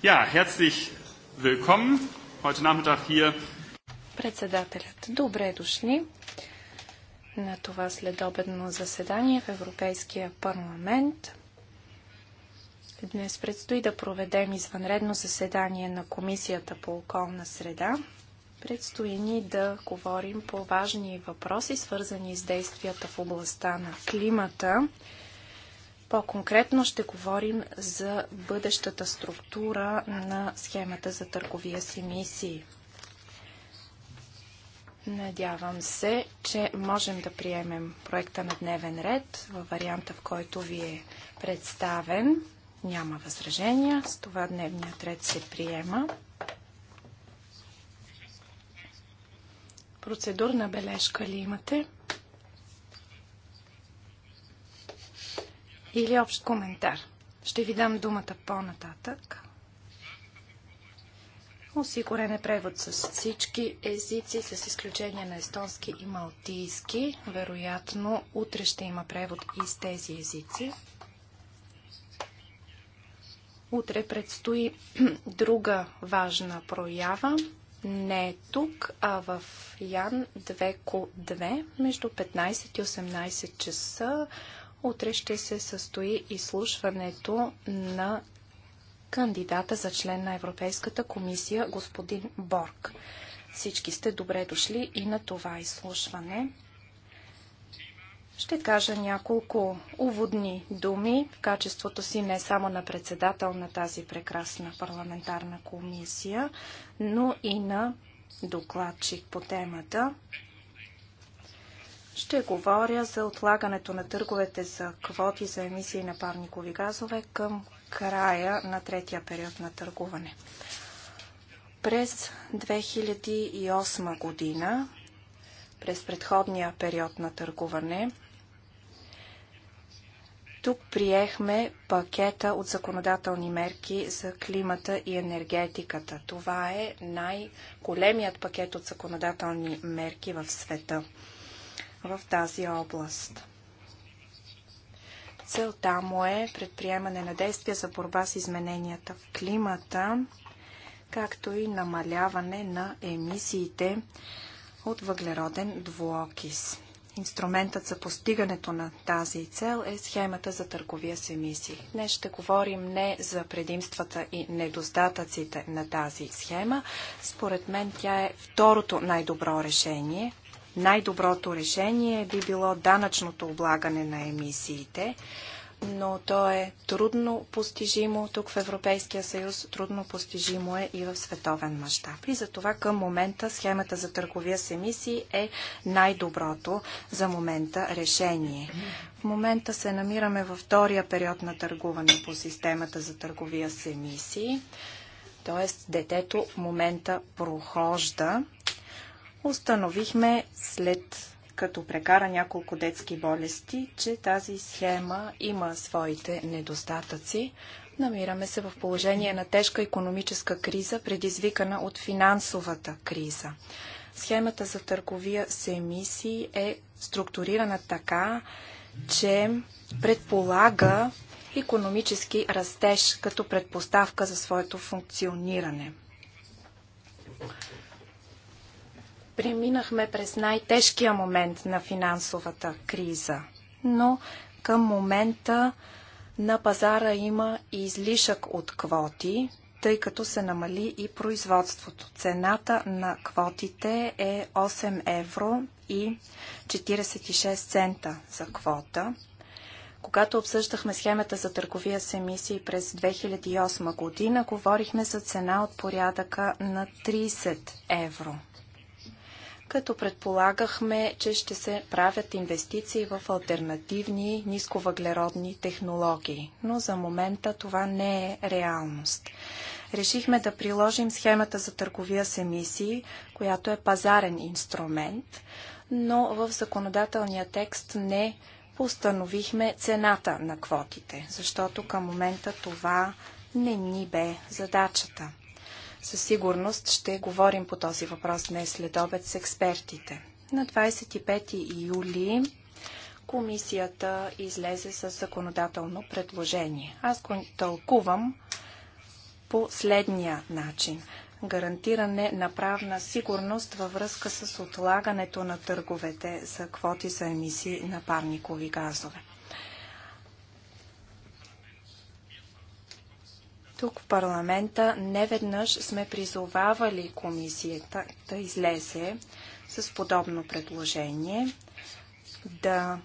Ja, herzlich willkommen heute Nachmittag hier. Председателят. Добре дошли на това следобедно заседание в Европейския парламент. Днес предстои да проведем извънредно заседание на Комисията по околна среда. Предстои ни да говорим по важни въпроси, свързани с действията в областта на климата. По-конкретно ще говорим за бъдещата структура на схемата за търговия с емисии. Надявам се, че можем да приемем проекта на дневен ред във варианта, в който ви е представен. Няма възражения. С това дневният ред се приема. Процедурна бележка ли имате? или общ коментар. Ще ви дам думата по-нататък. Осигурен е превод с всички езици, с изключение на естонски и малтийски. Вероятно, утре ще има превод и с тези езици. Утре предстои друга важна проява. Не е тук, а в Ян 2Ко2 между 15 и 18 часа Утре ще се състои изслушването на кандидата за член на Европейската комисия, господин Борг. Всички сте добре дошли и на това изслушване. Ще кажа няколко уводни думи в качеството си не само на председател на тази прекрасна парламентарна комисия, но и на докладчик по темата. Ще говоря за отлагането на търговете за квоти за емисии на парникови газове към края на третия период на търгуване. През 2008 година, през предходния период на търгуване, тук приехме пакета от законодателни мерки за климата и енергетиката. Това е най-големият пакет от законодателни мерки в света в тази област. Целта му е предприемане на действия за борба с измененията в климата, както и намаляване на емисиите от въглероден двуокис. Инструментът за постигането на тази цел е схемата за търговия с емисии. Днес ще говорим не за предимствата и недостатъците на тази схема. Според мен тя е второто най-добро решение. Най-доброто решение би било данъчното облагане на емисиите, но то е трудно постижимо тук в Европейския съюз, трудно постижимо е и в световен мащаб. И затова към момента схемата за търговия с емисии е най-доброто за момента решение. В момента се намираме във втория период на търгуване по системата за търговия с емисии т.е. детето в момента прохожда установихме след като прекара няколко детски болести, че тази схема има своите недостатъци. Намираме се в положение на тежка економическа криза, предизвикана от финансовата криза. Схемата за търговия с емисии е структурирана така, че предполага економически растеж като предпоставка за своето функциониране. Преминахме през най-тежкия момент на финансовата криза, но към момента на пазара има и излишък от квоти, тъй като се намали и производството. Цената на квотите е 8 евро и 46 цента за квота. Когато обсъждахме схемата за търговия с емисии през 2008 година, говорихме за цена от порядъка на 30 евро като предполагахме, че ще се правят инвестиции в альтернативни нисковъглеродни технологии. Но за момента това не е реалност. Решихме да приложим схемата за търговия с емисии, която е пазарен инструмент, но в законодателния текст не постановихме цената на квотите, защото към момента това не ни бе задачата. Със сигурност ще говорим по този въпрос днес след обед с експертите. На 25 юли комисията излезе с законодателно предложение. Аз го тълкувам по следния начин. Гарантиране на правна сигурност във връзка с отлагането на търговете за квоти за емисии на парникови газове. Тук в парламента неведнъж сме призовавали комисията да излезе с подобно предложение, да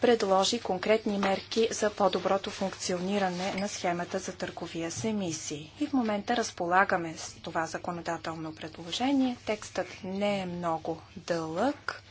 предложи конкретни мерки за по-доброто функциониране на схемата за търговия с емисии. И в момента разполагаме с това законодателно предложение. Текстът не е много дълъг.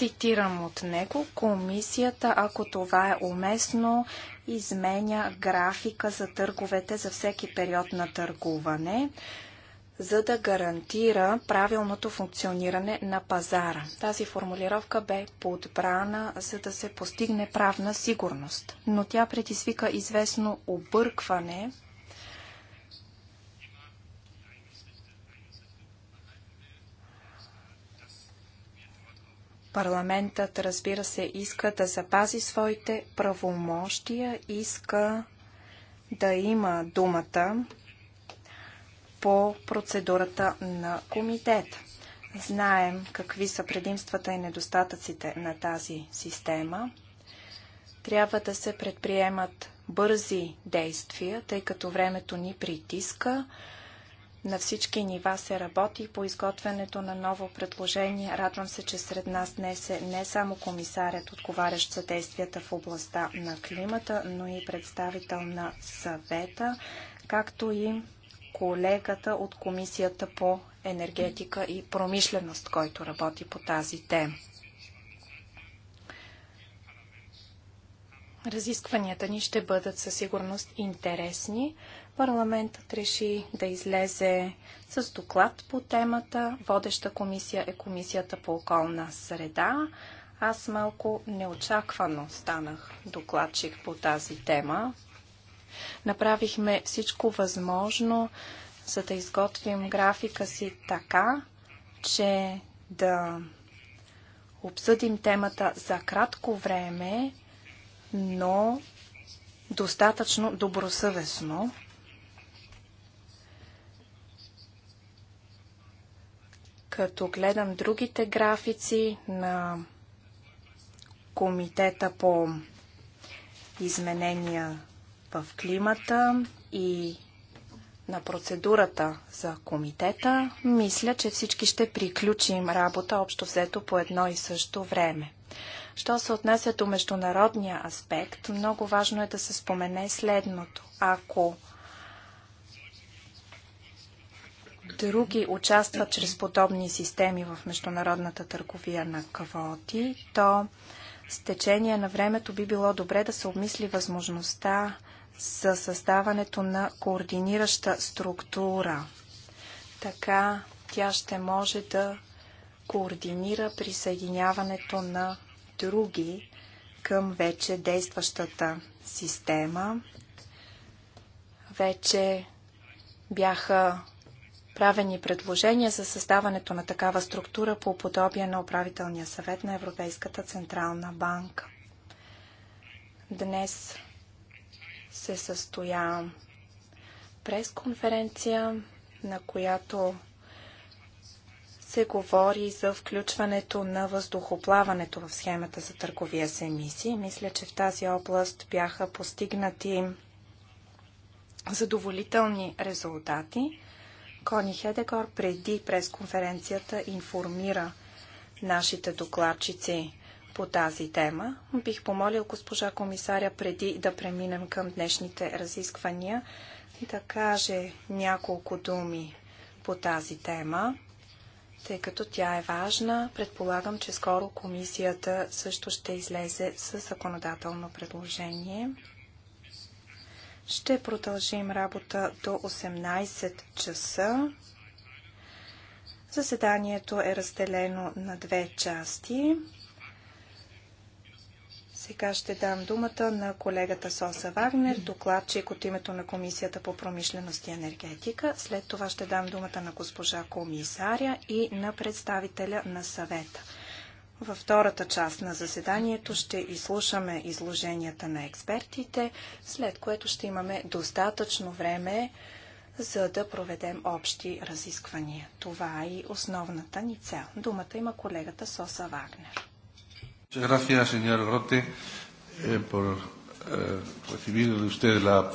Цитирам от него, комисията, ако това е уместно, изменя графика за търговете за всеки период на търгуване, за да гарантира правилното функциониране на пазара. Тази формулировка бе подбрана, за да се постигне правна сигурност, но тя предизвика известно объркване Парламентът, разбира се, иска да запази своите правомощия, иска да има думата по процедурата на комитет. Знаем какви са предимствата и недостатъците на тази система. Трябва да се предприемат бързи действия, тъй като времето ни притиска. На всички нива се работи по изготвянето на ново предложение. Радвам се, че сред нас днес е не само комисарят, отговарящ за действията в областта на климата, но и представител на съвета, както и колегата от Комисията по енергетика и промишленост, който работи по тази тема. Разискванията ни ще бъдат със сигурност интересни. Парламентът реши да излезе с доклад по темата. Водеща комисия е Комисията по околна среда. Аз малко неочаквано станах докладчик по тази тема. Направихме всичко възможно, за да изготвим графика си така, че да обсъдим темата за кратко време, но достатъчно добросъвестно. Като гледам другите графици на Комитета по изменения в климата и на процедурата за комитета, мисля, че всички ще приключим работа общо взето по едно и също време. Що се отнася до международния аспект, много важно е да се спомене следното. Ако други участват чрез подобни системи в международната търговия на квоти, то с течение на времето би било добре да се обмисли възможността за създаването на координираща структура. Така тя ще може да координира присъединяването на други към вече действащата система. Вече бяха правени предложения за създаването на такава структура по подобие на управителния съвет на Европейската Централна банка. Днес се състоя пресконференция, на която се говори за включването на въздухоплаването в схемата за търговия с емисии. Мисля, че в тази област бяха постигнати задоволителни резултати. Кони Хедегор преди пресконференцията информира нашите докладчици по тази тема. Бих помолил госпожа комисаря преди да преминем към днешните разисквания да каже няколко думи по тази тема, тъй като тя е важна. Предполагам, че скоро комисията също ще излезе с законодателно предложение. Ще продължим работа до 18 часа. Заседанието е разделено на две части. Сега ще дам думата на колегата Соса Вагнер, докладчик от името на Комисията по промишленост и енергетика. След това ще дам думата на госпожа комисаря и на представителя на съвета. Във втората част на заседанието ще изслушаме изложенията на експертите, след което ще имаме достатъчно време за да проведем общи разисквания. Това е и основната ни цел. Думата има колегата Соса Вагнер. Eh, eh,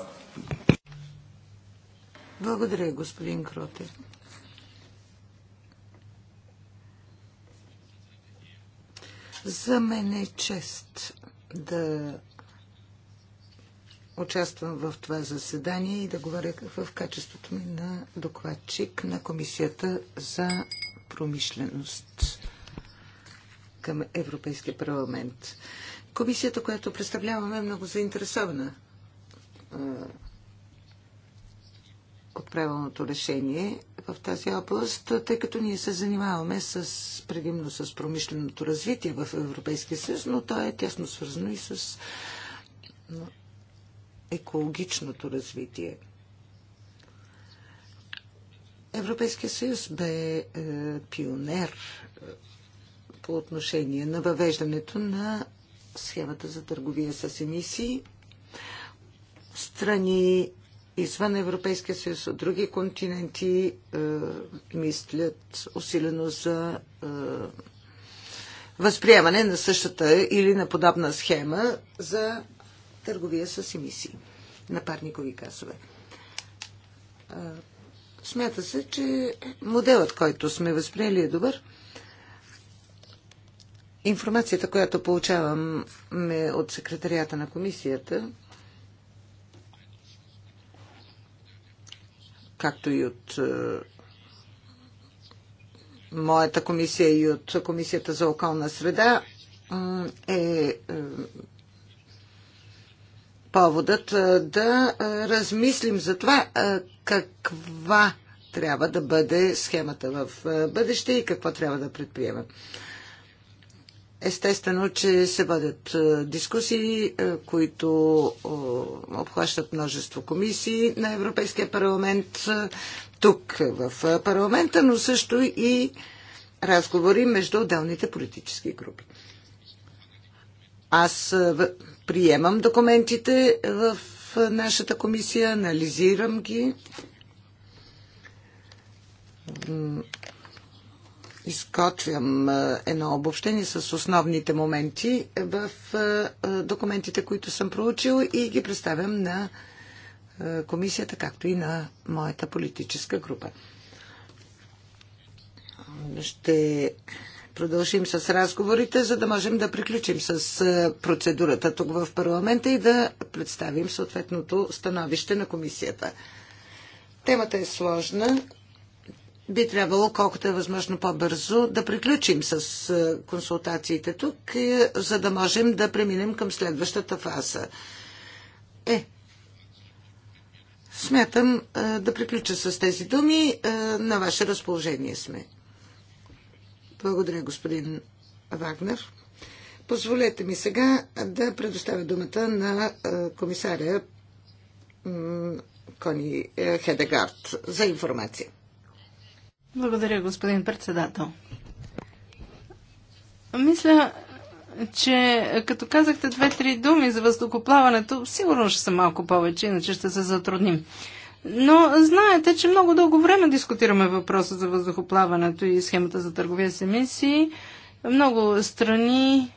Благодаря, господин Кроте. За мен е чест да участвам в това заседание и да говоря в качеството ми на докладчик на Комисията за промишленост към Европейския парламент. Комисията, която представляваме, е много заинтересована от правилното решение в тази област, тъй като ние се занимаваме с, предимно с промишленото развитие в Европейския съюз, но то е тясно свързано и с екологичното развитие. Европейския съюз бе е, пионер е, по отношение на въвеждането на схемата за търговия с емисии. Страни извън Европейския съюз, от други континенти е, мислят усилено за е, възприемане на същата или на подобна схема за търговия с емисии на парникови газове. Е, смята се, че моделът, който сме възприели е добър. Информацията, която получавам от секретарията на комисията, както и от е, моята комисия и от Комисията за околна среда, е, е поводът е, да размислим за това каква трябва да бъде схемата в бъдеще и какво трябва да предприемем. Естествено, че се водят е, дискусии, е, които е, обхващат множество комисии на Европейския парламент, тук в парламента, но също и разговори между отделните политически групи. Аз приемам документите в нашата комисия, анализирам ги изготвям е, едно обобщение с основните моменти в е, е, документите, които съм проучил и ги представям на комисията, както и на моята политическа група. Ще продължим с разговорите, за да можем да приключим с процедурата тук в парламента и да представим съответното становище на комисията. Темата е сложна би трябвало колкото е възможно по-бързо да приключим с е, консултациите тук, е, за да можем да преминем към следващата фаза. Е, смятам е, да приключа с тези думи. На ваше разположение сме. Благодаря, господин Вагнер. Позволете ми сега да предоставя думата на комисаря Кони Хедегард за информация. Благодаря, господин председател. Мисля, че като казахте две-три думи за въздухоплаването, сигурно ще са малко повече, иначе ще се затрудним. Но знаете, че много дълго време дискутираме въпроса за въздухоплаването и схемата за търговия с емисии. Много страни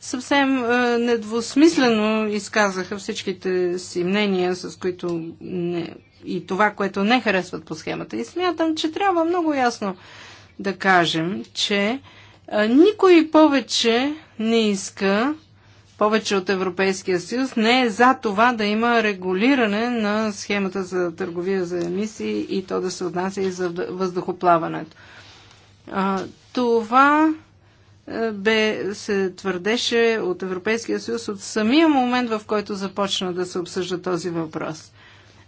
съвсем е, недвусмислено изказаха всичките си мнения, с които не, и това, което не харесват по схемата. И смятам, че трябва много ясно да кажем, че е, никой повече не иска, повече от Европейския съюз, не е за това да има регулиране на схемата за търговия за емисии и то да се отнася и за въздухоплаването. това бе, се твърдеше от Европейския съюз от самия момент, в който започна да се обсъжда този въпрос.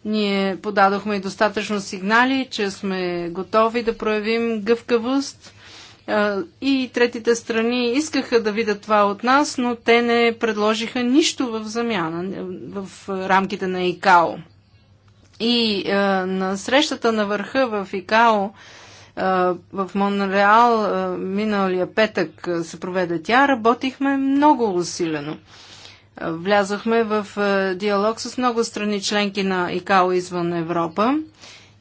Ние подадохме и достатъчно сигнали, че сме готови да проявим гъвкавост и третите страни искаха да видят това от нас, но те не предложиха нищо в замяна в рамките на ИКАО. И на срещата на върха в ИКАО в Монреал миналия петък се проведе тя. Работихме много усилено. Влязохме в диалог с много страни членки на ИКАО извън Европа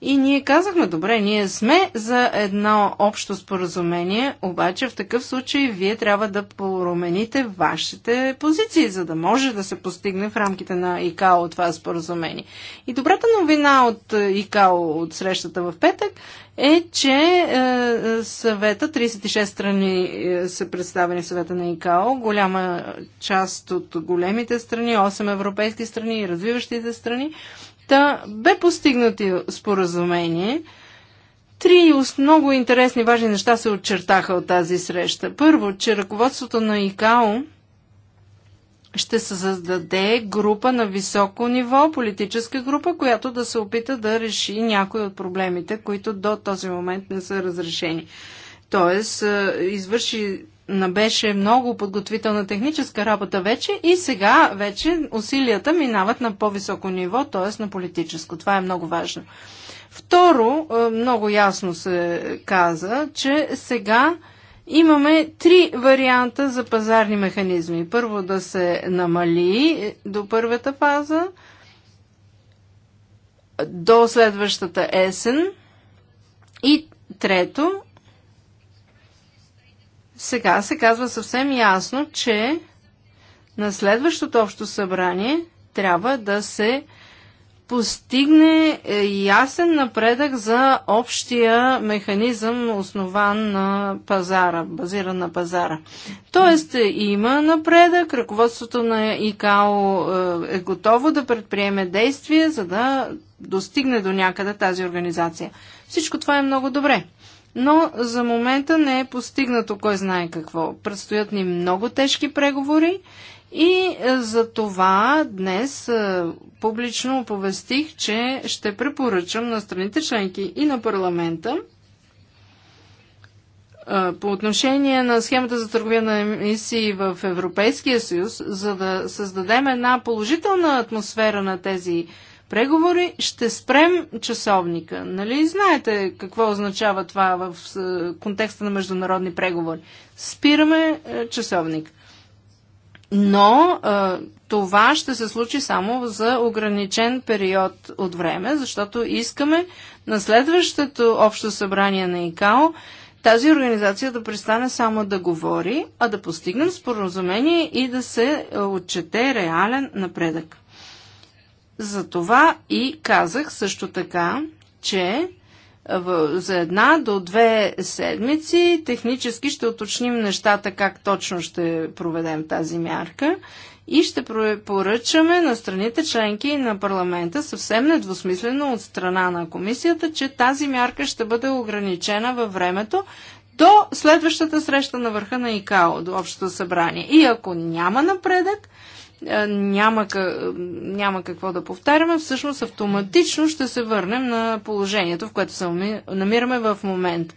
и ние казахме, добре, ние сме за едно общо споразумение, обаче в такъв случай вие трябва да промените вашите позиции, за да може да се постигне в рамките на ИКАО това споразумение. И добрата новина от е, ИКАО от срещата в петък е, че е, съвета, 36 страни е, са представени в съвета на ИКАО, голяма част от големите страни, 8 европейски страни и развиващите страни, Та бе постигнато споразумение. Три много интересни важни неща се очертаха от тази среща. Първо, че ръководството на ИКАО ще се създаде група на високо ниво, политическа група, която да се опита да реши някои от проблемите, които до този момент не са разрешени. Тоест, е, извърши беше много подготвителна техническа работа вече и сега вече усилията минават на по-високо ниво, т.е. на политическо. Това е много важно. Второ, е, много ясно се каза, че сега имаме три варианта за пазарни механизми. Първо да се намали до първата фаза, до следващата есен и трето сега се казва съвсем ясно, че на следващото общо събрание трябва да се постигне е, ясен напредък за общия механизъм, основан на пазара, базиран на пазара. Тоест е, има напредък, ръководството на ИКАО е, е готово да предприеме действия, за да достигне до някъде тази организация. Всичко това е много добре но за момента не е постигнато кой знае какво. Предстоят ни много тежки преговори и е, за това днес е, публично оповестих, че ще препоръчам на страните членки и на парламента е, по отношение на схемата за търговия на емисии в Европейския съюз, за да създадем една положителна атмосфера на тези преговори, ще спрем часовника. Нали знаете какво означава това в е, контекста на международни преговори? Спираме е, часовник. Но е, това ще се случи само за ограничен период от време, защото искаме на следващото общо събрание на ИКАО тази организация да престане само да говори, а да постигнем споразумение и да се отчете реален напредък. Затова и казах също така, че за една до две седмици технически ще уточним нещата как точно ще проведем тази мярка и ще поръчаме на страните членки и на парламента съвсем недвусмислено от страна на комисията, че тази мярка ще бъде ограничена във времето до следващата среща на върха на ИКАО, до Общото събрание. И ако няма напредък, е, няма, няма какво да повтаряме, всъщност автоматично ще се върнем на положението, в което се намираме в момент.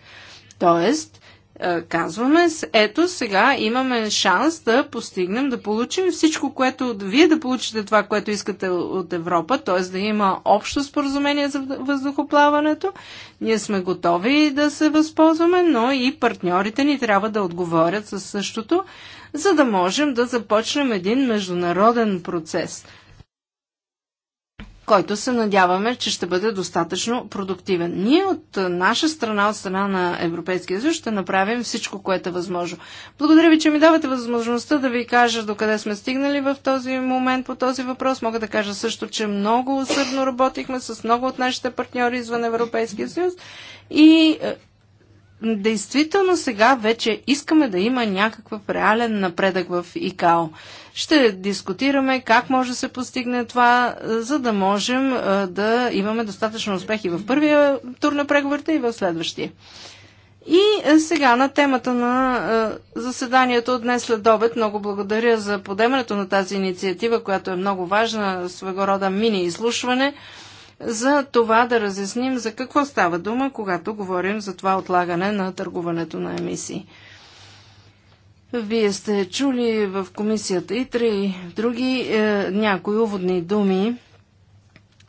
Тоест, е, казваме, ето сега имаме шанс да постигнем, да получим всичко, което вие да получите това, което искате от Европа, т.е. да има общо споразумение за въздухоплаването. Ние сме готови да се възползваме, но и партньорите ни трябва да отговорят със същото, за да можем да започнем един международен процес, който се надяваме, че ще бъде достатъчно продуктивен. Ние от наша страна, от страна на Европейския съюз, ще направим всичко, което е възможно. Благодаря ви, че ми давате възможността да ви кажа докъде сме стигнали в този момент по този въпрос. Мога да кажа също, че много усърдно работихме с много от нашите партньори извън Европейския съюз и е, действително сега вече искаме да има някакъв реален напредък в ИКАО. Ще дискутираме как може да се постигне това, за да можем да имаме достатъчно успехи в първия тур на преговорите и в следващия. И сега на темата на заседанието днес след обед. Много благодаря за подемането на тази инициатива, която е много важна, своего рода мини-изслушване за това да разясним за какво става дума, когато говорим за това отлагане на търгуването на емисии. Вие сте чули в комисията ИТРА и други е, някои уводни думи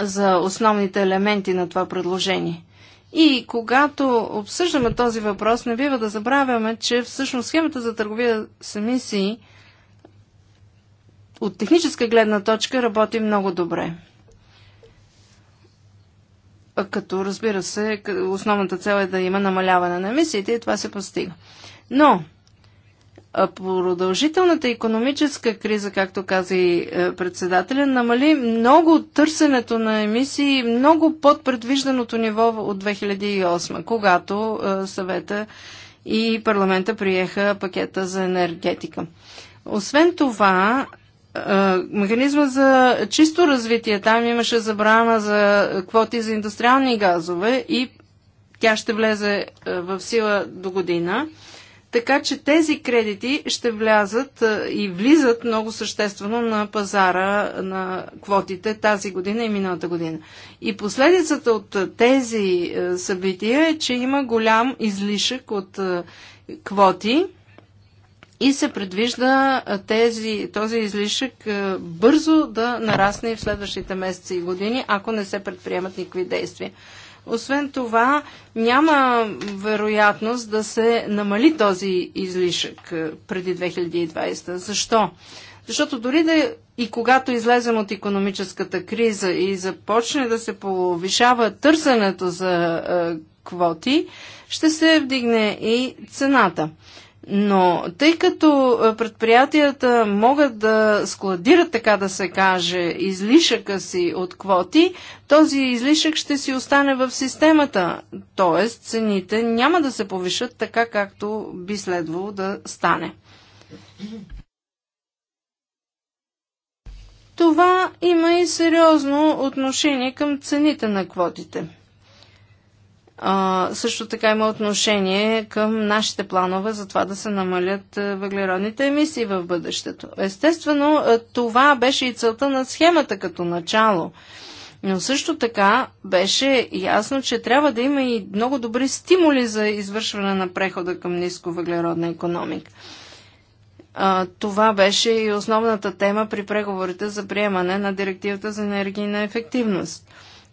за основните елементи на това предложение. И когато обсъждаме този въпрос, не бива да забравяме, че всъщност схемата за търговия с емисии от техническа гледна точка работи много добре като разбира се, основната цел е да има намаляване на емисиите и това се постига. Но продължителната економическа криза, както каза и е, председателя, намали много търсенето на емисии, много под предвижданото ниво от 2008, когато е, съвета и парламента приеха пакета за енергетика. Освен това, механизма за чисто развитие, там имаше забрана за квоти за индустриални газове и тя ще влезе в сила до година. Така че тези кредити ще влязат и влизат много съществено на пазара на квотите тази година и миналата година. И последицата от тези събития е, че има голям излишък от квоти, и се предвижда тези, този излишък бързо да нарасне в следващите месеци и години, ако не се предприемат никакви действия. Освен това, няма вероятност да се намали този излишък преди 2020. Защо? Защото дори да и когато излезем от економическата криза и започне да се повишава търсенето за квоти, ще се вдигне и цената. Но тъй като предприятията могат да складират, така да се каже, излишъка си от квоти, този излишък ще си остане в системата. Тоест цените няма да се повишат така, както би следвало да стане. Това има и сериозно отношение към цените на квотите също така има отношение към нашите планове за това да се намалят е, въглеродните емисии в бъдещето. Естествено, е, това беше и целта на схемата като начало. Но също така беше ясно, че трябва да има и много добри стимули за извършване на прехода към ниско въглеродна економика. това беше и основната тема при преговорите за приемане на директивата за енергийна ефективност.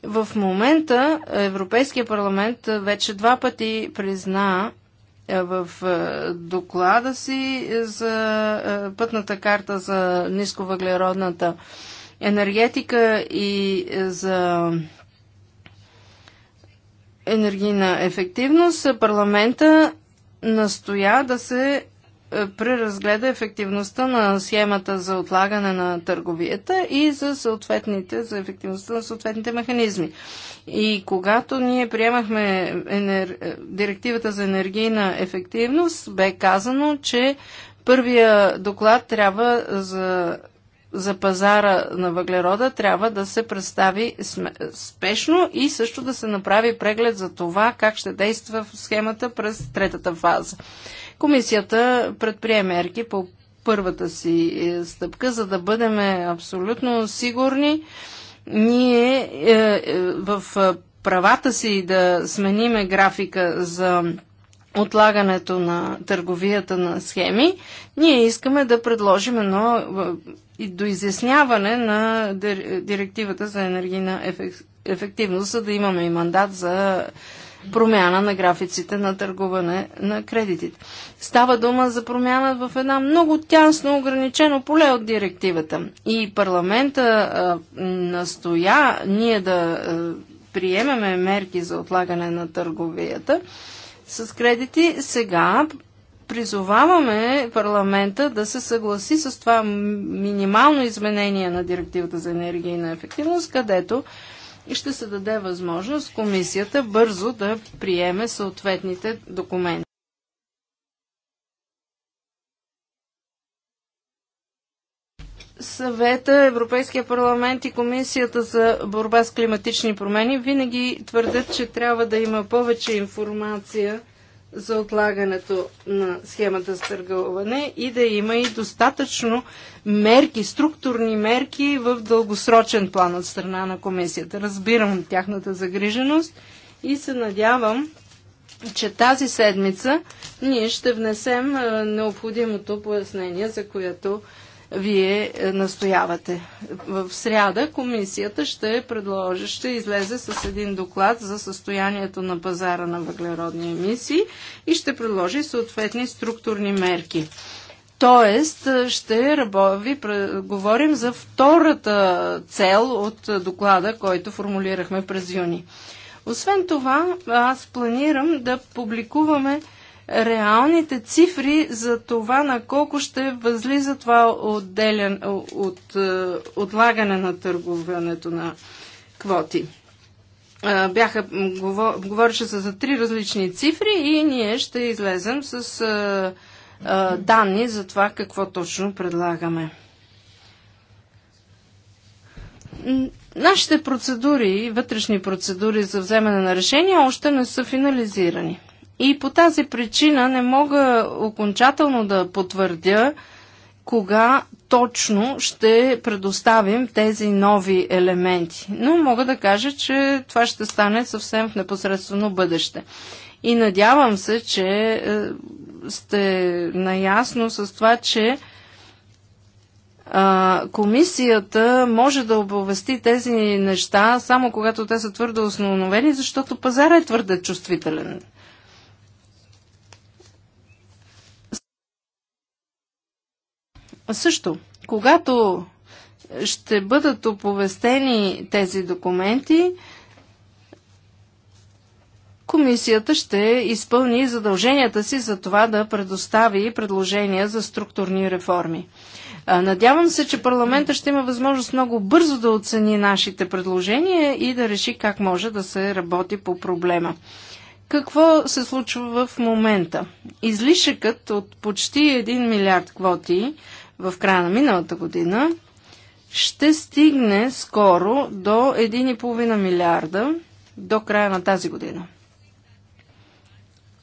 В момента Европейския парламент вече два пъти призна е, в е, доклада си за е, пътната карта за нисковъглеродната енергетика и за енергийна ефективност, парламента настоя да се преразгледа ефективността на схемата за отлагане на търговията и за съответните, за ефективността на съответните механизми. И когато ние приемахме енер... директивата за енергийна ефективност, бе казано, че първия доклад трябва за за пазара на въглерода трябва да се представи спешно и също да се направи преглед за това как ще действа в схемата през третата фаза. Комисията предприе мерки по първата си е, стъпка, за да бъдем абсолютно сигурни ние е, е, в е, правата си да смениме графика за отлагането на търговията на схеми, ние искаме да предложим едно и доизясняване на директивата за енергийна ефективност, за да имаме и мандат за промяна на графиците на търгуване на кредитите. Става дума за промяна в една много тясно ограничено поле от директивата. И парламента а, настоя ние да а, приемеме мерки за отлагане на търговията, с кредити. Сега призоваваме парламента да се съгласи с това минимално изменение на директивата за енергийна ефективност, където и ще се даде възможност комисията бързо да приеме съответните документи. Съвета, Европейския парламент и Комисията за борба с климатични промени винаги твърдят, че трябва да има повече информация за отлагането на схемата с търговане и да има и достатъчно мерки, структурни мерки в дългосрочен план от страна на комисията. Разбирам тяхната загриженост и се надявам, че тази седмица ние ще внесем необходимото пояснение, за което вие е, настоявате. В сряда комисията ще предложи, ще излезе с един доклад за състоянието на пазара на въглеродни емисии и ще предложи съответни структурни мерки. Тоест, е, ще ви говорим за втората цел от доклада, който формулирахме през юни. Освен това, аз планирам да публикуваме реалните цифри за това на колко ще възлиза това отделен, от, е, отлагане на търговането на квоти. Е, бяха, говореше се за три различни цифри и ние ще излезем с е, данни за това какво точно предлагаме. Нашите процедури, вътрешни процедури за вземане на решения още не са финализирани. И по тази причина не мога окончателно да потвърдя кога точно ще предоставим тези нови елементи. Но мога да кажа, че това ще стане съвсем в непосредствено бъдеще. И надявам се, че е, сте наясно с това, че комисията може да оповести тези неща само когато те са твърде основновени, защото пазара е твърде чувствителен. Също, когато ще бъдат оповестени тези документи, комисията ще изпълни задълженията си за това да предостави предложения за структурни реформи. Надявам се, че парламента ще има възможност много бързо да оцени нашите предложения и да реши как може да се работи по проблема. Какво се случва в момента? Излишъкът от почти 1 милиард квоти – в края на миналата година, ще стигне скоро до 1,5 милиарда до края на тази година.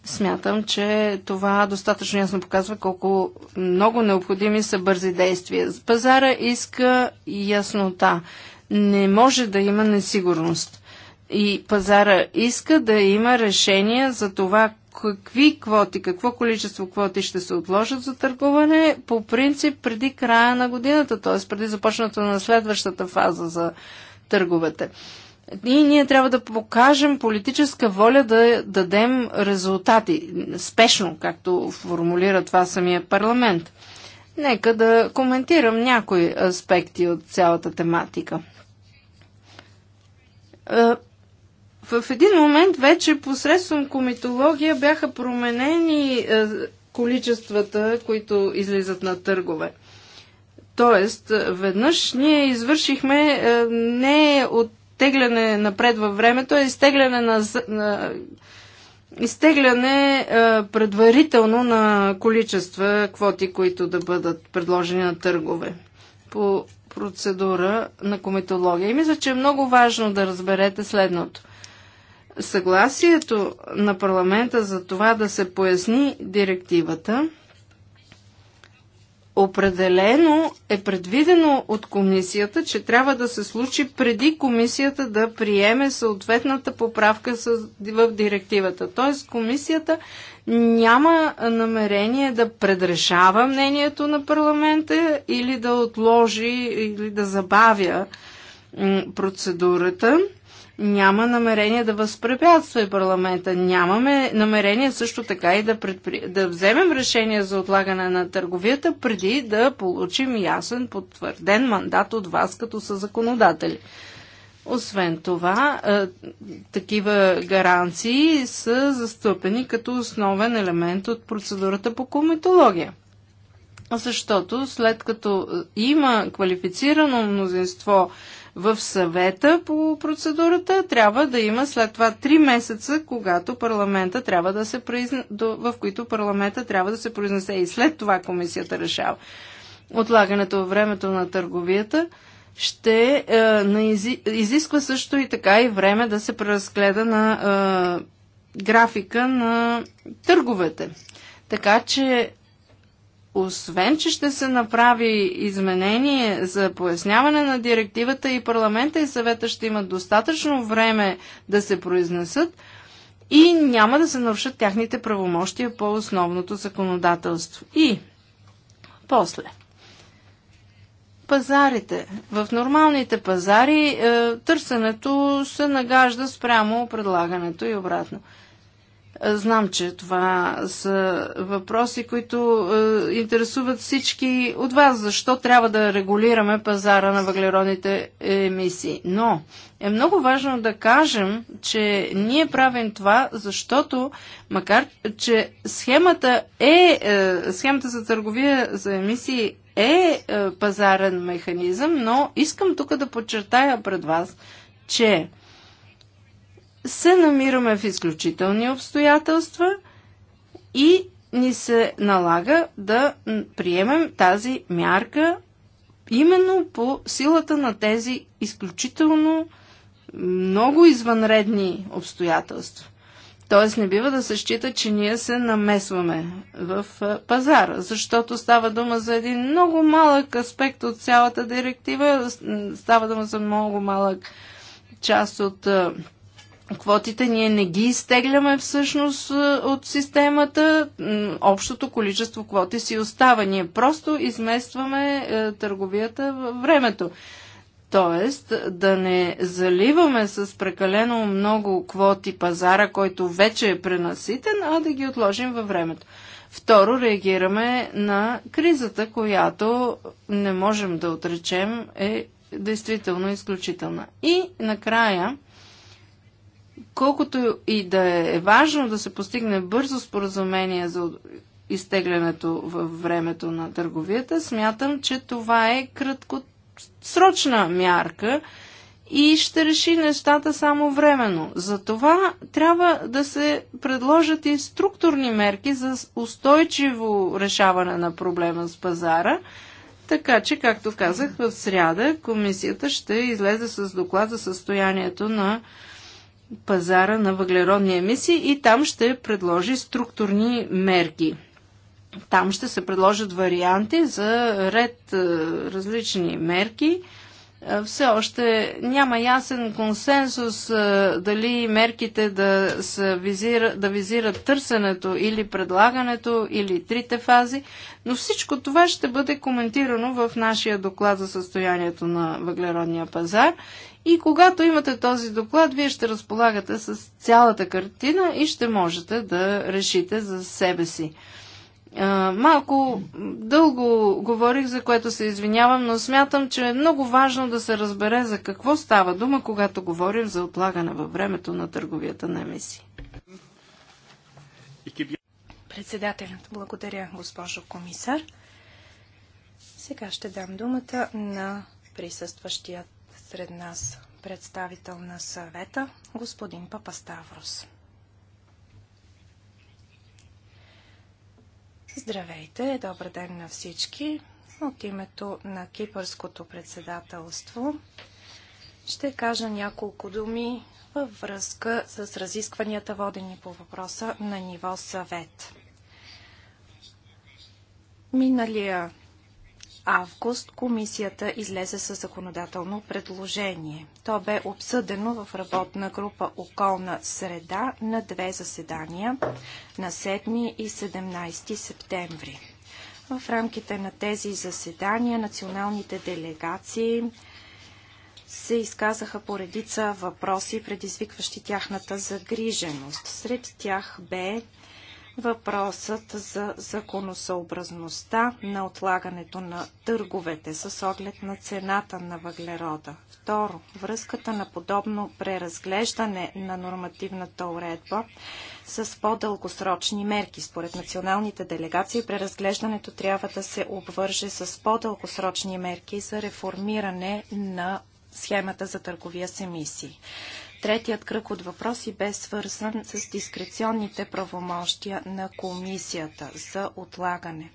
Смятам, че това достатъчно ясно показва колко много необходими са бързи действия. Пазара иска яснота. Не може да има несигурност. И пазара иска да има решение за това какви квоти, какво количество квоти ще се отложат за търгуване, по принцип преди края на годината, т.е. преди започването на следващата фаза за търговете. И ние трябва да покажем политическа воля да дадем резултати, спешно, както формулира това самия парламент. Нека да коментирам някои аспекти от цялата тематика е, в един момент вече посредством комитология бяха променени е, количествата, които излизат на търгове. Тоест, е, веднъж ние извършихме е, не оттегляне напред във времето, а изтегляне на, Изтегляне изтегляне предварително на количества квоти, които да бъдат предложени на търгове по процедура на кометология. И мисля, че е много важно да разберете следното съгласието на парламента за това да се поясни директивата определено е предвидено от комисията, че трябва да се случи преди комисията да приеме съответната поправка в директивата. Т.е. комисията няма намерение да предрешава мнението на парламента или да отложи или да забавя процедурата няма намерение да възпрепятства и парламента. Нямаме намерение също така и да, предпри... да вземем решение за отлагане на търговията преди да получим ясен потвърден мандат от вас като са законодатели. Освен това, е, такива гаранции са застъпени като основен елемент от процедурата по кометология. Защото след като е, има квалифицирано мнозинство в съвета по процедурата, трябва да има след това три месеца, когато парламента трябва да се произна... в които парламента трябва да се произнесе и след това комисията решава. Отлагането във времето на търговията ще е, на изи... изисква също и така и време да се преразгледа на е, графика на търговете. Така че освен, че ще се направи изменение за поясняване на директивата и парламента и съвета ще имат достатъчно време да се произнесат и няма да се нарушат тяхните правомощия по основното законодателство. И после. Пазарите. В нормалните пазари е, търсенето се нагажда спрямо предлагането и обратно. Знам, че това са въпроси, които е, интересуват всички от вас. Защо трябва да регулираме пазара на въглеродните емисии? Но е много важно да кажем, че ние правим това, защото макар, че схемата е, е схемата за търговия за емисии е, е пазарен механизъм, но искам тук да подчертая пред вас, че се намираме в изключителни обстоятелства и ни се налага да приемем тази мярка именно по силата на тези изключително много извънредни обстоятелства. Тоест не бива да се счита, че ние се намесваме в пазара, защото става дума за един много малък аспект от цялата директива, става дума за много малък част от квотите ние не ги изтегляме всъщност е, от системата. Общото количество квоти си остава. Ние просто изместваме е, търговията във времето. Тоест да не заливаме с прекалено много квоти пазара, който вече е пренаситен, а да ги отложим във времето. Второ, реагираме на кризата, която не можем да отречем е действително изключителна. И накрая, колкото и да е, е важно да се постигне бързо споразумение за изтеглянето във времето на търговията, смятам, че това е краткосрочна мярка и ще реши нещата само временно. За това трябва да се предложат и структурни мерки за устойчиво решаване на проблема с пазара, така че, както казах, в сряда комисията ще излезе с доклад за състоянието на пазара на въглеродни емисии и там ще предложи структурни мерки. Там ще се предложат варианти за ред е, различни мерки. Е, все още няма ясен консенсус е, дали мерките да, се визира, да визират търсенето или предлагането или трите фази, но всичко това ще бъде коментирано в нашия доклад за състоянието на въглеродния пазар и когато имате този доклад, вие ще разполагате с цялата картина и ще можете да решите за себе си. Малко дълго говорих, за което се извинявам, но смятам, че е много важно да се разбере за какво става дума, когато говорим за отлагане във времето на търговията на емисии. Председателят, благодаря, госпожо комисар. Сега ще дам думата на присъстващият сред нас представител на съвета, господин Папаставрос. Здравейте, добър ден на всички. От името на Кипърското председателство ще кажа няколко думи във връзка с разискванията водени по въпроса на ниво съвет. Миналия август комисията излезе със законодателно предложение. То бе обсъдено в работна група Околна среда на две заседания на 7 и 17 септември. В рамките на тези заседания националните делегации се изказаха по редица въпроси, предизвикващи тяхната загриженост. Сред тях бе въпросът за законосъобразността на отлагането на търговете с оглед на цената на въглерода. Второ, връзката на подобно преразглеждане на нормативната уредба с по-дългосрочни мерки. Според националните делегации преразглеждането трябва да се обвърже с по-дългосрочни мерки за реформиране на схемата за търговия с емисии. Третият кръг от въпроси бе свързан с дискреционните правомощия на комисията за отлагане.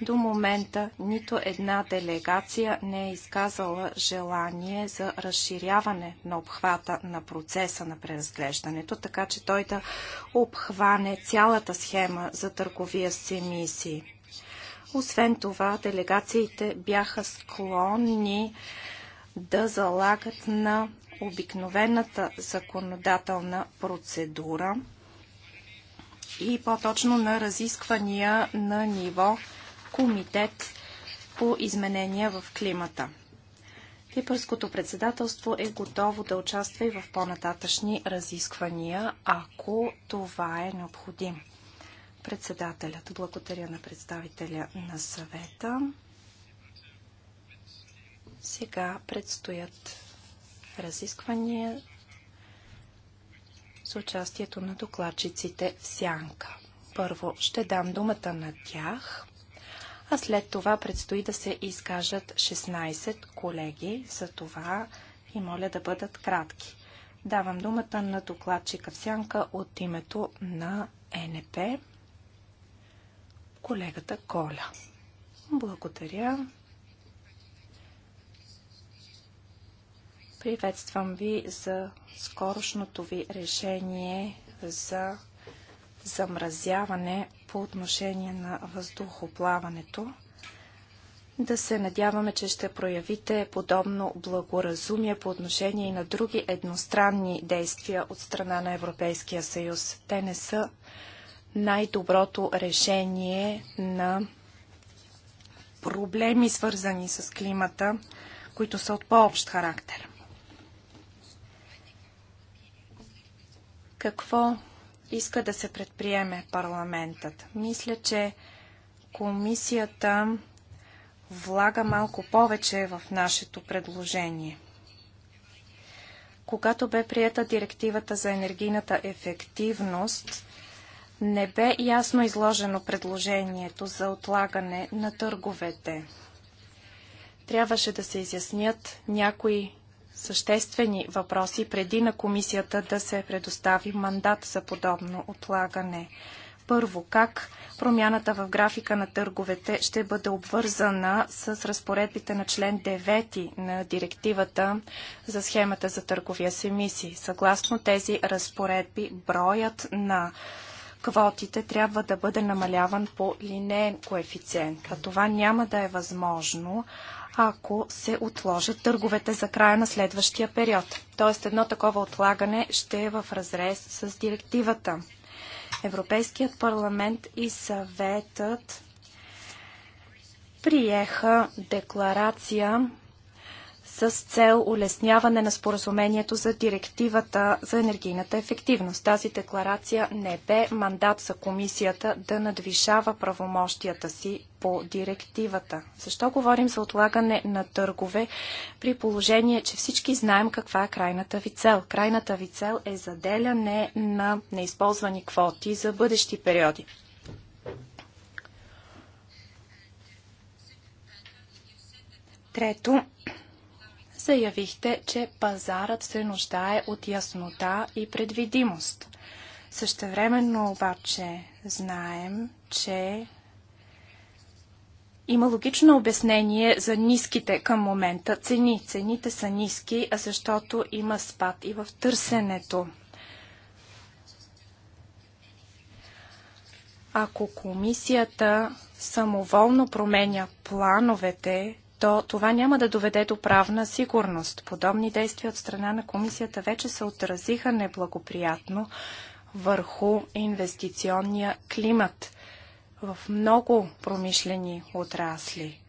До момента нито една делегация не е изказала желание за разширяване на обхвата на процеса на преразглеждането, така че той да обхване цялата схема за търговия с емисии. Освен това, делегациите бяха склонни да залагат на обикновената законодателна процедура и по-точно на разисквания на ниво комитет по изменения в климата. Кипърското председателство е готово да участва и в по-нататъчни разисквания, ако това е необходим, Председателят благодаря на представителя на съвета. Сега предстоят Разисквания с участието на докладчиците в Сянка. Първо ще дам думата на тях, а след това предстои да се изкажат 16 колеги, за това и моля да бъдат кратки. Давам думата на докладчика в Сянка от името на НП, колегата Коля. Благодаря. Приветствам ви за скорошното ви решение за замразяване по отношение на въздухоплаването. Да се надяваме, че ще проявите подобно благоразумие по отношение и на други едностранни действия от страна на Европейския съюз. Те не са най-доброто решение на проблеми, свързани с климата, които са от по-общ характер. Какво иска да се предприеме парламентът? Мисля, че комисията влага малко повече в нашето предложение. Когато бе приета директивата за енергийната ефективност, не бе ясно изложено предложението за отлагане на търговете. Трябваше да се изяснят някои съществени въпроси преди на комисията да се предостави мандат за подобно отлагане. Първо, как промяната в графика на търговете ще бъде обвързана с разпоредбите на член 9 на директивата за схемата за търговия с емисии. Съгласно тези разпоредби, броят на квотите трябва да бъде намаляван по линеен коефициент. А това няма да е възможно, ако се отложат търговете за края на следващия период. Тоест едно такова отлагане ще е в разрез с директивата. Европейският парламент и съветът приеха декларация с цел улесняване на споразумението за директивата за енергийната ефективност. Тази декларация не бе мандат за комисията да надвишава правомощията си по директивата. Защо говорим за отлагане на търгове при положение, че всички знаем каква е крайната ви цел? Крайната ви цел е заделяне на неизползвани квоти за бъдещи периоди. Трето, заявихте, че пазарът се нуждае от яснота и предвидимост. Същевременно обаче знаем, че има логично обяснение за ниските към момента цени. Цените са ниски, защото има спад и в търсенето. Ако комисията самоволно променя плановете то това няма да доведе до правна сигурност. Подобни действия от страна на комисията вече се отразиха неблагоприятно върху инвестиционния климат в много промишлени отрасли.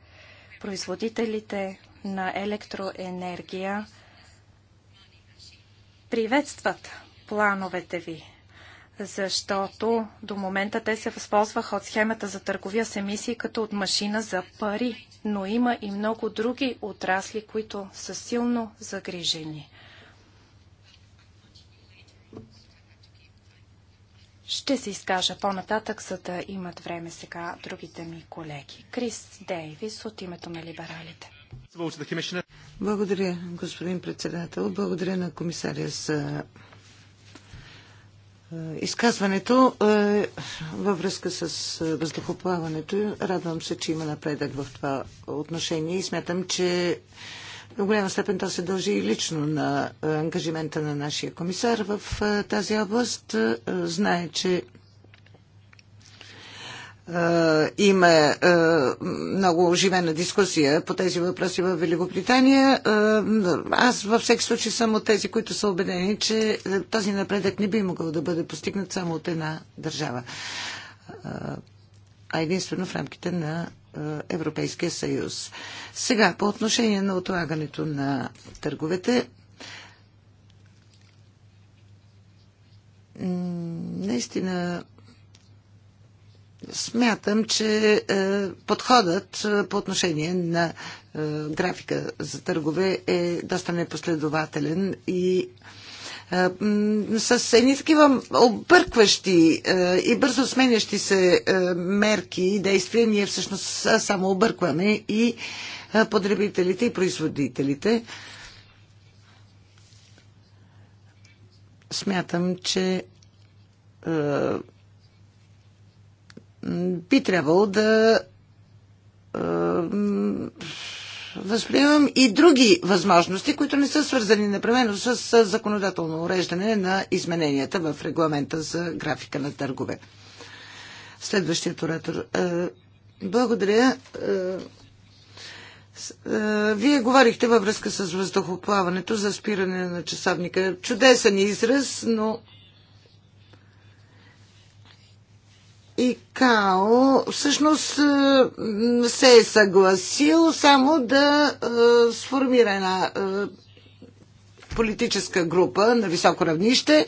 Производителите на електроенергия приветстват плановете ви защото до момента те се възползваха от схемата за търговия с емисии като от машина за пари. Но има и много други отрасли, които са силно загрижени. Ще се изкажа по-нататък, за да имат време сега другите ми колеги. Крис Дейвис от името на либералите. Благодаря, господин председател. Благодаря на комисария за изказването е, във връзка с е, въздухоплаването. Радвам се, че има напредък в това отношение и смятам, че до голяма степен то се дължи и лично на е, ангажимента на нашия комисар в е, тази област. Знае, че е, има е, много оживена дискусия по тези въпроси в Великобритания. Е, аз във всеки случай съм от тези, които са убедени, че този напредък не би могъл да бъде постигнат само от една държава, а единствено в рамките на Европейския съюз. Сега, по отношение на отлагането на търговете, наистина Смятам, че е, подходът е, по отношение на е, графика за търгове е доста непоследователен и с едни такива объркващи и бързо сменящи се мерки и действия, ние всъщност само объркваме и потребителите и производителите. Смятам, че би трябвало да е, възприемам и други възможности, които не са свързани непременно с законодателно уреждане на измененията в регламента за графика на търгове. Следващият оратор. Е, благодаря. Е, вие говорихте във връзка с въздухоплаването за спиране на часовника. Чудесен израз, но И КАО всъщност е, се е съгласил само да е, сформира една е, политическа група на високо равнище,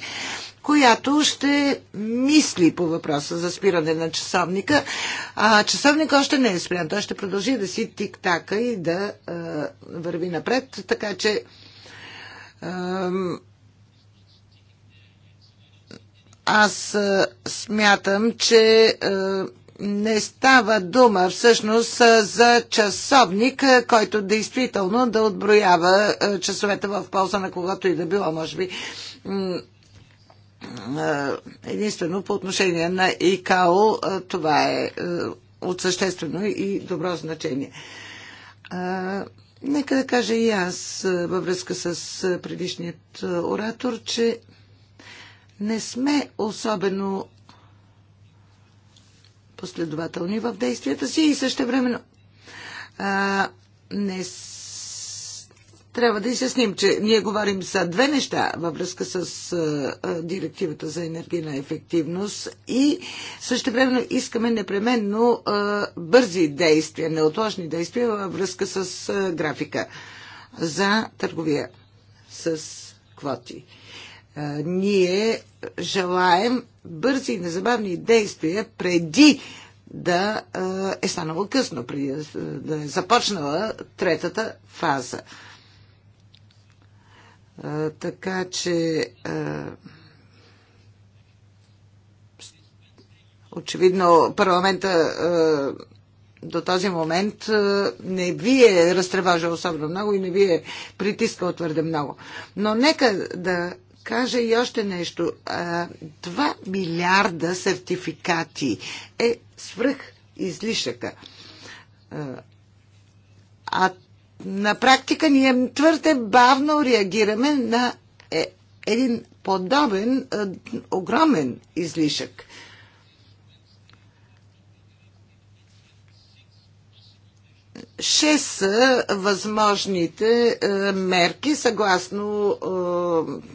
която ще мисли по въпроса за спиране на часовника. А часовник още не е спрян. Той ще продължи да си тик-така и да е, върви напред. Така че аз е, смятам, че е, не става дума всъщност е, за часовник, който действително да отброява часовете в полза на когото и да било, може би. Единствено по отношение на ИКАО това е от съществено и добро значение. Нека да кажа и аз във връзка с предишният оратор, че не сме особено последователни в действията си и също времено не с... трябва да изясним, че ние говорим за две неща във връзка с а, а, директивата за енергийна ефективност и също времено искаме непременно а, бързи действия, неотложни действия във връзка с а, графика за търговия с квоти ние желаем бързи и незабавни действия преди да е станало късно, преди да е започнала третата фаза. Така че очевидно парламента до този момент не ви е разтреважа особено много и не ви е притискал твърде много. Но нека да кажа и още нещо. 2 милиарда сертификати е свръх излишъка. А на практика ние твърде бавно реагираме на е, един подобен огромен излишък. Шест са възможните е, мерки съгласно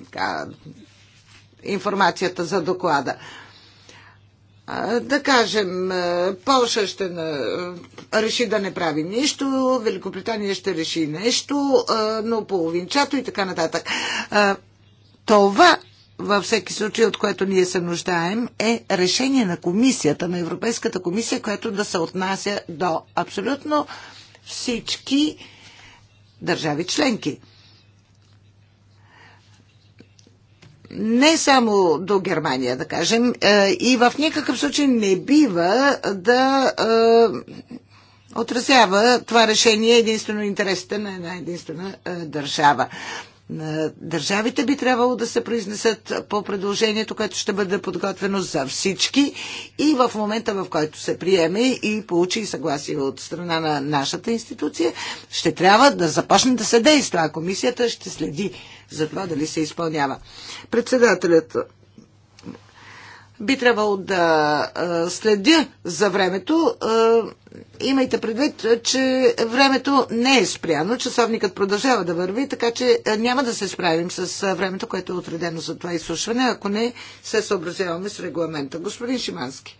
е, така, информацията за доклада. Да кажем, е, Полша ще реши да не прави нищо, Великобритания ще реши нещо, но половинчато и така нататък. Това във всеки случай, от което ние се нуждаем, е решение на комисията, на Европейската комисия, което да се отнася до абсолютно всички държави членки. не само до Германия, да кажем, е, и в никакъв случай не бива да е, отразява това решение единствено интересите на една единствена е, държава. Държавите би трябвало да се произнесат по предложението, което ще бъде подготвено за всички и в момента, в който се приеме и получи съгласие от страна на нашата институция, ще трябва да започне да се действа, а комисията ще следи за това дали се изпълнява. Председателят би трябвало да следя за времето. Имайте предвид, че времето не е спряно, часовникът продължава да върви, така че няма да се справим с времето, което е отредено за това изслушване, ако не се съобразяваме с регламента. Господин Шимански.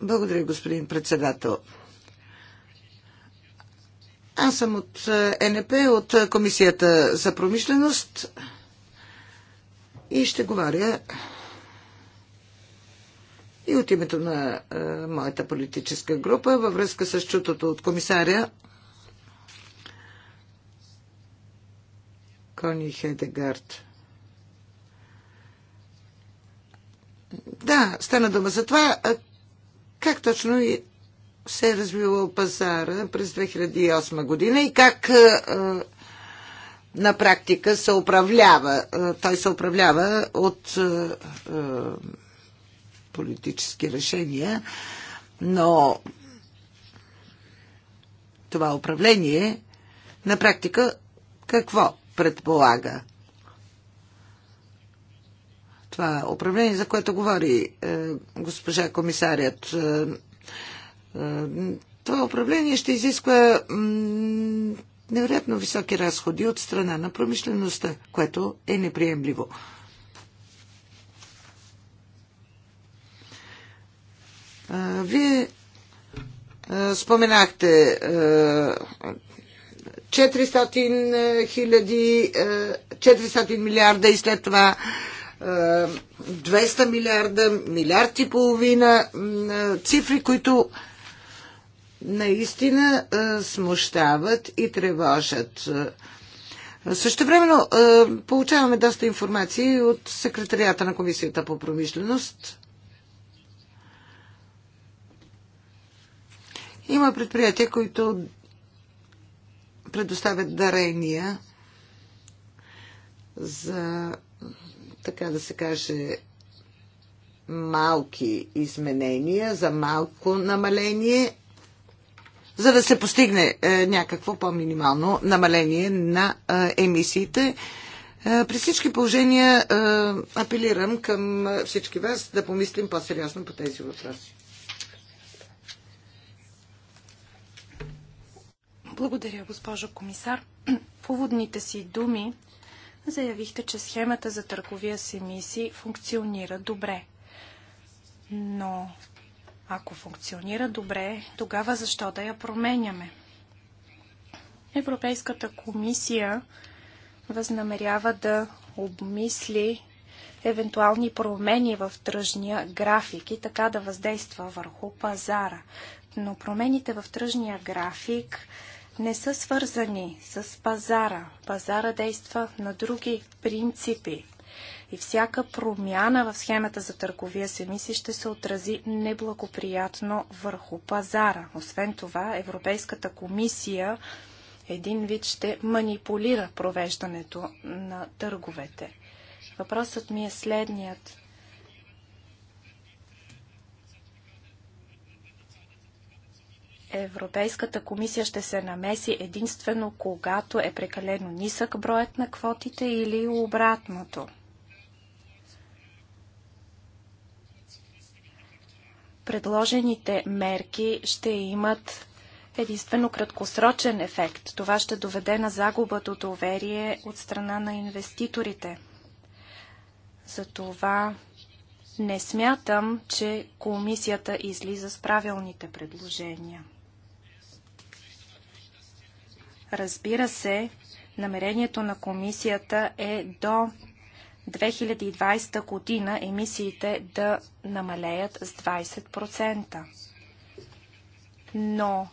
Благодаря, господин председател. Аз съм от е, НП, от Комисията за промишленост и ще говоря и от името на е, моята политическа група във връзка с чутото от комисаря Кони Хедегард. Да, стана дума за това. Е, как точно и се е развивал пазара през 2008 година и как е, е, на практика се управлява. Е, той се управлява от политически решения, но това управление на практика какво предполага? Това управление, за което говори госпожа комисарият, това управление ще изисква невероятно високи разходи от страна на промишлеността, което е неприемливо. Вие споменахте 400 хиляди, 400 милиарда и след това 200 милиарда, милиард и половина цифри, които наистина смущават и тревожат. Също времено получаваме доста информации от секретарията на Комисията по промишленост. Има предприятия, които предоставят дарения за, така да се каже, малки изменения, за малко намаление за да се постигне е, някакво по-минимално намаление на е, емисиите. Е, при всички положения апелирам към всички вас да помислим по-сериозно по тези въпроси. Благодаря, госпожо комисар. В уводните си думи заявихте, че схемата за търговия с емисии функционира добре. Но ако функционира добре, тогава защо да я променяме? Европейската комисия възнамерява да обмисли евентуални промени в тръжния график и така да въздейства върху пазара. Но промените в тръжния график не са свързани с пазара. Пазара действа на други принципи. И всяка промяна в схемата за търговия с емисии ще се отрази неблагоприятно върху пазара. Освен това, Европейската комисия един вид ще манипулира провеждането на търговете. Въпросът ми е следният. Европейската комисия ще се намеси единствено когато е прекалено нисък броят на квотите или обратното. предложените мерки ще имат единствено краткосрочен ефект. Това ще доведе на загуба до доверие от страна на инвеститорите. Затова не смятам, че комисията излиза с правилните предложения. Разбира се, намерението на комисията е до 2020 година емисиите да намалеят с 20%. Но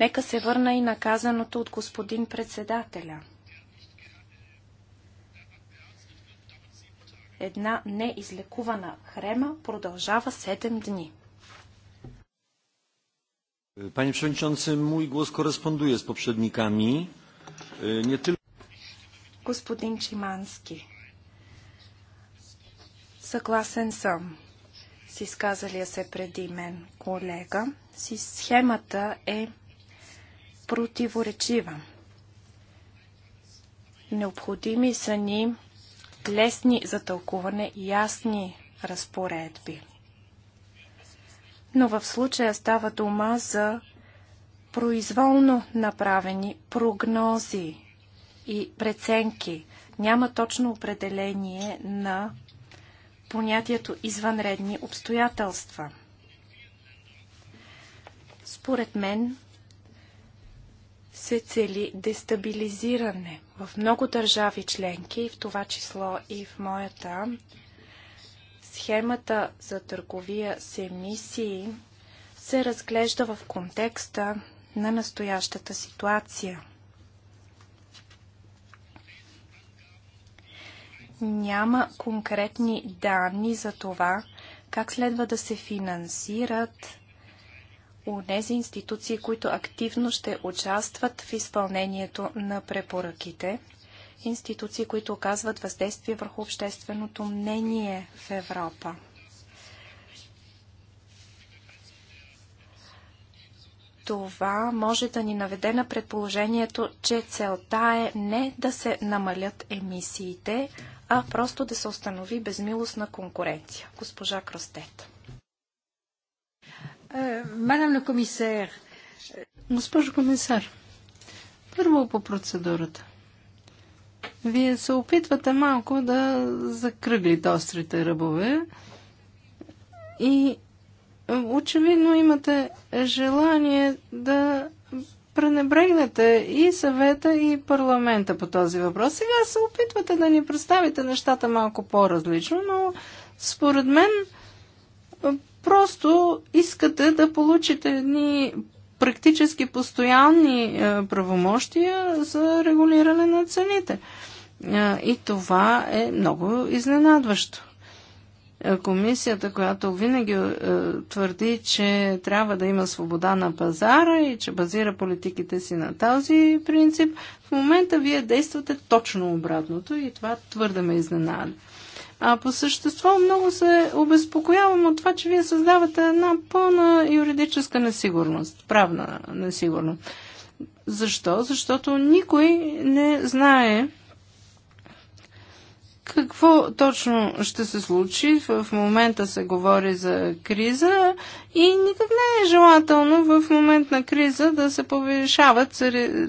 нека се върна и наказаното от господин председателя. Една неизлекувана хрема продължава 7 дни. Пане Przewodniczący, mój głos koresponduje z poprzednikami. E, nie tylko... Господин Чимански, Съгласен съм с изказалия се преди мен колега. Си схемата е противоречива. Необходими са ни лесни за тълкуване, ясни разпоредби. Но в случая става дума за произволно направени прогнози и преценки. Няма точно определение на понятието извънредни обстоятелства. Според мен се цели дестабилизиране в много държави членки, в това число и в моята. Схемата за търговия с емисии се разглежда в контекста на настоящата ситуация – няма конкретни данни за това, как следва да се финансират у нези институции, които активно ще участват в изпълнението на препоръките, институции, които оказват въздействие върху общественото мнение в Европа. Това може да ни наведе на предположението, че целта е не да се намалят емисиите, а просто да се установи безмилостна конкуренция. Госпожа Кростет. Е, мадам комисар. Госпожо комисар, първо по процедурата. Вие се опитвате малко да закръглите острите ръбове и е, очевидно имате желание да пренебрегнете и съвета, и парламента по този въпрос. Сега се опитвате да ни представите нещата малко по-различно, но според мен просто искате да получите едни практически постоянни правомощия за регулиране на цените. И това е много изненадващо комисията, която винаги е, твърди, че трябва да има свобода на пазара и че базира политиките си на този принцип, в момента вие действате точно обратното и това твърде ме изненада. А по същество много се обезпокоявам от това, че вие създавате една пълна юридическа несигурност, правна несигурност. Защо? Защото никой не знае какво точно ще се случи? В момента се говори за криза и никак не е желателно в момент на криза да се повишават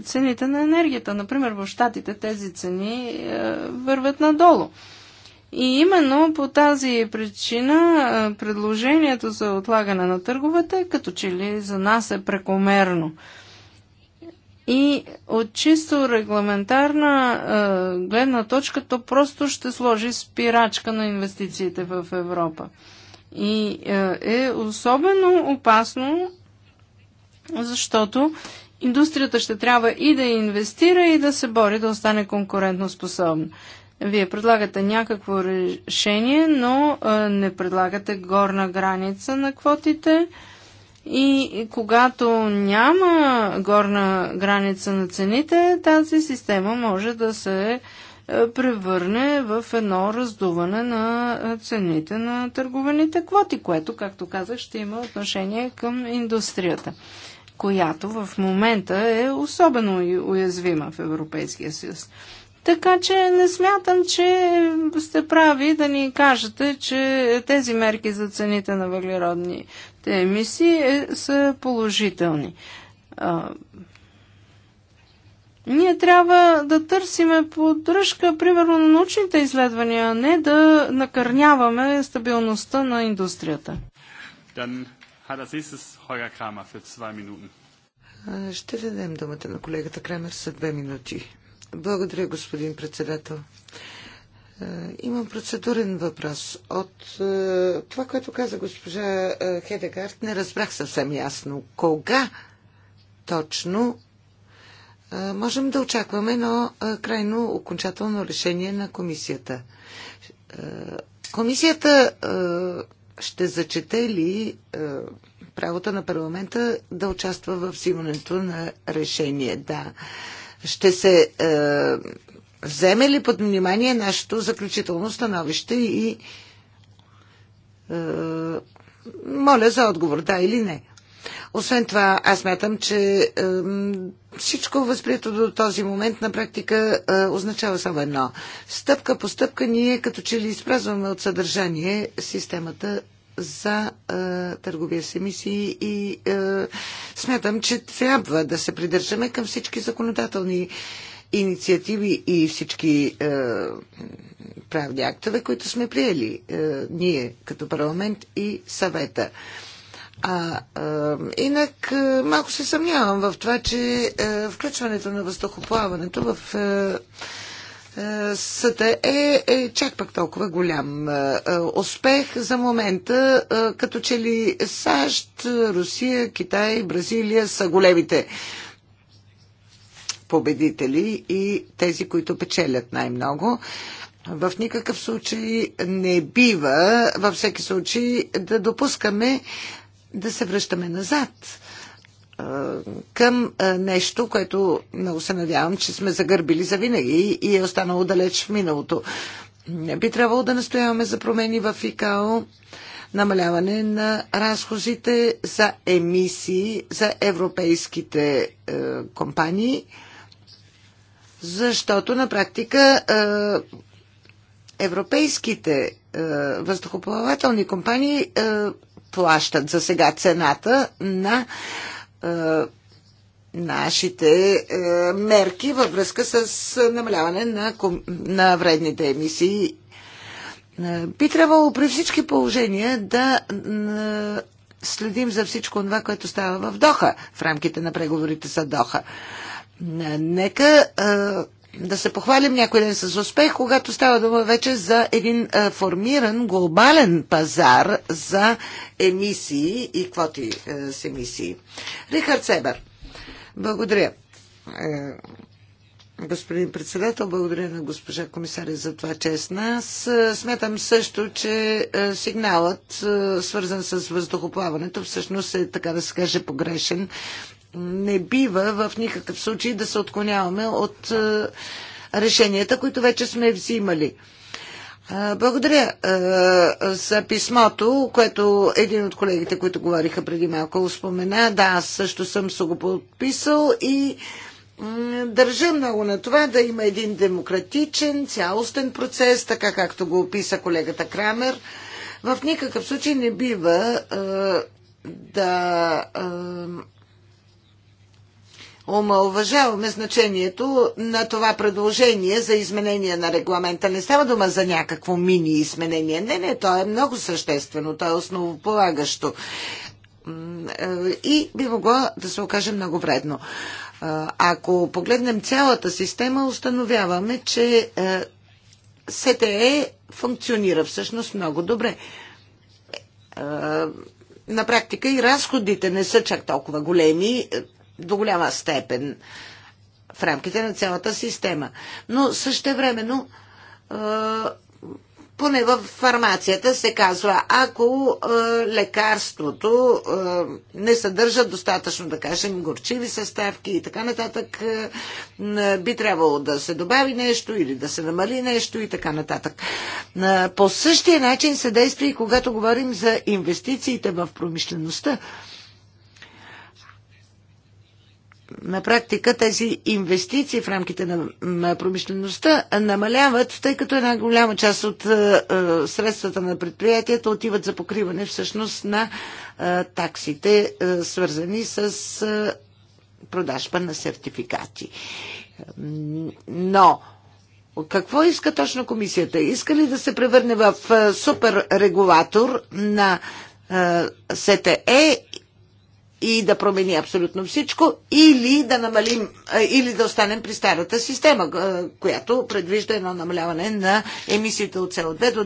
цените на енергията. Например, в Штатите тези цени е, върват надолу. И именно по тази причина е, предложението за отлагане на търговете като че ли за нас е прекомерно. И от чисто регламентарна е, гледна точка, то просто ще сложи спирачка на инвестициите в Европа. И е, е особено опасно, защото индустрията ще трябва и да инвестира, и да се бори да остане конкурентоспособна. Вие предлагате някакво решение, но е, не предлагате горна граница на квотите. Е, и когато няма горна граница на цените, тази система може да се е, превърне в едно раздуване на е, цените на търговените квоти, което, както казах, ще има отношение към индустрията, която в момента е особено уязвима в Европейския съюз. Така че не смятам, че сте прави да ни кажете, че тези мерки за цените на въглеродни, въглеродните емисии е, са положителни. А, ние трябва да търсиме поддръжка, примерно, на научните изследвания, а не да накърняваме стабилността на индустрията. Ще дадем думата на колегата Крамер за две минути. Благодаря, господин председател. Е, Имам процедурен въпрос. От е, това, което каза госпожа е, Хедегард, не разбрах съвсем ясно. Кога точно можем да очакваме едно крайно окончателно решение на комисията? Комисията ще зачете ли правото на парламента да участва в взимането на решение? Да. Ще се вземе ли под внимание нашето заключително становище и е, моля за отговор, да или не. Освен това, аз мятам, че е, всичко възприето до този момент на практика е, означава само едно. Стъпка по стъпка ние като че ли изпразваме от съдържание системата за е, търговия с емисии и е, смятам, че трябва да се придържаме към всички законодателни е, инициативи и всички е, правни актове, които сме приели е, ние като парламент и съвета. А, е, инак е, малко се съмнявам в това, че е, включването на въздухоплаването в е, е Съда е, е чак пък толкова голям е, е, успех за момента, е, като че ли САЩ, Русия, Китай, Бразилия са големите е, победители и тези, които печелят най-много. В никакъв случай не бива, във всеки случай, да допускаме да се връщаме назад към нещо, което много се надявам, че сме загърбили за винаги и е останало далеч в миналото. Не би трябвало да настояваме за промени в ИКАО, намаляване на разходите за емисии за европейските е, компании – защото на практика е, европейските е, въздухоплавателни компании е, плащат за сега цената на нашите е, мерки във връзка с намаляване на, на вредните емисии. Би трябвало при всички положения да следим за всичко това, което става в Доха, в рамките на преговорите за Доха. Нека да се похвалим някой ден с успех, когато става дума вече за един а, формиран глобален пазар за емисии и квоти а, с емисии. Рихард Себер, благодаря. господин председател, благодаря на госпожа комисаря за това, честна. е нас. Смятам също, че сигналът, свързан с въздухоплаването, всъщност е, така да се каже, погрешен не бива в никакъв случай да се отклоняваме от е, решенията, които вече сме взимали. Благодаря е, за писмото, което един от колегите, които говориха преди малко, спомена. Да, аз също съм се го подписал и държа много на това да има един демократичен, цялостен процес, така както го описа колегата Крамер. В никакъв случай не бива е, да омалважаваме значението на това предложение за изменение на регламента. Не става дума за някакво мини изменение. Не, не, то е много съществено, то е основополагащо. И би могло да се окаже много вредно. Ако погледнем цялата система, установяваме, че СТЕ функционира всъщност много добре. На практика и разходите не са чак толкова големи до голяма степен в рамките на цялата система. Но същевременно поне в фармацията се казва, ако е, лекарството е, не съдържа достатъчно, да кажем, горчиви съставки и така нататък, е, би трябвало да се добави нещо или да се намали нещо и така нататък. Е, по същия начин се действа и когато говорим за инвестициите в промишлеността. Е, на практика тези инвестиции в рамките на промишлеността намаляват, тъй като една голяма част от е, е, средствата на предприятията отиват за покриване всъщност на е, таксите, свързани с продажба на сертификати. Но какво иска точно комисията? Иска ли да се превърне в суперрегулатор на СТЕ и да промени абсолютно всичко, или да намалим, или да останем при старата система, която предвижда едно намаляване на емисиите от СО2 до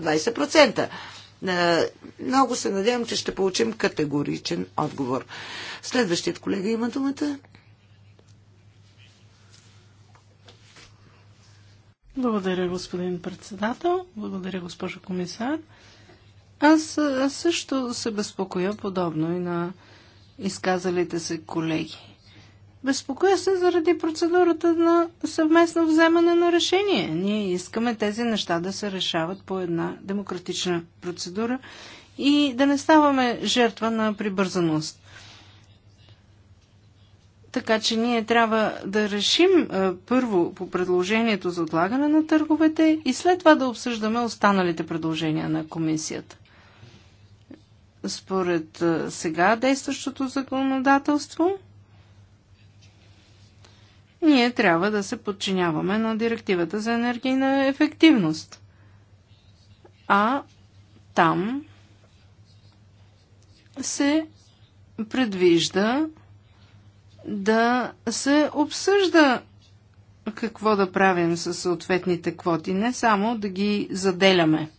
20%. Много се надявам, че ще получим категоричен отговор. Следващият колега има думата. Благодаря, господин председател. Благодаря, госпожо комисар. Аз, аз също се безпокоя подобно и на изказалите се колеги. Безпокоя се заради процедурата на съвместно вземане на решение. Ние искаме тези неща да се решават по една демократична процедура и да не ставаме жертва на прибързаност. Така че ние трябва да решим е, първо по предложението за отлагане на търговете и след това да обсъждаме останалите предложения на комисията според сега действащото законодателство, ние трябва да се подчиняваме на директивата за енергийна ефективност. А там се предвижда да се обсъжда какво да правим със съответните квоти, не само да ги заделяме.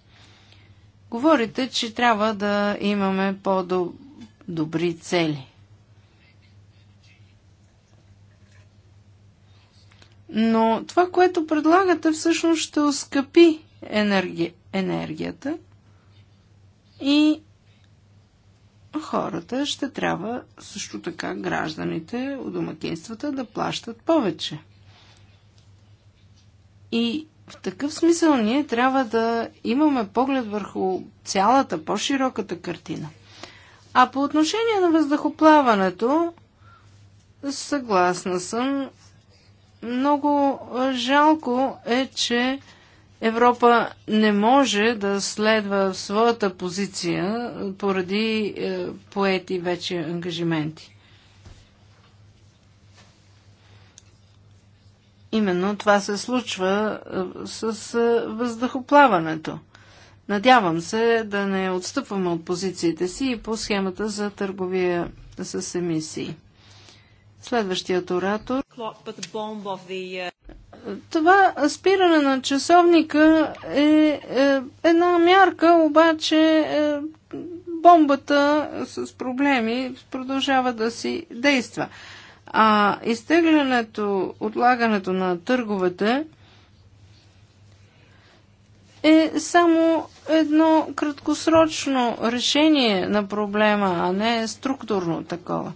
Говорите, че трябва да имаме по-добри цели. Но това, което предлагате, всъщност ще оскъпи енерги... енергията и хората ще трябва също така гражданите от домакинствата да плащат повече. И в такъв смисъл ние трябва да имаме поглед върху цялата, по-широката картина. А по отношение на въздухоплаването, съгласна съм, много жалко е, че Европа не може да следва своята позиция поради е, поети вече ангажименти. Именно това се случва е, с е, въздухоплаването. Надявам се да не отстъпваме от позициите си и по схемата за търговия с емисии. Следващият оратор. Е, това спиране на часовника е, е една мярка, обаче е, бомбата с проблеми продължава да си действа. А изтеглянето, отлагането на търговете е само едно краткосрочно решение на проблема, а не структурно такова.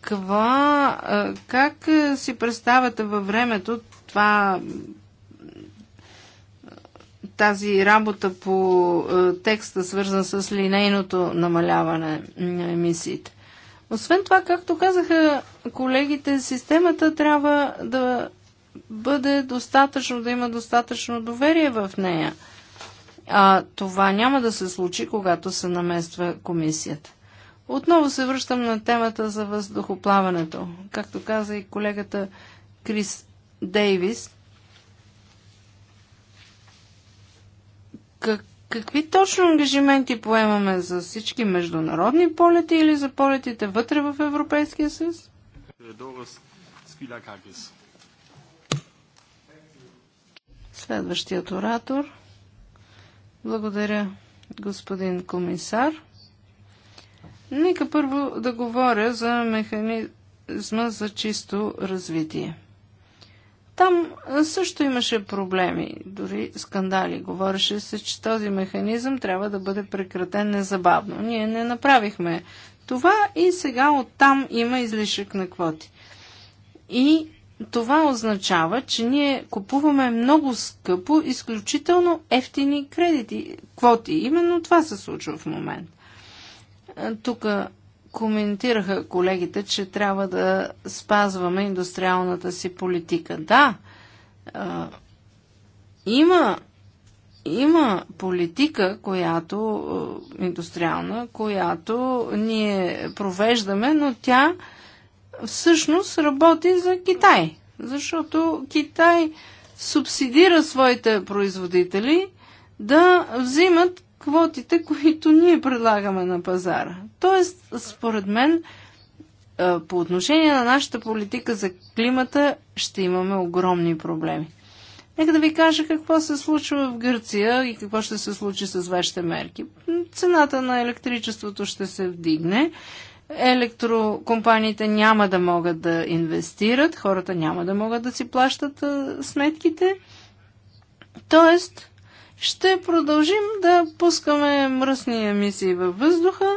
Каква, как си представяте във времето това тази работа по текста, свързан с линейното намаляване на емисиите? Освен това, както казаха колегите, системата трябва да бъде достатъчно, да има достатъчно доверие в нея. А това няма да се случи, когато се намества комисията. Отново се връщам на темата за въздухоплаването. Както каза и колегата Крис Дейвис, как, Какви точно ангажименти поемаме за всички международни полети или за полетите вътре в Европейския съюз? Следващият оратор. Благодаря, господин комисар. Нека първо да говоря за механизма за чисто развитие. Там също имаше проблеми, дори скандали. Говореше се, че този механизъм трябва да бъде прекратен незабавно. Ние не направихме това и сега оттам има излишък на квоти. И това означава, че ние купуваме много скъпо, изключително ефтини кредити, квоти. Именно това се случва в момент. Тук коментираха колегите, че трябва да спазваме индустриалната си политика. Да, а, има, има политика, която индустриална, която ние провеждаме, но тя всъщност работи за Китай. Защото Китай субсидира своите производители да взимат квотите, които ние предлагаме на пазара. Тоест, според мен, по отношение на нашата политика за климата ще имаме огромни проблеми. Нека да ви кажа какво се случва в Гърция и какво ще се случи с вашите мерки. Цената на електричеството ще се вдигне, електрокомпаниите няма да могат да инвестират, хората няма да могат да си плащат сметките. Тоест, ще продължим да пускаме мръсни емисии във въздуха,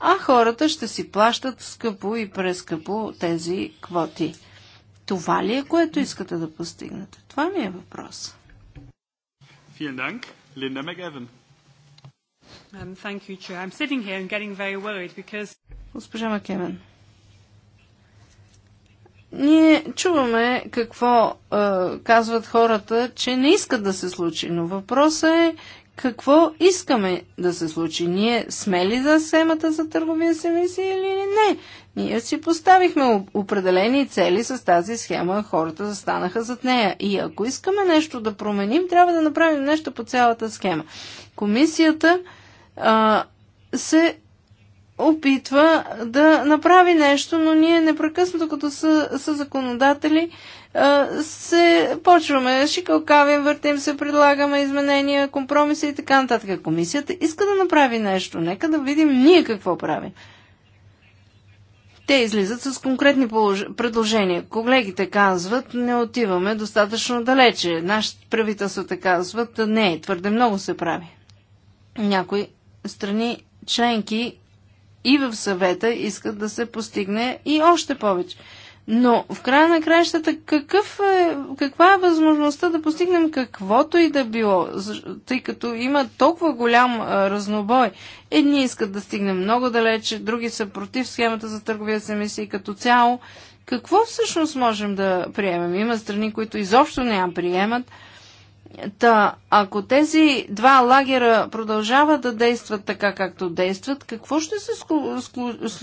а хората ще си плащат скъпо и прескъпо тези квоти. Това ли е, което искате да постигнете? Това ми е въпрос. Макевен. Um, Госпожа Макевен. Ние чуваме какво е, казват хората, че не искат да се случи, но въпросът е какво искаме да се случи. Ние сме ли за семата за търговия с емисии или не? Ние си поставихме определени цели с тази схема, хората застанаха зад нея. И ако искаме нещо да променим, трябва да направим нещо по цялата схема. Комисията е, се опитва да направи нещо, но ние непрекъснато като са, са законодатели се почваме, шикалкавим, въртим се, предлагаме изменения, компромиси и така нататък. Комисията иска да направи нещо. Нека да видим ние какво правим. Те излизат с конкретни предложения. Колегите казват, не отиваме достатъчно далече. Нашите правителствата казват, не, твърде много се прави. Някои страни членки и в съвета искат да се постигне и още повече. Но в края на краищата какъв е, каква е възможността да постигнем каквото и да било, тъй като има толкова голям а, разнобой. Едни искат да стигнем много далече, други са против схемата за търговия с емисии като цяло. Какво всъщност можем да приемем? Има страни, които изобщо не я приемат. Та, ако тези два лагера продължават да действат така, както действат, какво ще се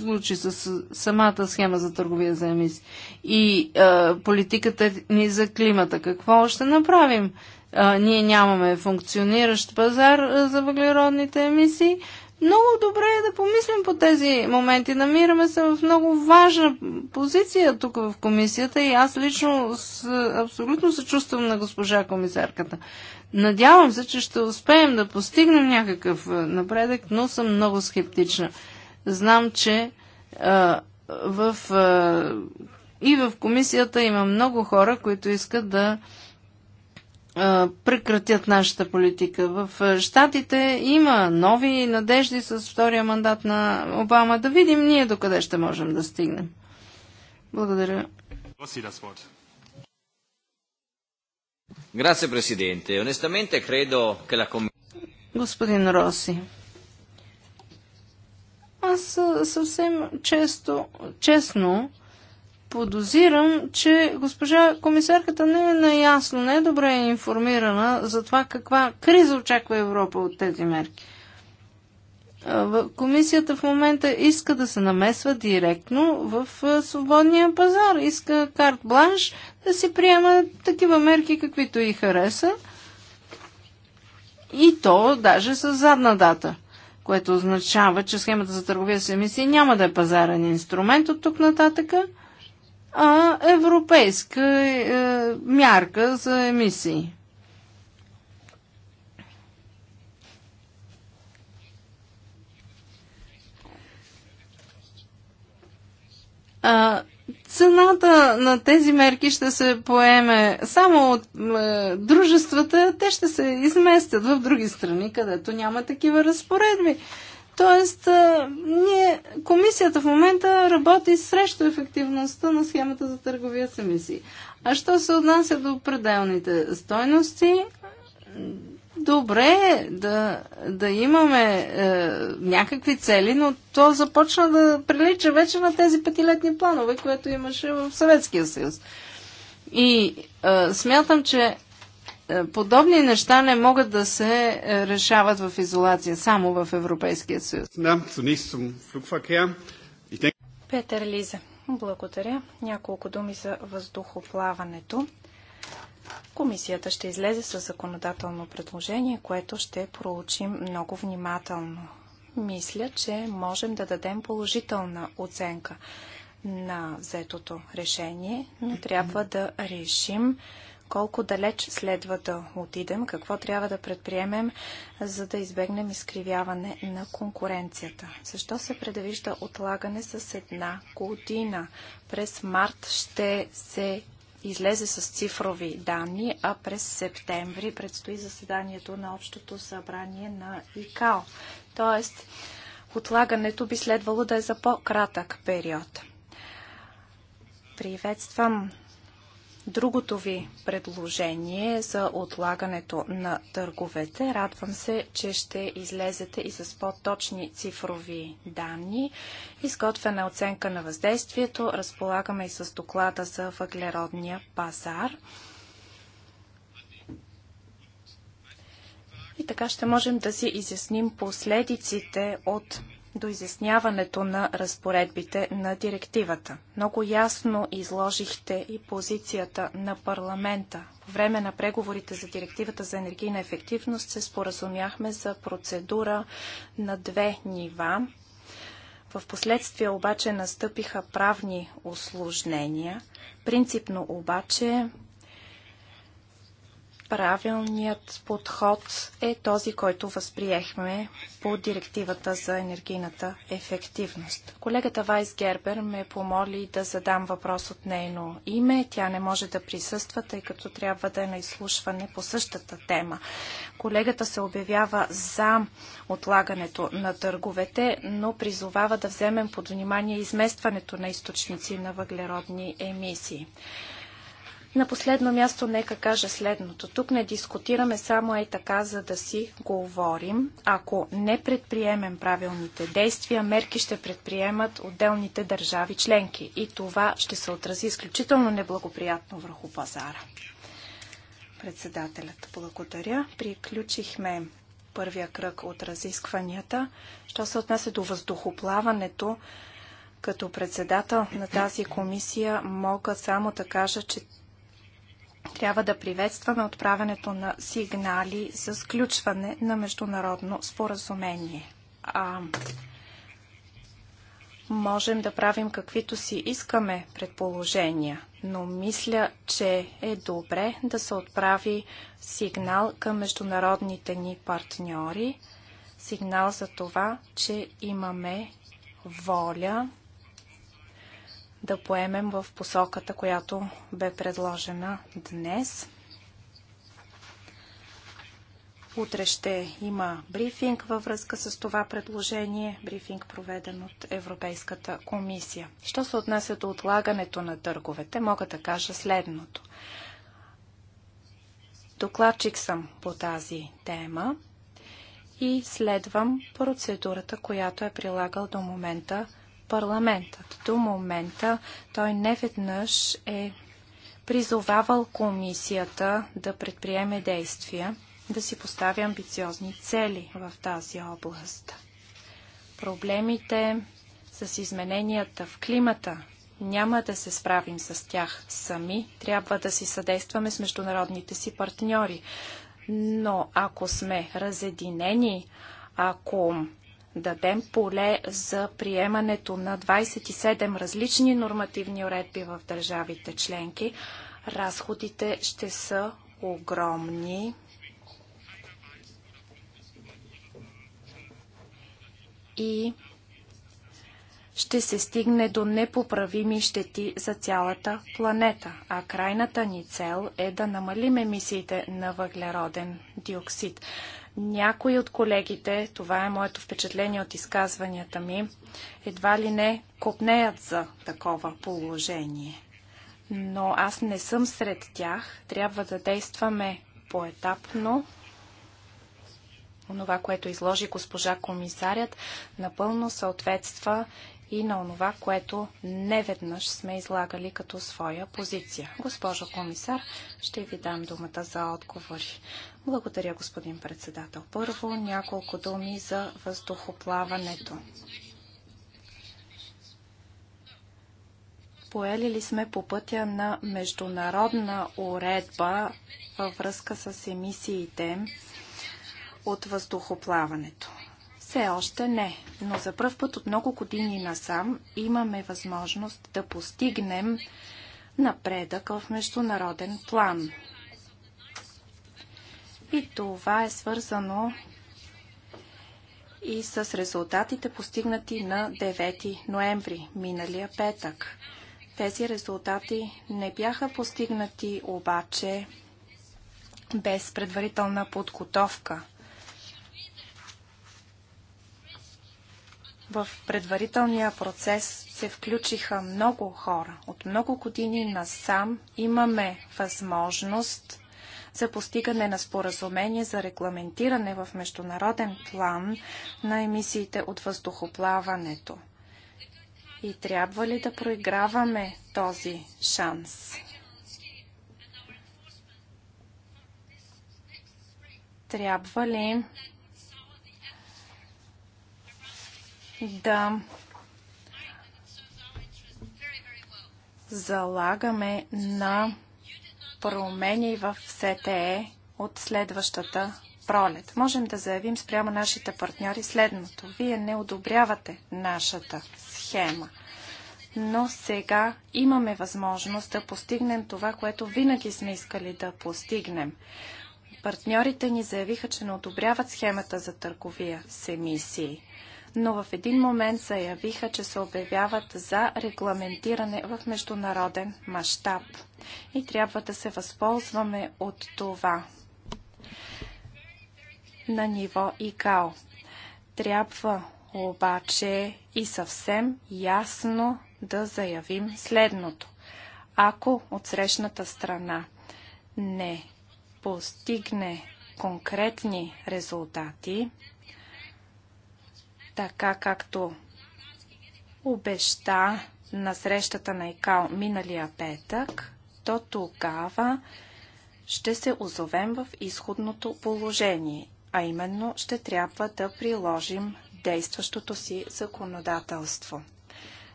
случи с самата схема за търговия за емисии и е, политиката ни за климата? Какво ще направим? Е, ние нямаме функциониращ пазар за въглеродните емисии, много добре е да помислим по тези моменти. Намираме се в много важна позиция тук в комисията и аз лично с, абсолютно се чувствам на госпожа комисарката. Надявам се, че ще успеем да постигнем някакъв е, напредък, но съм много скептична. Знам, че а, е, в, а, е, и в комисията има много хора, които искат да а, прекратят нашата политика. В Штатите има нови надежди с втория мандат на Обама. Да видим ние докъде ще можем да стигнем. Благодаря. Grazie Presidente. Onestamente credo che la Господин Роси, аз съвсем често, честно подозирам, че госпожа комисарката не е наясно, не е добре информирана за това каква криза очаква Европа от тези мерки. Комисията в момента иска да се намесва директно в свободния пазар. Иска карт бланш да си приема такива мерки, каквито и хареса. И то даже с задна дата, което означава, че схемата за търговия с емисии няма да е пазарен инструмент от тук нататъка а европейска е, мярка за емисии. А, цената на тези мерки ще се поеме само от е, дружествата, те ще се изместят в други страни, където няма такива разпоредби. Тоест, ние, комисията в момента работи срещу ефективността на схемата за търговия с емисии. А що се отнася до пределните стойности, добре е да, да имаме е, някакви цели, но то започна да прилича вече на тези петилетни планове, което имаше в Съветския съюз. И е, смятам, че е, подобни неща не могат да се е, решават в изолация, само в Европейския съюз. Е Петър Лиза, благодаря. Няколко думи за въздухоплаването. Комисията ще излезе с законодателно предложение, което ще проучим много внимателно. Мисля, че можем да дадем положителна оценка на взетото решение, но трябва да решим колко далеч следва да отидем, какво трябва да предприемем, за да избегнем изкривяване на конкуренцията. Защо се предвижда отлагане с една година? През март ще се излезе с цифрови данни, а през септември предстои заседанието на Общото събрание на ИКАО. Тоест, отлагането би следвало да е за по-кратък период. Приветствам Другото ви предложение за отлагането на търговете, радвам се, че ще излезете и с по-точни цифрови данни. Изготвена е оценка на въздействието, разполагаме и с доклада за въглеродния пазар. И така ще можем да си изясним последиците от до изясняването на разпоредбите на директивата. Много ясно изложихте и позицията на парламента. По време на преговорите за директивата за енергийна ефективност се споразумяхме за процедура на две нива. В последствие обаче настъпиха правни осложнения. Принципно обаче Правилният подход е този, който възприехме по директивата за енергийната ефективност. Колегата Вайс Гербер ме помоли да задам въпрос от нейно име. Тя не може да присъства, тъй като трябва да е на изслушване по същата тема. Колегата се обявява за отлагането на търговете, но призовава да вземем под внимание изместването на източници на въглеродни емисии. На последно място нека кажа следното. Тук не дискутираме само е така, за да си говорим. Ако не предприемем правилните действия, мерки ще предприемат отделните държави членки. И това ще се отрази изключително неблагоприятно върху пазара. Председателят, благодаря. Приключихме първия кръг от разискванията. Що се отнася до въздухоплаването, като председател на тази комисия мога само да кажа, че трябва да приветстваме отправянето на сигнали за сключване на международно споразумение. А, можем да правим каквито си искаме предположения, но мисля, че е добре да се отправи сигнал към международните ни партньори, сигнал за това, че имаме воля да поемем в посоката, която бе предложена днес. Утре ще има брифинг във връзка с това предложение, брифинг проведен от Европейската комисия. Що се отнася до отлагането на търговете, мога да кажа следното. Докладчик съм по тази тема и следвам процедурата, която е прилагал до момента парламентът. До момента той неведнъж е призовавал комисията да предприеме действия, да си поставя амбициозни цели в тази област. Проблемите с измененията в климата няма да се справим с тях сами, трябва да си съдействаме с международните си партньори. Но ако сме разединени, ако дадем поле за приемането на 27 различни нормативни уредби в държавите членки, разходите ще са огромни. И ще се стигне до непоправими щети за цялата планета, а крайната ни цел е да намалим емисиите на въглероден диоксид. Някои от колегите, това е моето впечатление от изказванията ми, едва ли не копнеят за такова положение. Но аз не съм сред тях. Трябва да действаме поетапно. Онова, което изложи госпожа комисарят, напълно съответства и на онова, което неведнъж сме излагали като своя позиция. Госпожо комисар, ще ви дам думата за отговори. Благодаря, господин председател. Първо, няколко думи за въздухоплаването. поели ли сме по пътя на международна уредба във връзка с емисиите от въздухоплаването? Все още не, но за пръв път от много години насам имаме възможност да постигнем напредък в международен план. И това е свързано и с резултатите постигнати на 9 ноември, миналия петък. Тези резултати не бяха постигнати обаче без предварителна подготовка – В предварителния процес се включиха много хора. От много години насам имаме възможност за постигане на споразумение за регламентиране в международен план на емисиите от въздухоплаването. И трябва ли да проиграваме този шанс? Трябва ли да залагаме на промени в СТЕ от следващата пролет. Можем да заявим спрямо нашите партньори следното. Вие не одобрявате нашата схема. Но сега имаме възможност да постигнем това, което винаги сме искали да постигнем. Партньорите ни заявиха, че не одобряват схемата за търговия с емисии но в един момент заявиха, че се обявяват за регламентиране в международен мащаб. И трябва да се възползваме от това на ниво ИКАО. Трябва обаче и съвсем ясно да заявим следното. Ако от срещната страна не постигне конкретни резултати, така както обеща на срещата на ИКАО миналия петък, то тогава ще се озовем в изходното положение, а именно ще трябва да приложим действащото си законодателство.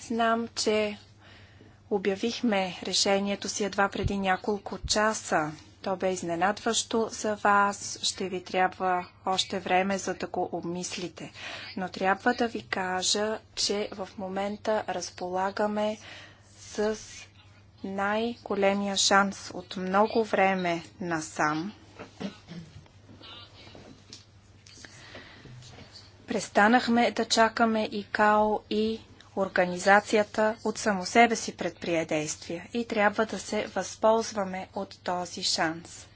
Знам, че обявихме решението си едва преди няколко часа, то бе изненадващо за вас, ще ви трябва още време за да го обмислите. Но трябва да ви кажа, че в момента разполагаме с най-големия шанс от много време насам. Престанахме да чакаме и као и Организацията от само себе си предприе действия и трябва да се възползваме от този шанс.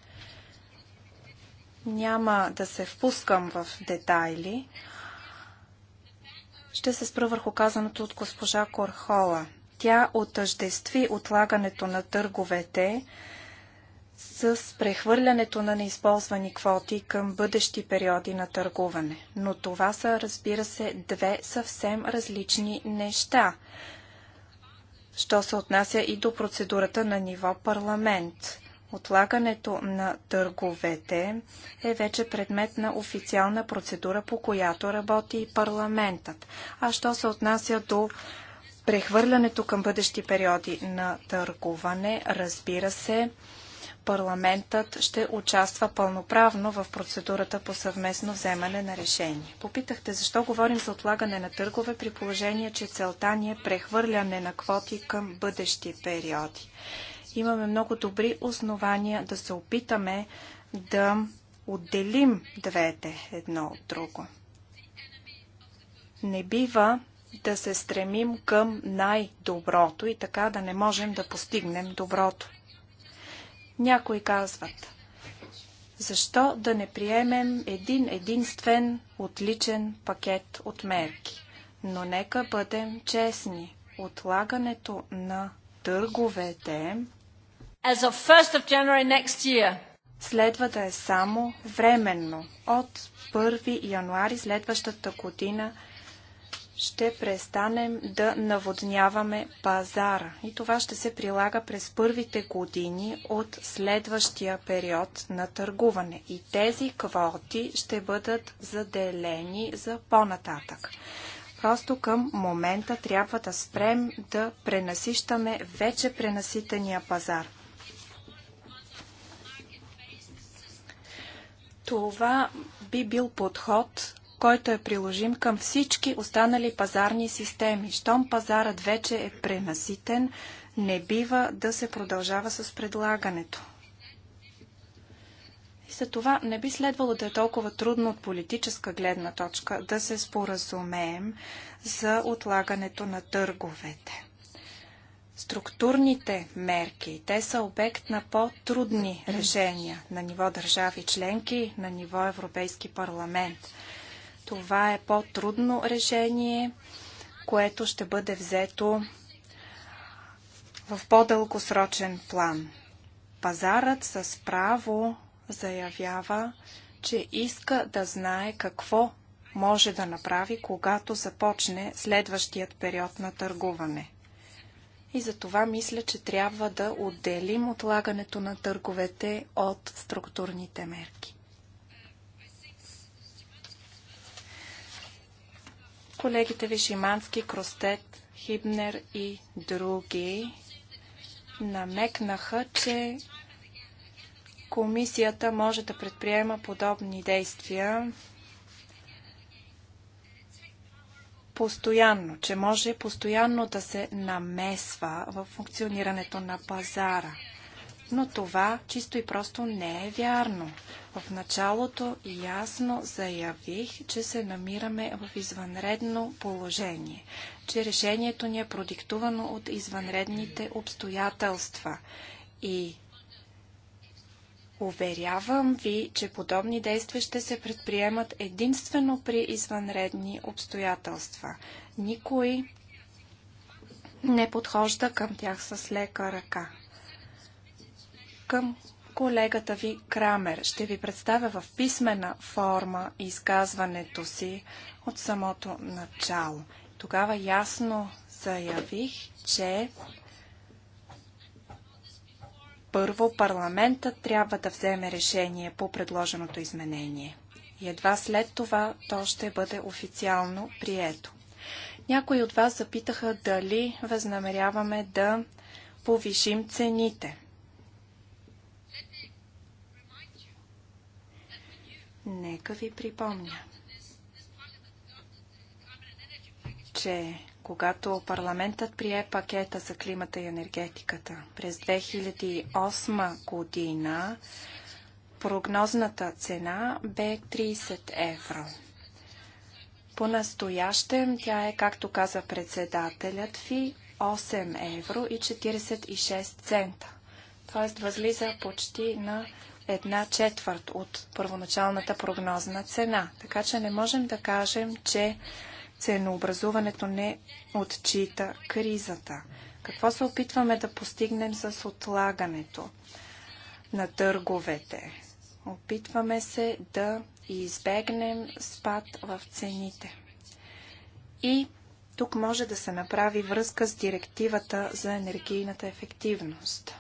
Няма да се впускам в детайли. Ще се спра върху казаното от госпожа Корхола. Тя отъждестви отлагането на търговете с прехвърлянето на неизползвани квоти към бъдещи периоди на търгуване. Но това са, разбира се, две съвсем различни неща. Що се отнася и до процедурата на ниво парламент. Отлагането на търговете е вече предмет на официална процедура, по която работи и парламентът. А що се отнася до прехвърлянето към бъдещи периоди на търгуване, разбира се, парламентът ще участва пълноправно в процедурата по съвместно вземане на решение. Попитахте защо говорим за отлагане на търгове при положение, че целта ни е прехвърляне на квоти към бъдещи периоди. Имаме много добри основания да се опитаме да отделим двете едно от друго. Не бива да се стремим към най-доброто и така да не можем да постигнем доброто. Някои казват, защо да не приемем един единствен отличен пакет от мерки? Но нека бъдем честни. Отлагането на търговете As of 1st of January next year. следва да е само временно. От 1 януари следващата година ще престанем да наводняваме пазара. И това ще се прилага през първите години от следващия период на търгуване. И тези квоти ще бъдат заделени за по-нататък. Просто към момента трябва да спрем да пренасищаме вече пренаситения пазар. Това би бил подход, който е приложим към всички останали пазарни системи. Щом пазарът вече е пренаситен, не бива да се продължава с предлагането. И за това не би следвало да е толкова трудно от политическа гледна точка да се споразумеем за отлагането на търговете. Структурните мерки, те са обект на по-трудни решения на ниво държави членки, на ниво Европейски парламент – това е по-трудно решение, което ще бъде взето в по-дългосрочен план. Пазарът с право заявява, че иска да знае какво може да направи, когато започне следващият период на търгуване. И за това мисля, че трябва да отделим отлагането на търговете от структурните мерки. колегите ви Шимански, Кростет, Хибнер и други намекнаха, че комисията може да предприема подобни действия постоянно, че може постоянно да се намесва в функционирането на пазара но това чисто и просто не е вярно. В началото ясно заявих, че се намираме в извънредно положение, че решението ни е продиктувано от извънредните обстоятелства и Уверявам ви, че подобни действия ще се предприемат единствено при извънредни обстоятелства. Никой не подхожда към тях с лека ръка към колегата ви Крамер. Ще ви представя в писмена форма изказването си от самото начало. Тогава ясно заявих, че първо парламентът трябва да вземе решение по предложеното изменение. И едва след това то ще бъде официално прието. Някои от вас запитаха дали възнамеряваме да повишим цените. Нека ви припомня, че когато парламентът прие пакета за климата и енергетиката през 2008 година, прогнозната цена бе 30 евро. По-настоящем тя е, както каза председателят ви, 8 евро и 46 цента. Тоест възлиза почти на една четвърт от първоначалната прогнозна цена. Така че не можем да кажем, че ценообразуването не отчита кризата. Какво се опитваме да постигнем с отлагането на търговете? Опитваме се да избегнем спад в цените. И тук може да се направи връзка с директивата за енергийната ефективност.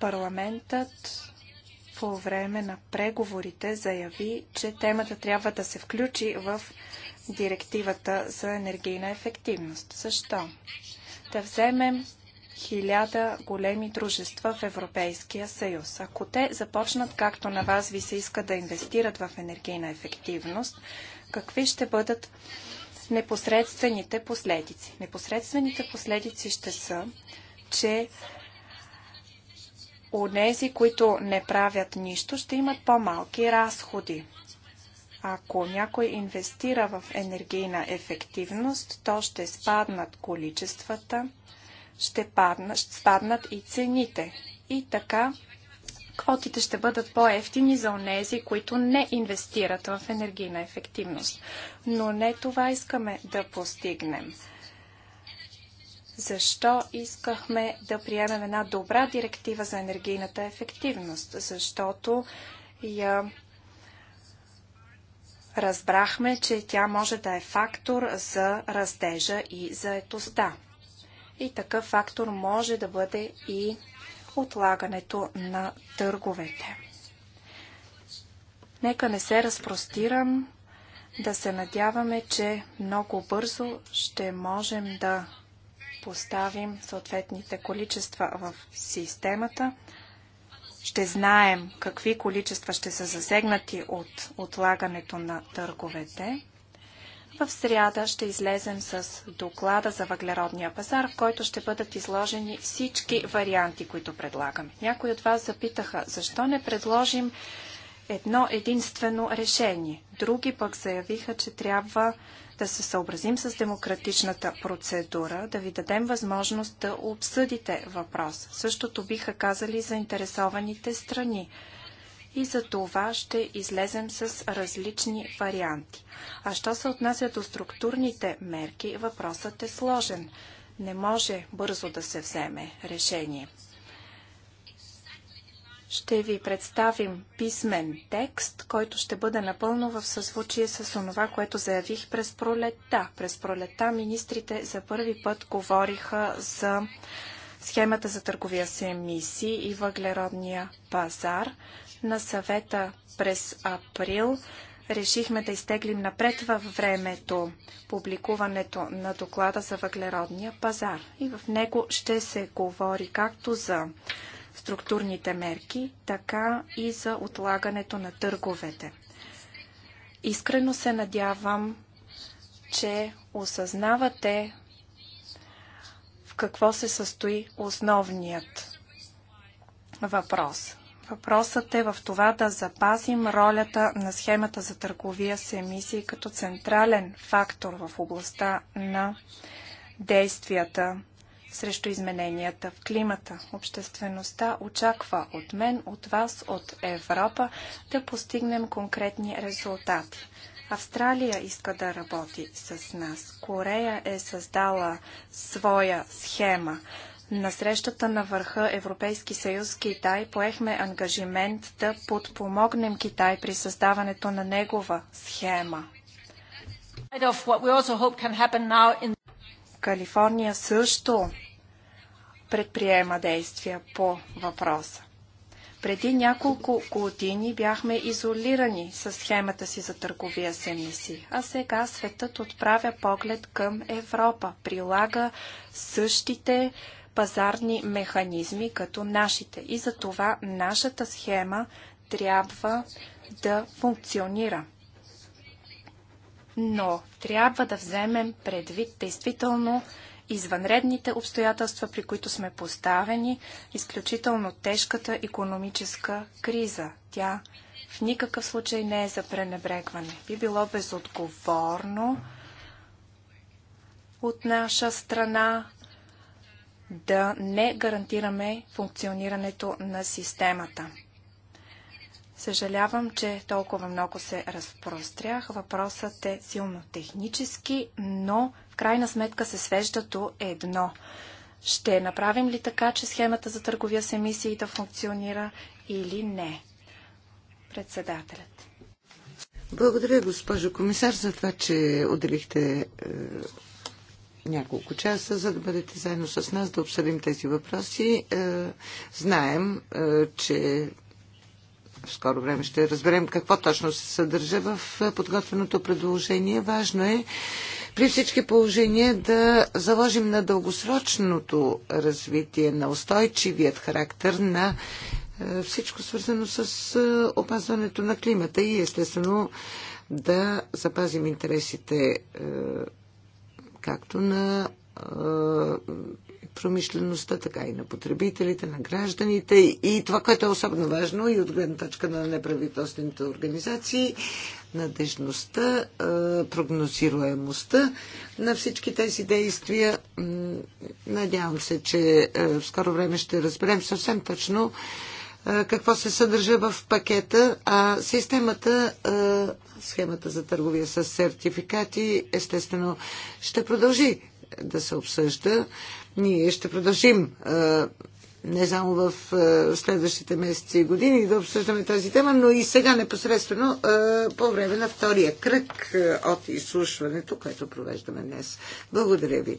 Парламентът по време на преговорите заяви, че темата трябва да се включи в директивата за енергийна ефективност. Защо? Да вземем хиляда големи дружества в Европейския съюз. Ако те започнат, както на вас ви се иска да инвестират в енергийна ефективност, какви ще бъдат непосредствените последици? Непосредствените последици ще са, че Онези, които не правят нищо, ще имат по-малки разходи. Ако някой инвестира в енергийна ефективност, то ще спаднат количествата, ще падна, ще спаднат и цените. И така квотите ще бъдат по-ефтини за онези, които не инвестират в енергийна ефективност. Но не това искаме да постигнем. Защо искахме да приемем една добра директива за енергийната ефективност? Защото я разбрахме, че тя може да е фактор за растежа и за етостта. И такъв фактор може да бъде и отлагането на търговете. Нека не се разпростирам, да се надяваме, че много бързо ще можем да поставим съответните количества в системата, ще знаем какви количества ще са засегнати от отлагането на търговете. В сряда ще излезем с доклада за въглеродния пазар, в който ще бъдат изложени всички варианти, които предлагаме. Някои от вас запитаха, защо не предложим едно единствено решение. Други пък заявиха, че трябва да се съобразим с демократичната процедура, да ви дадем възможност да обсъдите въпрос. Същото биха казали заинтересованите страни. И за това ще излезем с различни варианти. А що се отнася до структурните мерки, въпросът е сложен. Не може бързо да се вземе решение ще ви представим писмен текст, който ще бъде напълно в съзвучие с онова, което заявих през пролетта. През пролетта министрите за първи път говориха за схемата за търговия с емисии и въглеродния пазар. На съвета през април решихме да изтеглим напред във времето публикуването на доклада за въглеродния пазар. И в него ще се говори както за структурните мерки, така и за отлагането на търговете. Искрено се надявам, че осъзнавате в какво се състои основният въпрос. Въпросът е в това да запазим ролята на схемата за търговия с емисии като централен фактор в областта на действията срещу измененията в климата. Обществеността очаква от мен, от вас, от Европа да постигнем конкретни резултати. Австралия иска да работи с нас. Корея е създала своя схема. На срещата на върха Европейски съюз Китай поехме ангажимент да подпомогнем Китай при създаването на негова схема. Калифорния също предприема действия по въпроса. Преди няколко години бяхме изолирани с схемата си за търговия с емисии, а сега светът отправя поглед към Европа, прилага същите пазарни механизми като нашите. И за това нашата схема трябва да функционира но трябва да вземем предвид действително извънредните обстоятелства, при които сме поставени, изключително тежката економическа криза. Тя в никакъв случай не е за пренебрегване. Би било безотговорно от наша страна да не гарантираме функционирането на системата. Съжалявам, че толкова много се разпрострях. Въпросът е силно технически, но в крайна сметка се свежда до едно. Ще направим ли така, че схемата за търговия с емисии да функционира или не? Председателят. Благодаря, госпожо комисар, за това, че отделихте е, няколко часа, за да бъдете заедно с нас, да обсъдим тези въпроси. Е, знаем, е, че в скоро време ще разберем какво точно се съдържа в е, подготвеното предложение. Важно е при всички положения да заложим на дългосрочното развитие, на устойчивият характер на е, всичко свързано с е, опазването на климата и естествено да запазим интересите както на промишлеността, така и на потребителите, на гражданите и това, което е особено важно и от гледна точка на неправителствените организации, надежността, прогнозируемостта на всички тези действия. Надявам се, че в скоро време ще разберем съвсем точно какво се съдържа в пакета, а системата, схемата за търговия с сертификати, естествено, ще продължи да се обсъжда. Ние ще продължим не само в следващите месеци и години да обсъждаме тази тема, но и сега непосредствено по време на втория кръг от изслушването, което провеждаме днес. Благодаря ви.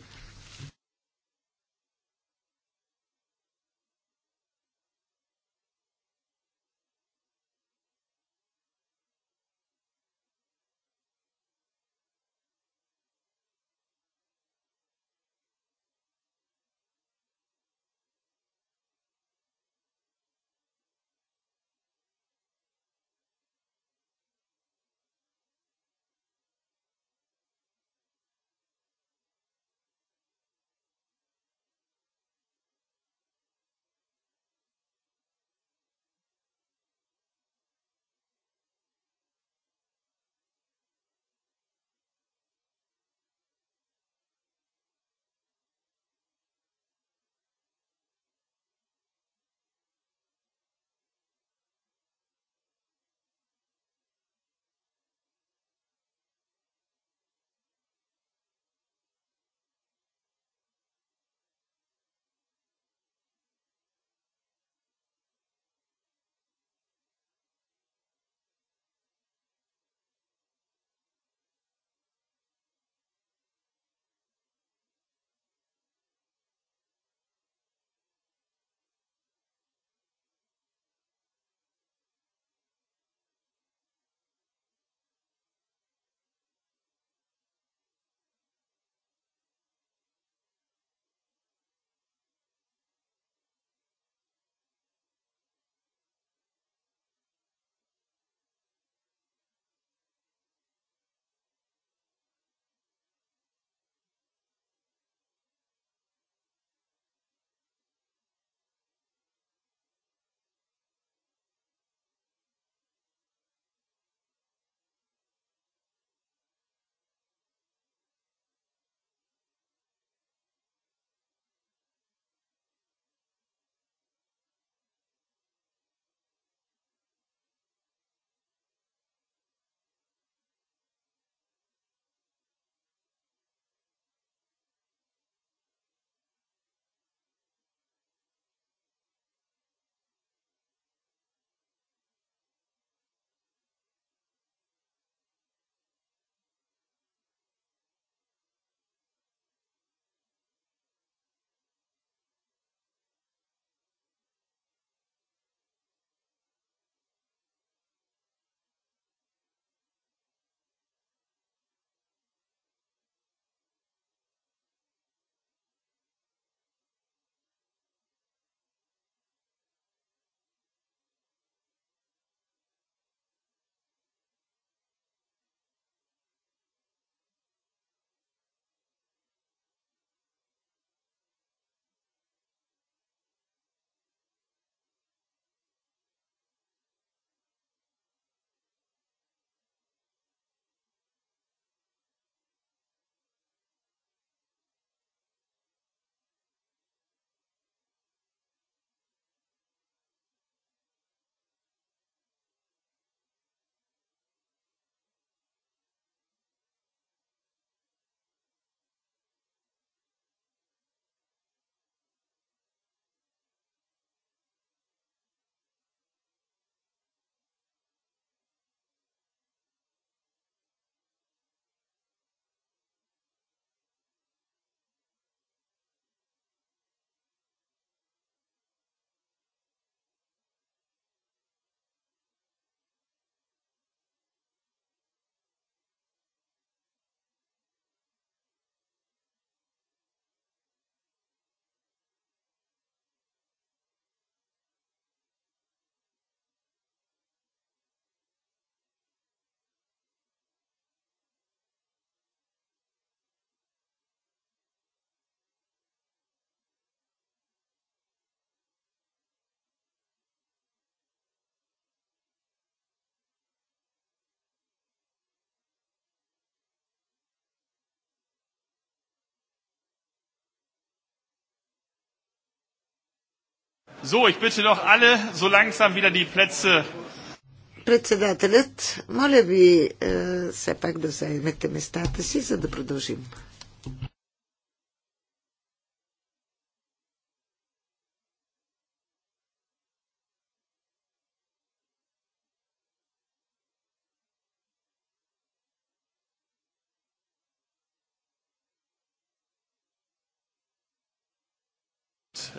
So, ich bitte doch alle so langsam wieder die Plätze. Председателят, моля ви, е, все пак да заемете местата си, за да продължим.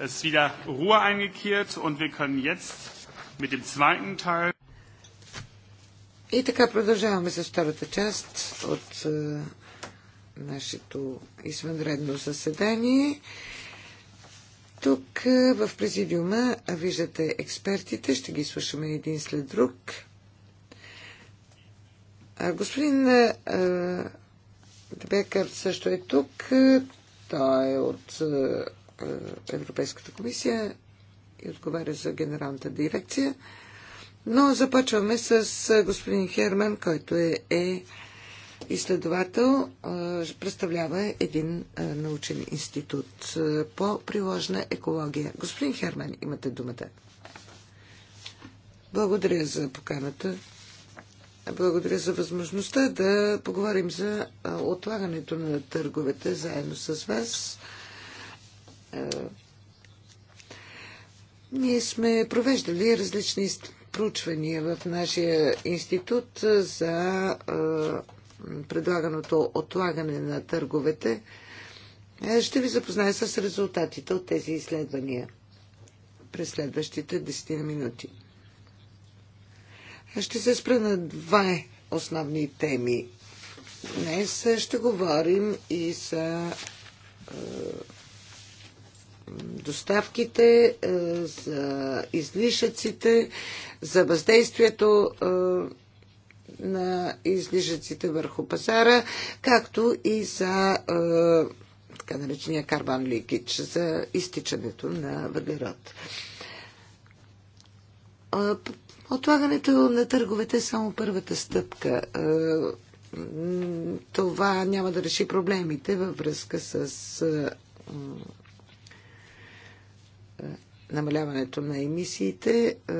Es ist wieder Ruhe eingekehrt und wir können jetzt mit dem zweiten Teil. И така продължаваме с втората част от е, нашето извънредно заседание. Тук е, в президиума виждате експертите, ще ги слушаме един след друг. А, господин е, е Дебекър също е тук. Той е от е, е, Европейската комисия и отговаря за генералната дирекция. Но започваме с е, господин Херман, който е, е изследовател, е, представлява един научен институт по приложна екология. Господин Херман, имате думата. Благодаря за поканата. Благодаря за възможността да поговорим за отлагането на търговете заедно с вас. Е, ние сме провеждали различни проучвания в нашия институт за е, предлаганото отлагане на търговете. Е, ще ви запозная с резултатите от тези изследвания през следващите 10 минути. Ще се спра на два основни теми. Днес ще говорим и за доставките, е, за излишъците, за въздействието е, на излишъците върху пазара, както и за е, така наречения карбан ликич, за изтичането на въглерод. Отлагането на търговете е само първата стъпка. Това няма да реши проблемите във връзка с намаляването на емисиите. Е,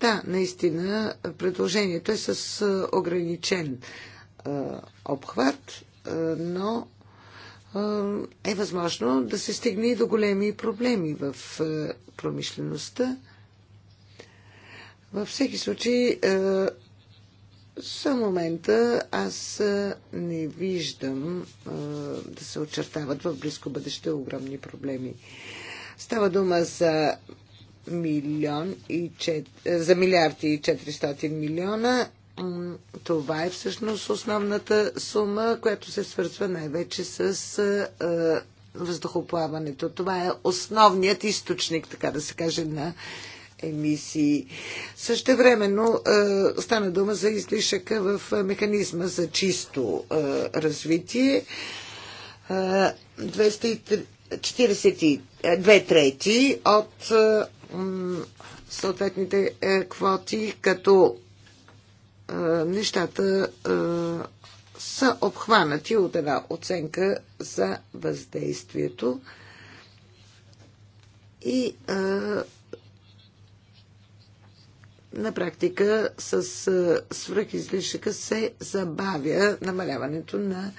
да, наистина предложението е с е, ограничен е, обхват, но е възможно да се стигне и до големи проблеми в промишлеността. Във всеки случай, за момента аз не виждам да се очертават в близко бъдеще огромни проблеми. Става дума за милион и чет... за милиард и 400 милиона. Това е всъщност основната сума, която се свързва най-вече с въздухоплаването. Това е основният източник, така да се каже, на емисии. Също времено е, стана дума за излишъка в механизма за чисто е, развитие. 230 42 трети от е, съответните е, квоти, като е, нещата са обхванати от една оценка за въздействието и на практика с свръхизлишъка се забавя намаляването на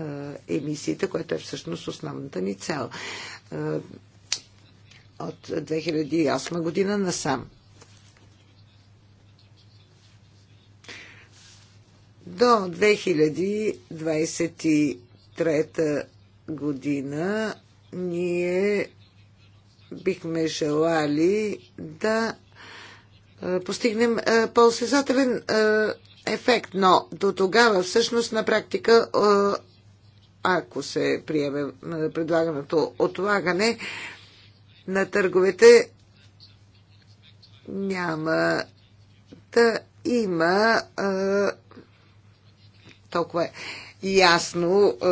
е, емисиите, което е всъщност основната ни цел е, от 2008 година насам. До 2023 година ние бихме желали да е, постигнем по-осезателен ефект, но до тогава всъщност на практика ако се приеме предлаганото отлагане на търговете, няма да има а, толкова ясно а,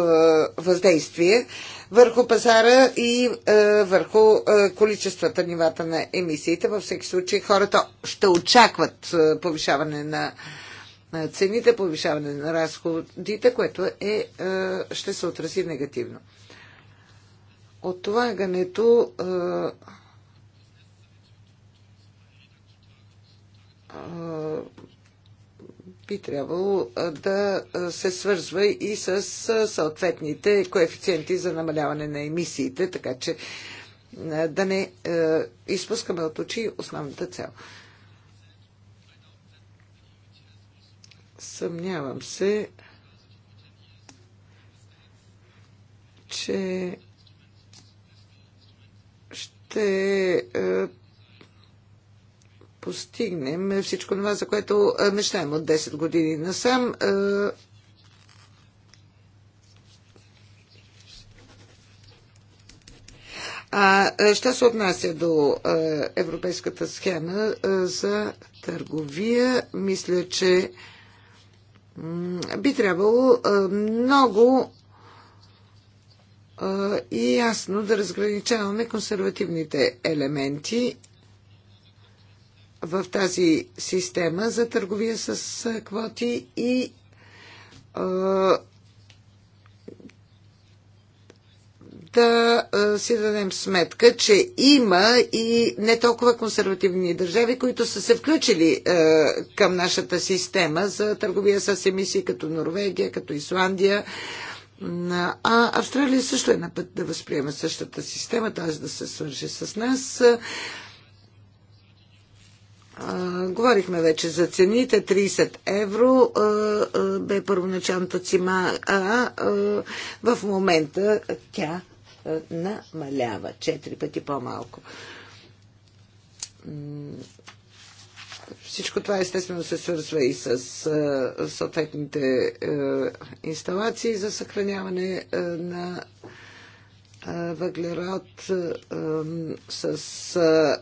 въздействие върху пазара и а, върху а, количествата, нивата на емисиите. Във всеки случай хората ще очакват а, повишаване на а, цените, повишаване на разходите, което е, е ще се отрази негативно. Отлагането е, е, би трябвало да се свързва и с съответните коефициенти за намаляване на емисиите, така че да не изпускаме от очи основната цел. Съмнявам се, че ще е, постигнем всичко това, за което е, мечтаем от 10 години насам. Е, а що се отнася до европейската схема за търговия, мисля, че би трябвало много и ясно да разграничаваме консервативните елементи в тази система за търговия с квоти и да си дадем сметка, че има и не толкова консервативни държави, които са се включили към нашата система за търговия с емисии, като Норвегия, като Исландия. А Австралия също е на път да възприеме същата система, т.е. да се свържи с нас. Говорихме вече за цените. 30 евро бе първоначалната цима, а в момента тя намалява. Четири пъти по-малко. Всичко това естествено се свързва и с съответните инсталации за съхраняване на въглерод, с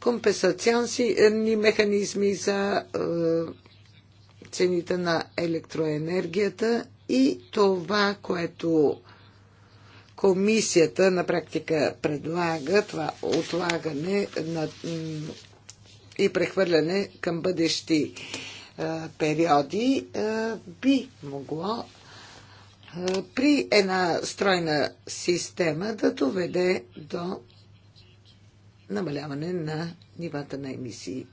компенсационни механизми за цените на електроенергията и това, което комисията на практика предлага, това отлагане на, и прехвърляне към бъдещи а, периоди, а, би могло а, при една стройна система да доведе до намаляване на нивата на емисии,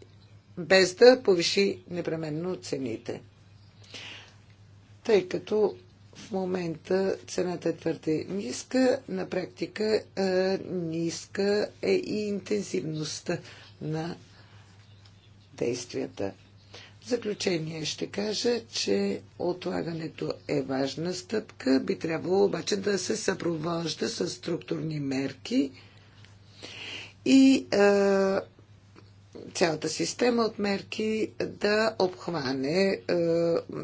без да повиши непременно цените тъй като в момента цената е твърде ниска. На практика е, ниска е и интензивността на действията. В заключение ще кажа, че отлагането е важна стъпка, би трябвало обаче да се съпровожда с структурни мерки и е, цялата система от мерки да обхване е,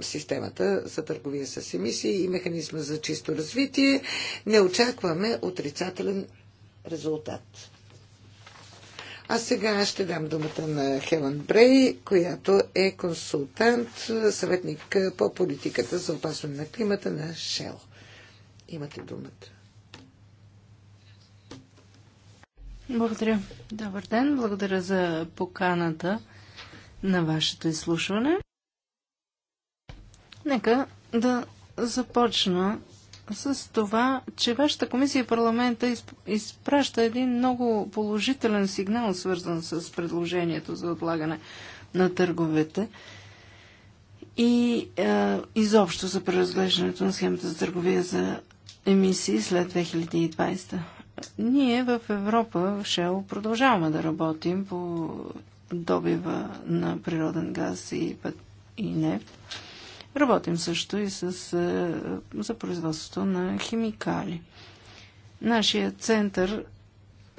системата за търговия с емисии и механизма за чисто развитие. Не очакваме отрицателен резултат. А сега ще дам думата на Хелен Брей, която е консултант, съветник по политиката за опасване на климата на Шел. Имате думата. Благодаря. Добър ден. Благодаря за поканата на вашето изслушване. Нека да започна с това, че вашата комисия и парламента изпраща един много положителен сигнал, свързан с предложението за отлагане на търговете и е, изобщо за преразглеждането на схемата за търговия за емисии след 2020. Ние в Европа, в Шел, продължаваме да работим по добива на природен газ и, път и нефт. Работим също и с, е, за производството на химикали. Нашия център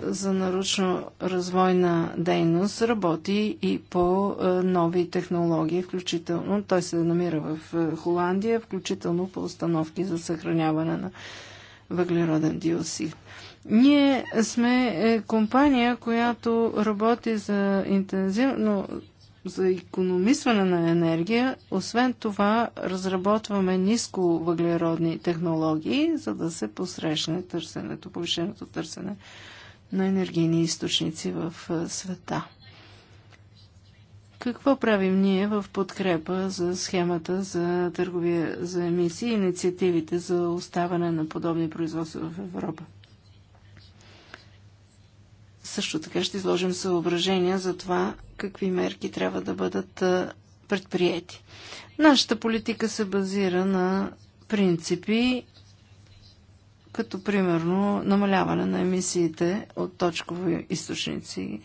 за наручно-развойна дейност работи и по е, нови технологии, включително той се намира в е, Холандия, включително по установки за съхраняване на въглероден диосид. Ние сме е, компания, която работи за интензивно за економисване на енергия. Освен това, разработваме ниско въглеродни технологии, за да се посрещне търсенето, повишеното търсене на енергийни източници в е, света. Какво правим ние в подкрепа за схемата за търговия за емисии и инициативите за оставане на подобни производства в Европа? Също така ще изложим съображения за това какви мерки трябва да бъдат предприяти. Нашата политика се базира на принципи, като примерно намаляване на емисиите от точкови източници.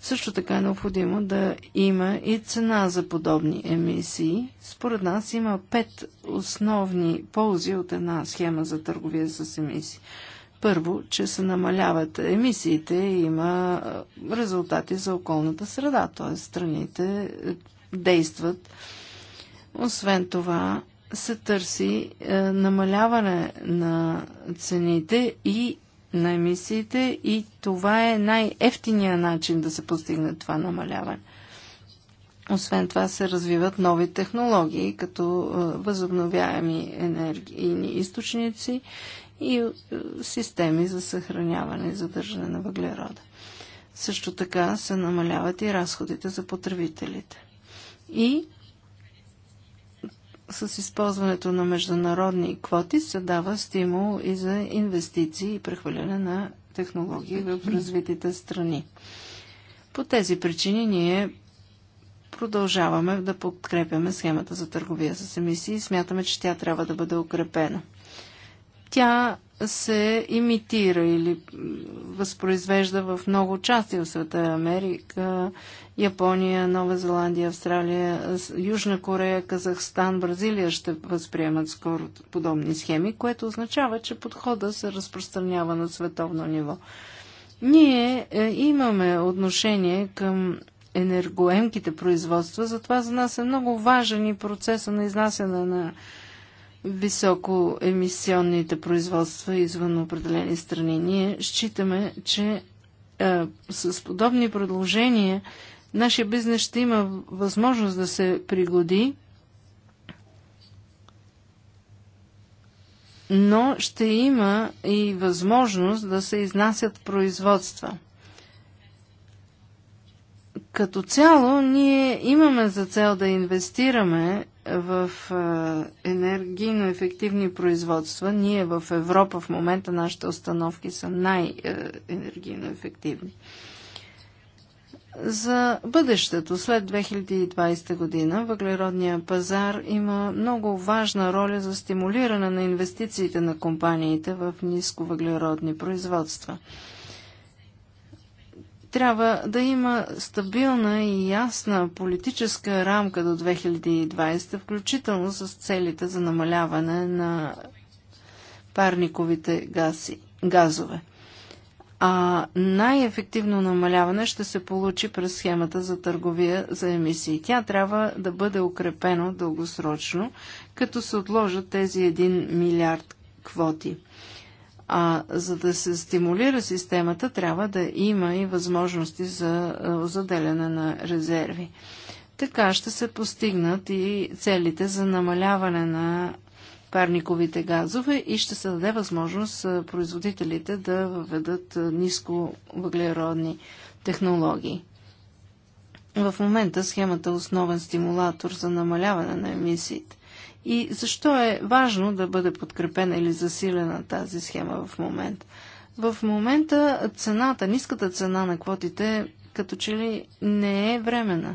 Също така е необходимо да има и цена за подобни емисии. Според нас има пет основни ползи от една схема за търговия с емисии. Първо, че се намаляват емисиите и има резултати за околната среда, т.е. страните е, действат. Освен това, се търси е, намаляване на цените и на емисиите и това е най-ефтиния начин да се постигне това намаляване. Освен това се развиват нови технологии, като е, възобновяеми енергийни източници и е, системи за съхраняване и задържане на въглерода. Също така се намаляват и разходите за потребителите. И с използването на международни квоти се дава стимул и за инвестиции и прехвърляне на технологии в развитите страни. По тези причини ние продължаваме да подкрепяме схемата за търговия с емисии и смятаме, че тя трябва да бъде укрепена. Тя се имитира или възпроизвежда в много части в света. Америка, Япония, Нова Зеландия, Австралия, Южна Корея, Казахстан, Бразилия ще възприемат скоро подобни схеми, което означава, че подхода се разпространява на световно ниво. Ние е, имаме отношение към енергоемките производства, затова за нас е много важен и процеса на изнасяне на високо емисионните производства извън определени страни. Ние считаме, че е, с подобни предложения нашия бизнес ще има възможност да се пригоди, но ще има и възможност да се изнасят производства. Като цяло, ние имаме за цел да инвестираме в енергийно ефективни производства. Ние в Европа в момента нашите установки са най-енергийно ефективни. За бъдещето след 2020 година въглеродния пазар има много важна роля за стимулиране на инвестициите на компаниите в нисковъглеродни производства. Трябва да има стабилна и ясна политическа рамка до 2020, включително с целите за намаляване на парниковите гази, газове. А най-ефективно намаляване ще се получи през схемата за търговия за емисии. Тя трябва да бъде укрепено дългосрочно, като се отложат тези 1 милиард квоти. А за да се стимулира системата, трябва да има и възможности за заделяне на резерви. Така ще се постигнат и целите за намаляване на парниковите газове и ще се даде възможност производителите да въведат ниско въглеродни технологии. В момента схемата е основен стимулатор за намаляване на емисиите и защо е важно да бъде подкрепена или засилена тази схема в момента. В момента цената, ниската цена на квотите, като че ли не е времена.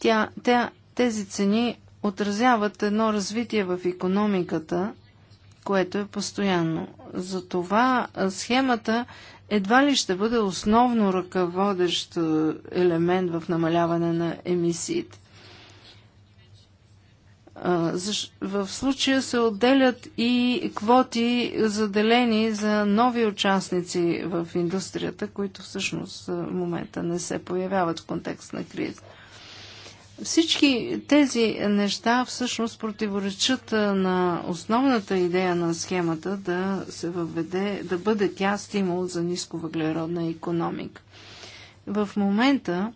Тя, тя, тези цени отразяват едно развитие в економиката, което е постоянно. Затова схемата едва ли ще бъде основно ръководещ е, елемент в намаляване на емисиите. В случая се отделят и квоти заделени за нови участници в индустрията, които всъщност в момента не се появяват в контекст на криза. Всички тези неща всъщност противоречат на основната идея на схемата да се въведе, да бъде тя стимул за нисковъглеродна економика. В момента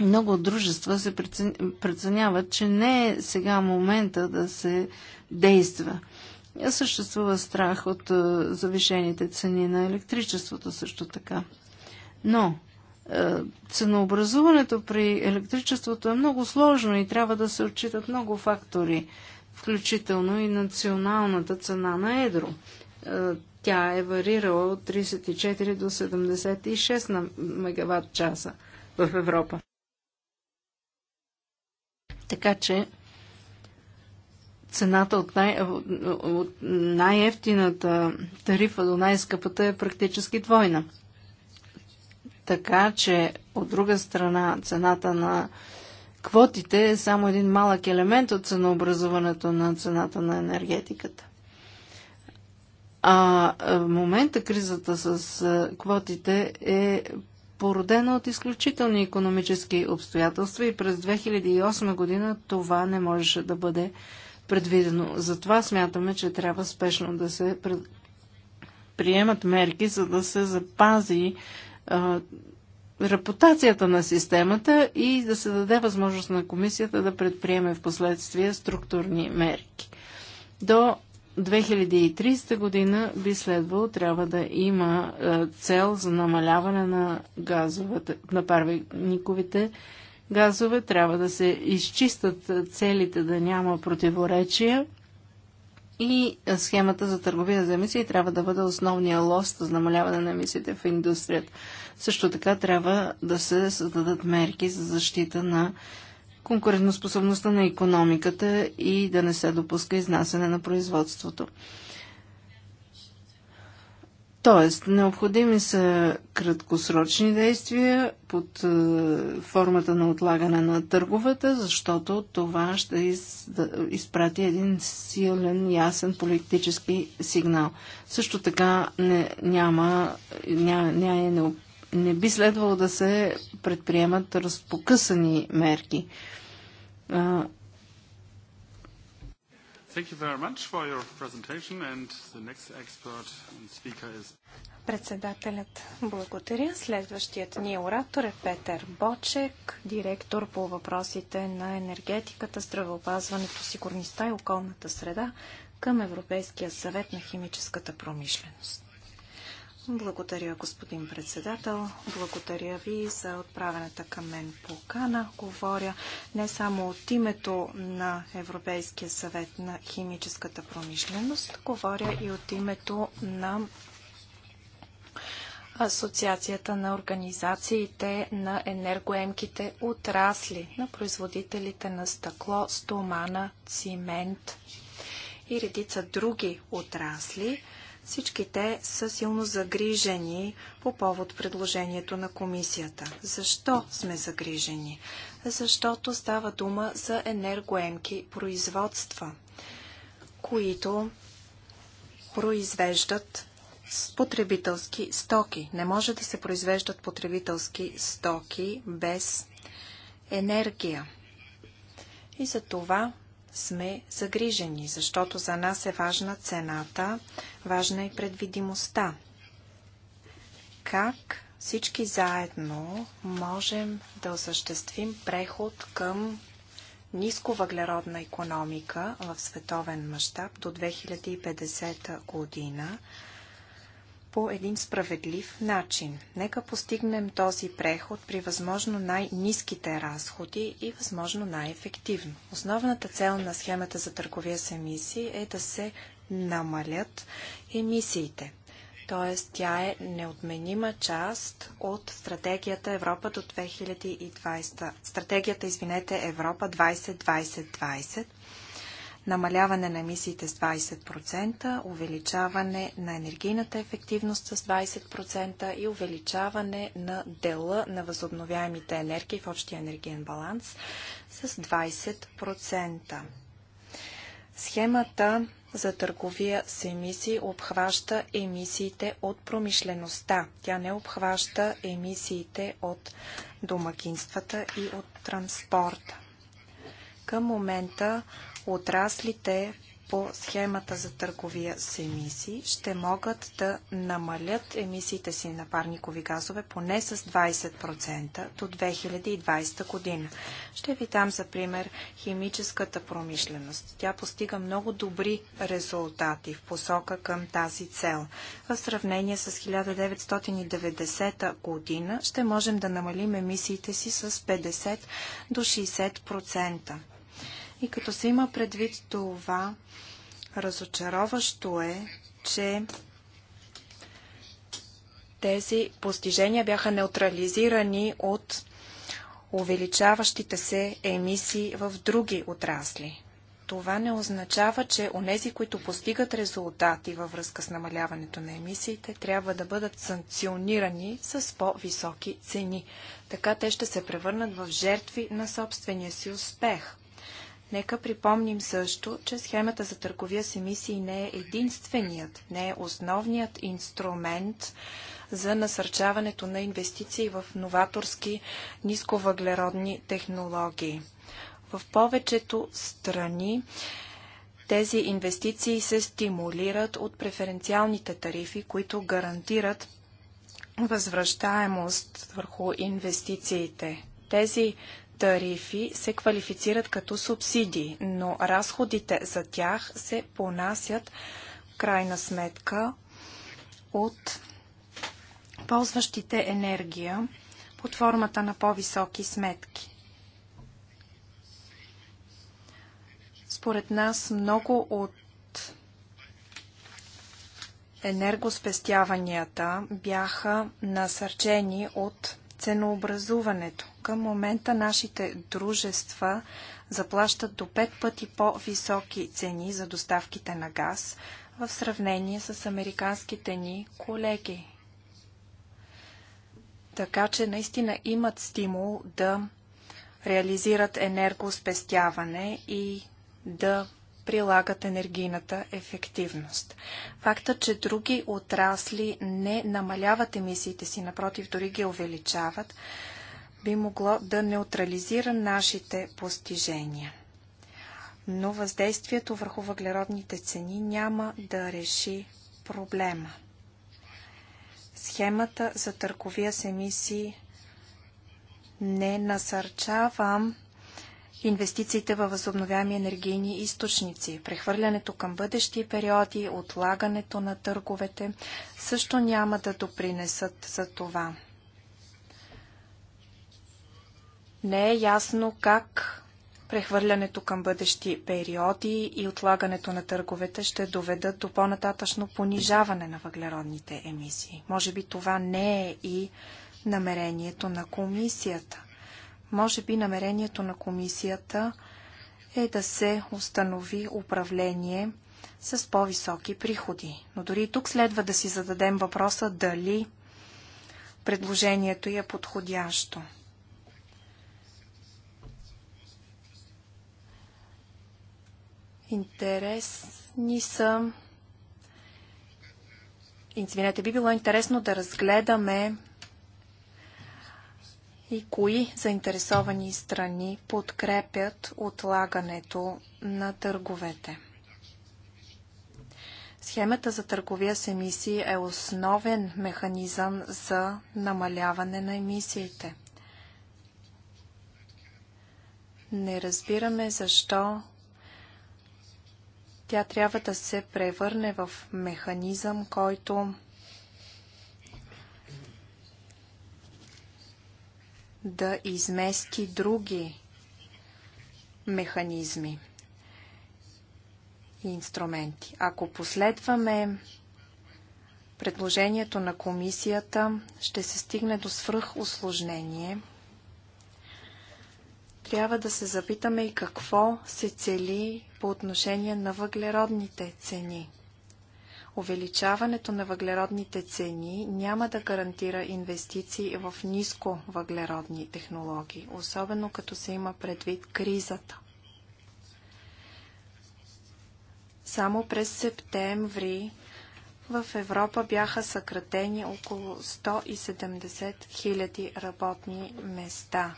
много дружества се преценяват, че не е сега момента да се действа. Съществува страх от завишените цени на електричеството също така. Но ценообразуването при електричеството е много сложно и трябва да се отчитат много фактори, включително и националната цена на едро. Тя е варирала от 34 до 76 на мегаватт часа в Европа. Така че цената от, най- от най-ефтината тарифа до най-скъпата е практически двойна. Така че, от друга страна, цената на квотите е само един малък елемент от ценообразуването на цената на енергетиката. А в момента кризата с квотите е породена от изключителни економически обстоятелства и през 2008 година това не можеше да бъде предвидено. Затова смятаме, че трябва спешно да се приемат мерки, за да се запази репутацията на системата и да се даде възможност на комисията да предприеме в последствие структурни мерки. До 2030 година би следвало трябва да има е, цел за намаляване на газовете, на парвениковите газове. Трябва да се изчистат е, целите, да няма противоречия. И е, схемата за търговия за емисии трябва да бъде основния лост за намаляване на емисиите в индустрията. Също така трябва да се създадат мерки за защита на конкурентоспособността на економиката и да не се допуска изнасяне на производството. Тоест, необходими са краткосрочни действия под е, формата на отлагане на търговата, защото това ще изпрати един силен, ясен политически сигнал. Също така не, няма, ня, ня, не, не би следвало да се предприемат разпокъсани мерки. Председателят благодаря. Следващият ни оратор е Петър Бочек, директор по въпросите на енергетиката, здравеопазването, сигурността и околната среда към Европейския съвет на химическата промишленост. Благодаря, господин председател. Благодаря ви за отправената към мен покана. Говоря не само от името на Европейския съвет на химическата промишленост, говоря и от името на Асоциацията на организациите на енергоемките отрасли, на производителите на стъкло, стомана, цимент и редица други отрасли – всички те са силно загрижени по повод предложението на комисията. Защо сме загрижени? Защото става дума за енергоемки производства, които произвеждат потребителски стоки. Не може да се произвеждат потребителски стоки без енергия. И за това сме загрижени, защото за нас е важна цената, важна и е предвидимостта. Как всички заедно можем да осъществим преход към ниско въглеродна економика в световен мащаб до 2050 година, по един справедлив начин. Нека постигнем този преход при възможно най-низките разходи и възможно най-ефективно. Основната цел на схемата за търговия с емисии е да се намалят емисиите. Т.е. тя е неотменима част от стратегията Европа до 2020. Стратегията, извинете, Европа 2020-2020, намаляване на емисиите с 20%, увеличаване на енергийната ефективност с 20% и увеличаване на дела на възобновяемите енергии в общия енергиен баланс с 20%. Схемата за търговия с емисии обхваща емисиите от промишлеността. Тя не обхваща емисиите от домакинствата и от транспорта. Към момента отраслите по схемата за търговия с емисии ще могат да намалят емисиите си на парникови газове поне с 20% до 2020 година. Ще ви дам за пример химическата промишленост. Тя постига много добри резултати в посока към тази цел. В сравнение с 1990 година ще можем да намалим емисиите си с 50 до 60%. И като се има предвид това, разочароващо е, че тези постижения бяха неутрализирани от увеличаващите се емисии в други отрасли. Това не означава, че онези, които постигат резултати във връзка с намаляването на емисиите, трябва да бъдат санкционирани с по-високи цени. Така те ще се превърнат в жертви на собствения си успех. Нека припомним също, че схемата за търговия с емисии не е единственият, не е основният инструмент за насърчаването на инвестиции в новаторски нисковъглеродни технологии. В повечето страни тези инвестиции се стимулират от преференциалните тарифи, които гарантират възвръщаемост върху инвестициите. Тези тарифи се квалифицират като субсидии, но разходите за тях се понасят в крайна сметка от ползващите енергия под формата на по-високи сметки. Според нас много от енергоспестяванията бяха насърчени от ценообразуването. Към момента нашите дружества заплащат до пет пъти по-високи цени за доставките на газ в сравнение с американските ни колеги. Така че наистина имат стимул да реализират енергоспестяване и да прилагат енергийната ефективност. Факта, че други отрасли не намаляват емисиите си, напротив, дори ги увеличават, би могло да неутрализира нашите постижения. Но въздействието върху въглеродните цени няма да реши проблема. Схемата за търговия с емисии не насърчава инвестициите във възобновяеми енергийни източници, прехвърлянето към бъдещи периоди, отлагането на търговете също няма да допринесат за това. Не е ясно как прехвърлянето към бъдещи периоди и отлагането на търговете ще доведат до по-нататъчно понижаване на въглеродните емисии. Може би това не е и намерението на комисията. Може би намерението на комисията е да се установи управление с по-високи приходи. Но дори и тук следва да си зададем въпроса дали предложението е подходящо. Интересни са Извинете, би било интересно да разгледаме и кои заинтересовани страни подкрепят отлагането на търговете. Схемата за търговия с емисии е основен механизъм за намаляване на емисиите. Не разбираме защо тя трябва да се превърне в механизъм, който да измести други механизми и инструменти. Ако последваме предложението на комисията, ще се стигне до свръхосложнение. Трябва да се запитаме и какво се цели по отношение на въглеродните цени – Увеличаването на въглеродните цени няма да гарантира инвестиции в ниско въглеродни технологии, особено като се има предвид кризата. Само през септември в Европа бяха съкратени около 170 000 работни места.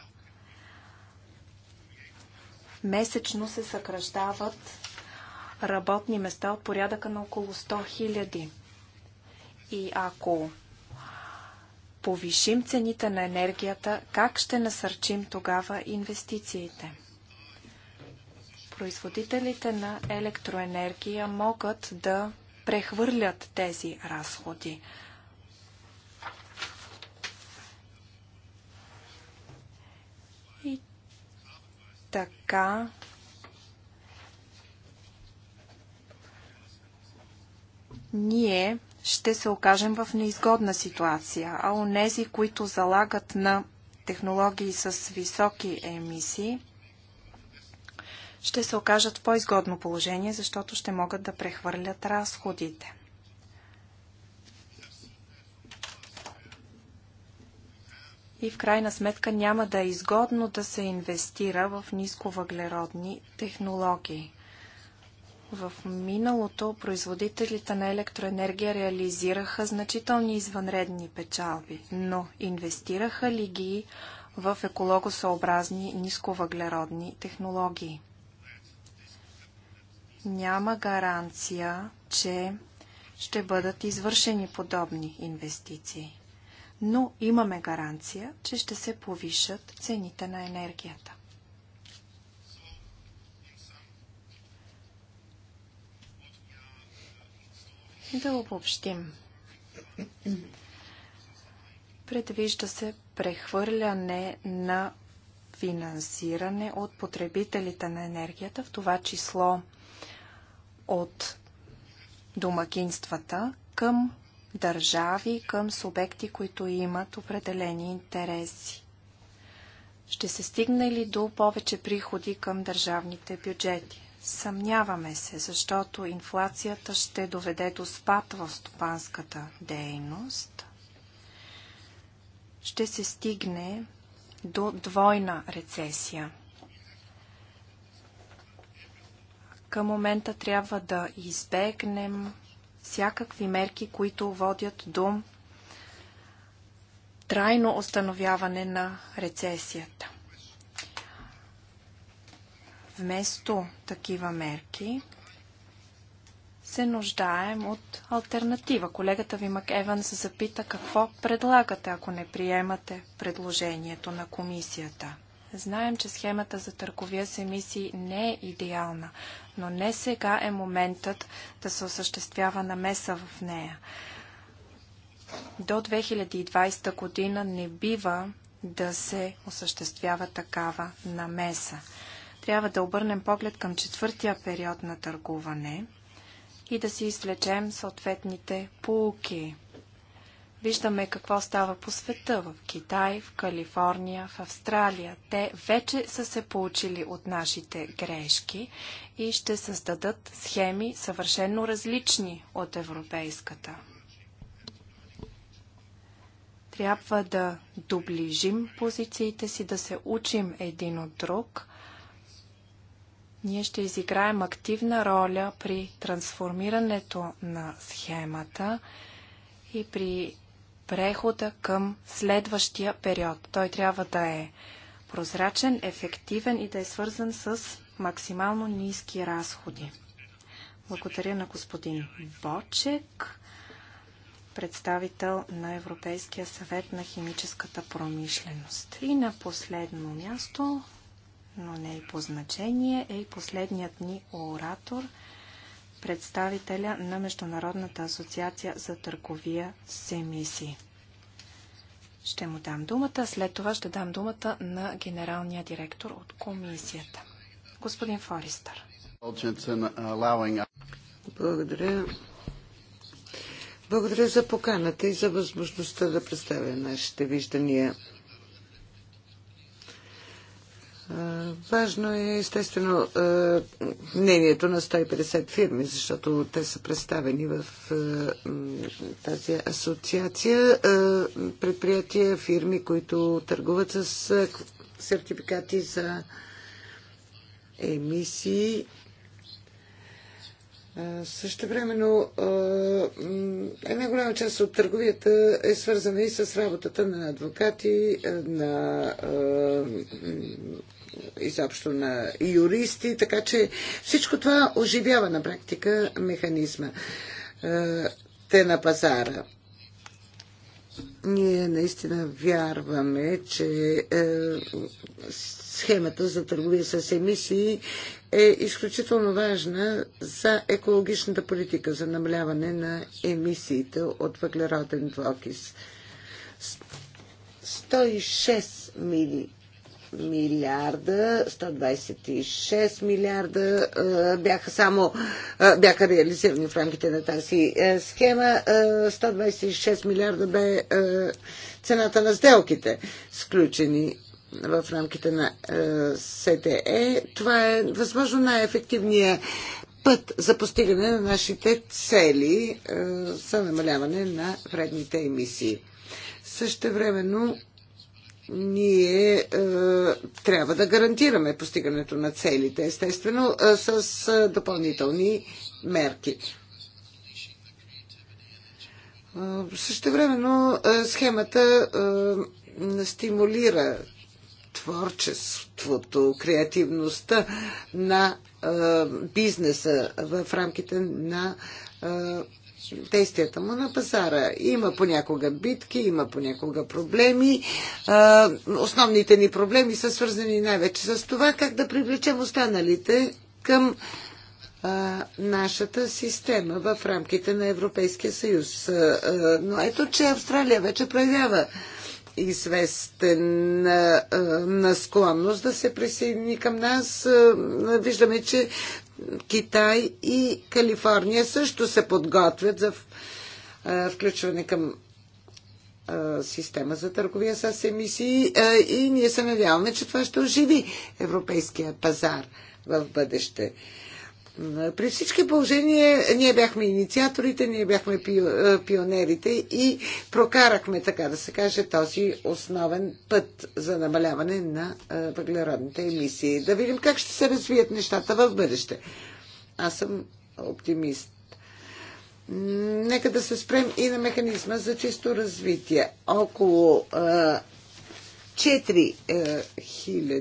Месечно се съкръщават работни места от порядъка на около 100 000. И ако повишим цените на енергията, как ще насърчим тогава инвестициите? Производителите на електроенергия могат да прехвърлят тези разходи. И така ние ще се окажем в неизгодна ситуация, а онези, които залагат на технологии с високи емисии, ще се окажат в по-изгодно положение, защото ще могат да прехвърлят разходите. И в крайна сметка няма да е изгодно да се инвестира в нисковъглеродни технологии. В миналото производителите на електроенергия реализираха значителни извънредни печалби, но инвестираха ли ги в екологосъобразни нисковъглеродни технологии? Няма гаранция, че ще бъдат извършени подобни инвестиции, но имаме гаранция, че ще се повишат цените на енергията. Да обобщим. Предвижда се прехвърляне на финансиране от потребителите на енергията, в това число от домакинствата към държави, към субекти, които имат определени интереси. Ще се стигне ли до повече приходи към държавните бюджети? Съмняваме се, защото инфлацията ще доведе до спад в стопанската дейност. Ще се стигне до двойна рецесия. Към момента трябва да избегнем всякакви мерки, които водят до трайно установяване на рецесията вместо такива мерки се нуждаем от альтернатива. Колегата ви Мак Еван се запита какво предлагате, ако не приемате предложението на комисията. Знаем, че схемата за търговия с емисии не е идеална, но не сега е моментът да се осъществява намеса в нея. До 2020 година не бива да се осъществява такава намеса трябва да обърнем поглед към четвъртия период на търгуване и да си извлечем съответните полуки. Виждаме какво става по света в Китай, в Калифорния, в Австралия. Те вече са се получили от нашите грешки и ще създадат схеми съвършенно различни от европейската. Трябва да доближим позициите си, да се учим един от друг – ние ще изиграем активна роля при трансформирането на схемата и при прехода към следващия период. Той трябва да е прозрачен, ефективен и да е свързан с максимално ниски разходи. Благодаря на господин Бочек, представител на Европейския съвет на химическата промишленост. И на последно място но не и по значение, е и последният ни оратор, представителя на Международната асоциация за търговия с емисии. Ще му дам думата, след това ще дам думата на генералния директор от комисията. Господин Фористър. Благодаря. Благодаря за поканата и за възможността да представя нашите виждания Важно е, естествено, мнението на 150 фирми, защото те са представени в тази асоциация. Предприятия, фирми, които търгуват с сертификати за емисии. Също времено една голяма част от търговията е свързана и с работата на адвокати, на изобщо на юристи, така че всичко това оживява на практика механизма те на пазара. Ние наистина вярваме, че е, схемата за търговия с емисии е изключително важна за екологичната политика, за намаляване на емисиите от въглероден двокис. 106 мили милиарда, 126 милиарда бяха само бяха реализирани в рамките на тази схема. 126 милиарда бе цената на сделките, сключени в рамките на СТЕ. Това е възможно най-ефективният път за постигане на нашите цели за намаляване на вредните емисии. Също времено ние е, трябва да гарантираме постигането на целите, естествено, е, с е, допълнителни мерки. Е, също времено е, схемата е, стимулира творчеството, креативността на е, бизнеса в рамките на е, действията му на пазара. Има понякога битки, има понякога проблеми. А, основните ни проблеми са свързани най-вече с това как да привлечем останалите към а, нашата система в рамките на Европейския съюз. А, а, но ето, че Австралия вече проявява известен а, на склонност да се присъедини към нас. Виждаме, че Китай и Калифорния също се подготвят за включване към система за търговия с емисии и ние се надяваме, че това ще оживи европейския пазар в бъдеще. При всички положения ние бяхме инициаторите, ние бяхме пионерите и прокарахме, така да се каже, този основен път за намаляване на въглеродните емисии. Да видим как ще се развият нещата в бъдеще. Аз съм оптимист. Нека да се спрем и на механизма за чисто развитие. Около 4000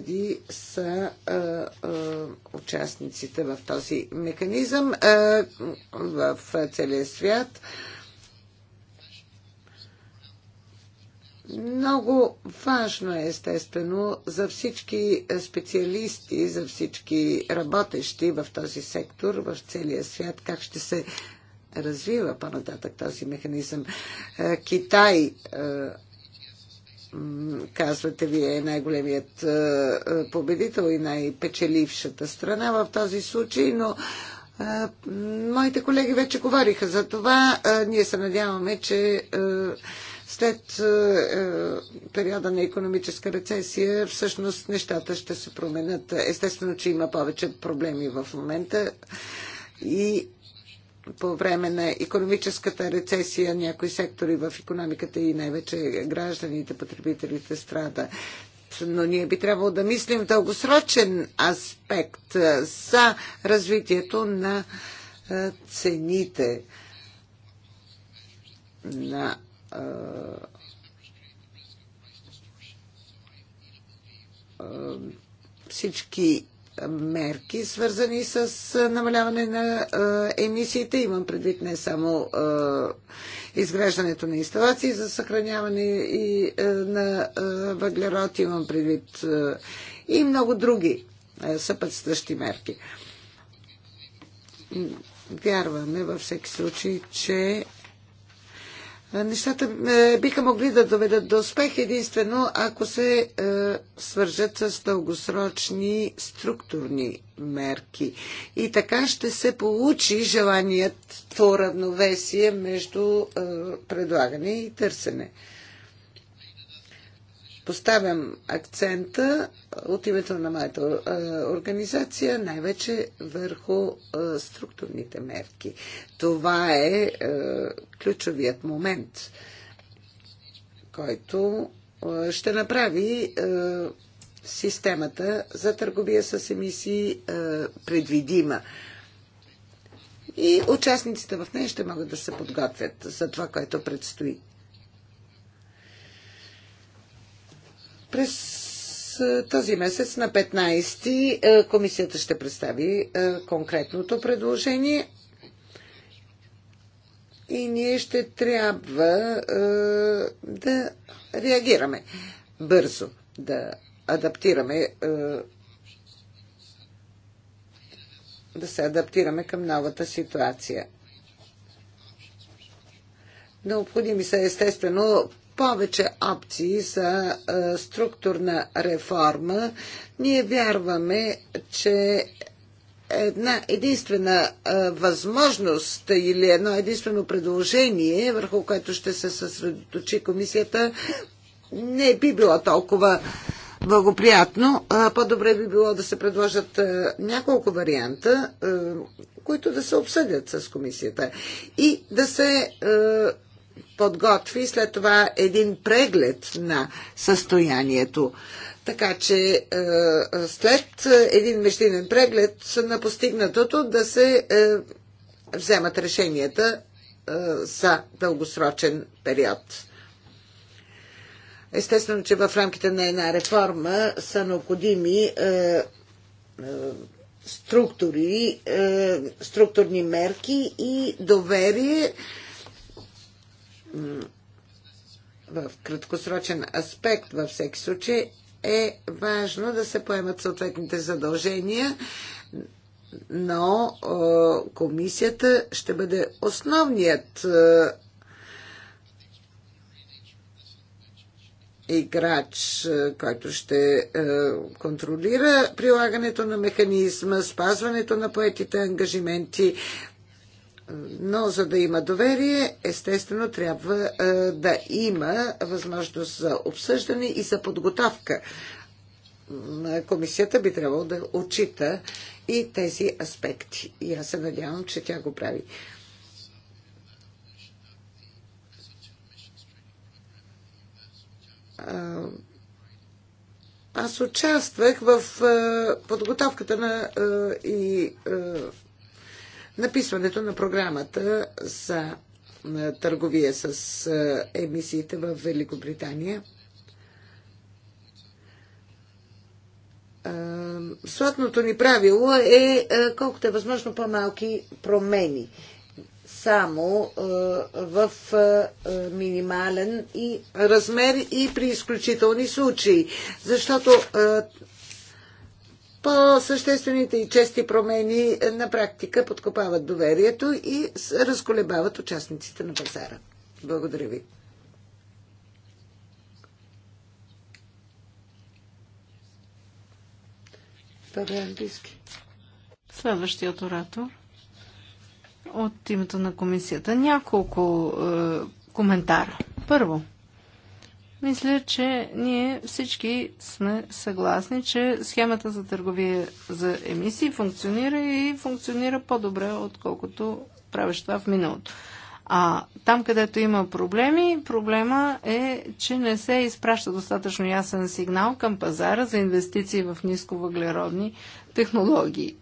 е, са а, е, а, е, участниците в този механизъм а, в целия свят. Много важно е, естествено, за всички специалисти, за всички работещи в този сектор, в целия свят, как ще се развива по-нататък този механизъм. Китай казвате вие, е най-големият е, е, победител и най-печелившата страна в този случай, но е, моите колеги вече говориха за това. Ние се надяваме, че след периода на економическа рецесия всъщност нещата ще се променят. Естествено, че има повече проблеми в момента и по време на економическата рецесия някои сектори в економиката и най-вече гражданите, потребителите страда. Но ние би трябвало да мислим в дългосрочен аспект за развитието на цените на всички мерки, свързани с намаляване на емисиите. Имам предвид не само изграждането на инсталации за съхраняване и на въглерод, имам предвид и много други съпътстващи мерки. Вярваме във всеки случай, че е, нещата е, биха могли да доведат до успех единствено ако се е, свържат с дългосрочни структурни мерки. И така ще се получи желаният то равновесие между предлагане и търсене поставям акцента от името на моята организация най-вече върху структурните мерки. Това е ключовият момент, който ще направи системата за търговия с емисии предвидима. И участниците в нея ще могат да се подготвят за това, което предстои. През е, този месец на 15 е, комисията ще представи е, конкретното предложение и ние ще трябва да реагираме бързо, да адаптираме да се адаптираме към новата ситуация. Необходими са естествено повече опции за структурна реформа. Ние вярваме, че една единствена възможност или едно единствено предложение, върху което ще се съсредоточи комисията, не би било толкова благоприятно. По-добре би било да се предложат няколко варианта, които да се обсъдят с комисията и да се подготви след това един преглед на състоянието. Така че е, след един междинен преглед на постигнатото да се е, вземат решенията е, за дългосрочен период. Естествено, че в рамките на една реформа са необходими структури, структурни мерки и доверие в краткосрочен аспект във всеки случай е важно да се поемат съответните задължения, но комисията ще бъде основният е, играч, е, който ще е, контролира прилагането на механизма, спазването на поетите ангажименти, но за да има доверие, естествено трябва е, да има възможност за обсъждане и за подготовка. Комисията би трябвало да отчита и тези аспекти. И аз се надявам, че тя го прави. Аз участвах в е, подготовката на е, и написването на програмата за търговия с емисиите в Великобритания. Сладното ни правило е колкото е възможно по-малки промени. Само в минимален и размер и при изключителни случаи. Защото по-съществените и чести промени на практика подкопават доверието и разколебават участниците на пазара. Благодаря ви. Следващият оратор от името на комисията. Няколко е, коментара. Първо, мисля, че ние всички сме съгласни, че схемата за търговия за емисии функционира и функционира по-добре, отколкото правиш това в миналото. А там, където има проблеми, проблема е, че не се изпраща достатъчно ясен сигнал към пазара за инвестиции в нисковъглеродни технологии.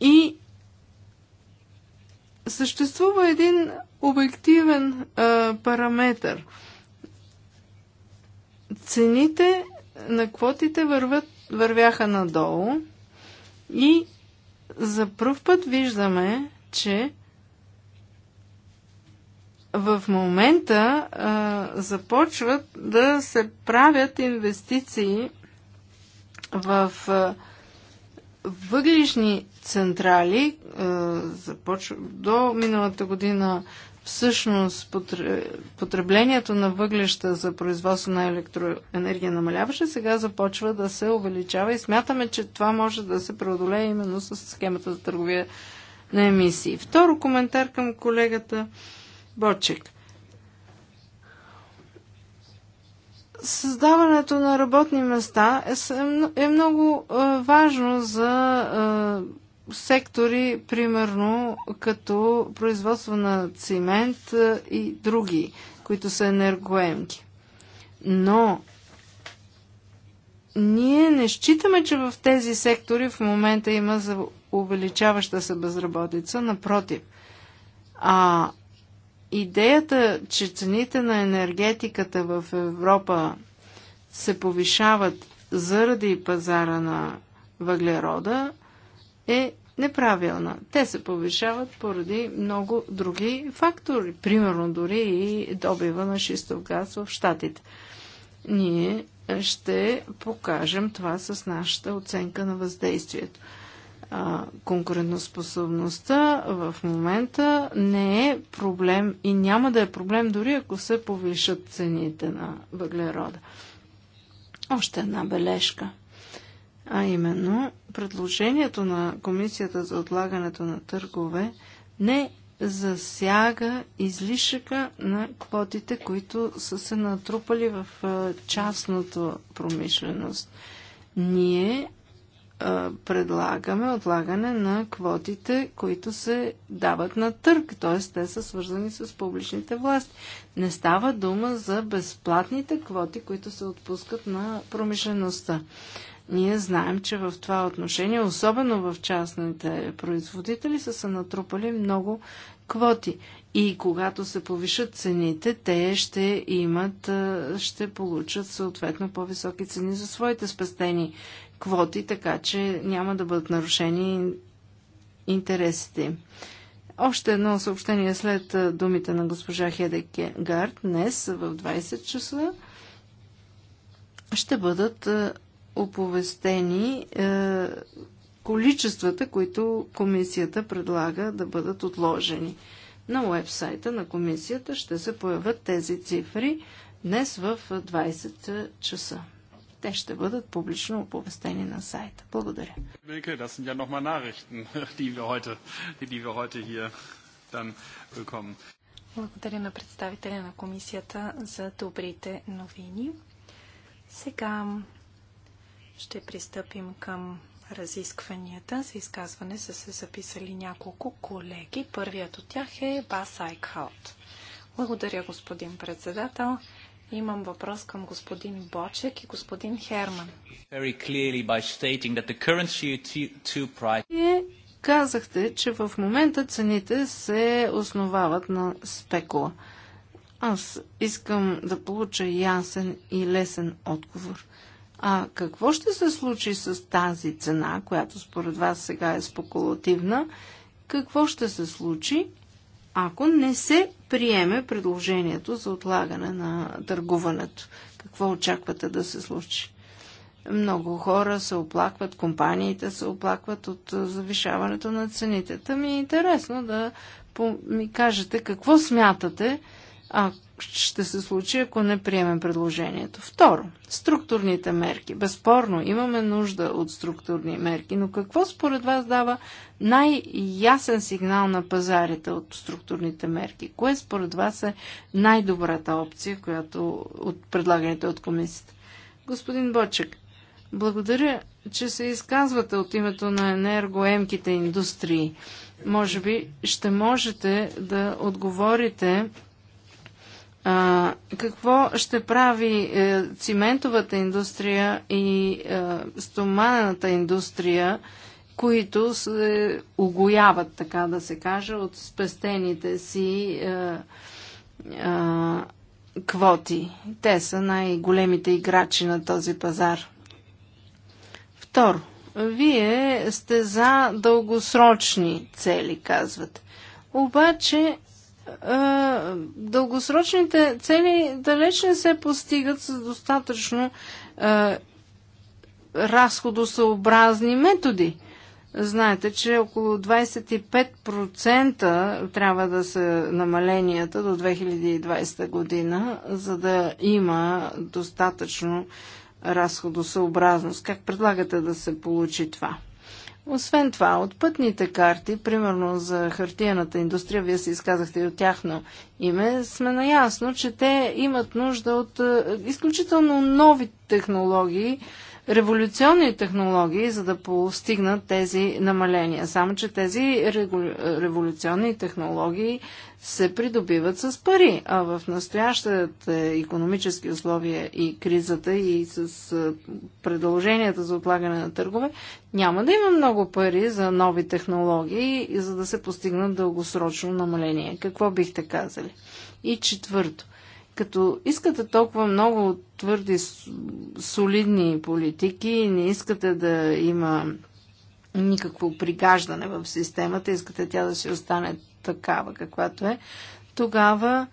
И съществува един обективен а, параметр – Цените на квотите върват, вървяха надолу и за първ път виждаме, че в момента а, започват да се правят инвестиции в а, въглишни централи. А, започва, до миналата година всъщност потреблението на въглеща за производство на електроенергия намаляваше, сега започва да се увеличава и смятаме, че това може да се преодолее именно с схемата за търговия на емисии. Второ коментар към колегата Бочек. Създаването на работни места е, е много е, важно за е, сектори, примерно като производство на цимент и други, които са енергоемки. Но ние не считаме, че в тези сектори в момента има за увеличаваща се безработица, напротив. А идеята, че цените на енергетиката в Европа се повишават заради пазара на въглерода е неправилна. Те се повишават поради много други фактори, примерно дори и добива на шистов газ в Штатите. Ние ще покажем това с нашата оценка на въздействието. Конкурентоспособността в момента не е проблем и няма да е проблем дори ако се повишат цените на въглерода. Още една бележка – а именно, предложението на Комисията за отлагането на търгове не засяга излишъка на квотите, които са се натрупали в частното промишленост. Ние а, предлагаме отлагане на квотите, които се дават на търг, т.е. те са свързани с публичните власти. Не става дума за безплатните квоти, които се отпускат на промишлеността. Ние знаем, че в това отношение, особено в частните производители, са се натрупали много квоти. И когато се повишат цените, те ще имат, ще получат съответно по-високи цени за своите спестени квоти, така че няма да бъдат нарушени интересите. им. Още едно съобщение след думите на госпожа Гард днес в 20 часа ще бъдат оповестени е, количествата, които комисията предлага да бъдат отложени. На уебсайта на комисията ще се появят тези цифри днес в 20 часа. Те ще бъдат публично оповестени на сайта. Благодаря. Благодаря на представителя на комисията за добрите новини. Сега ще пристъпим към разискванията. За изказване са се записали няколко колеги. Първият от тях е Бас Айкхаут. Благодаря, господин председател. Имам въпрос към господин Бочек и господин Херман. Вие казахте, че в момента цените се основават на спекула. Аз искам да получа ясен и лесен отговор. А какво ще се случи с тази цена, която според вас сега е спекулативна? Какво ще се случи, ако не се приеме предложението за отлагане на търгуването? Какво очаквате да се случи? Много хора се оплакват, компаниите се оплакват от завишаването на цените. Та ми е интересно да ми кажете какво смятате, ако ще се случи, ако не приемем предложението. Второ, структурните мерки. Безспорно, имаме нужда от структурни мерки, но какво според вас дава най-ясен сигнал на пазарите от структурните мерки? Кое според вас е най-добрата опция, която от предлагането от комисията? Господин Бочек, благодаря, че се изказвате от името на енергоемките индустрии. Може би ще можете да отговорите а, какво ще прави е, циментовата индустрия и е, стоманената индустрия, които се огояват, така да се каже, от спестените си е, е, квоти? Те са най-големите играчи на този пазар. Второ, вие сте за дългосрочни цели, казвате. Обаче дългосрочните цели далеч не се постигат с достатъчно е, разходосъобразни методи. Знаете, че около 25% трябва да са намаленията до 2020 година, за да има достатъчно разходосъобразност. Как предлагате да се получи това? Освен това, от пътните карти, примерно за хартияната индустрия, вие се изказахте и от тяхно име, сме наясно, че те имат нужда от е, изключително нови технологии, революционни технологии, за да постигнат тези намаления. Само, че тези революционни технологии се придобиват с пари, а в настоящите економически условия и кризата и с предложенията за отлагане на търгове, няма да има много пари за нови технологии, за да се постигнат дългосрочно намаление. Какво бихте казали? И четвърто като искате толкова много твърди, солидни политики и не искате да има никакво пригаждане в системата, искате тя да си остане такава, каквато е, тогава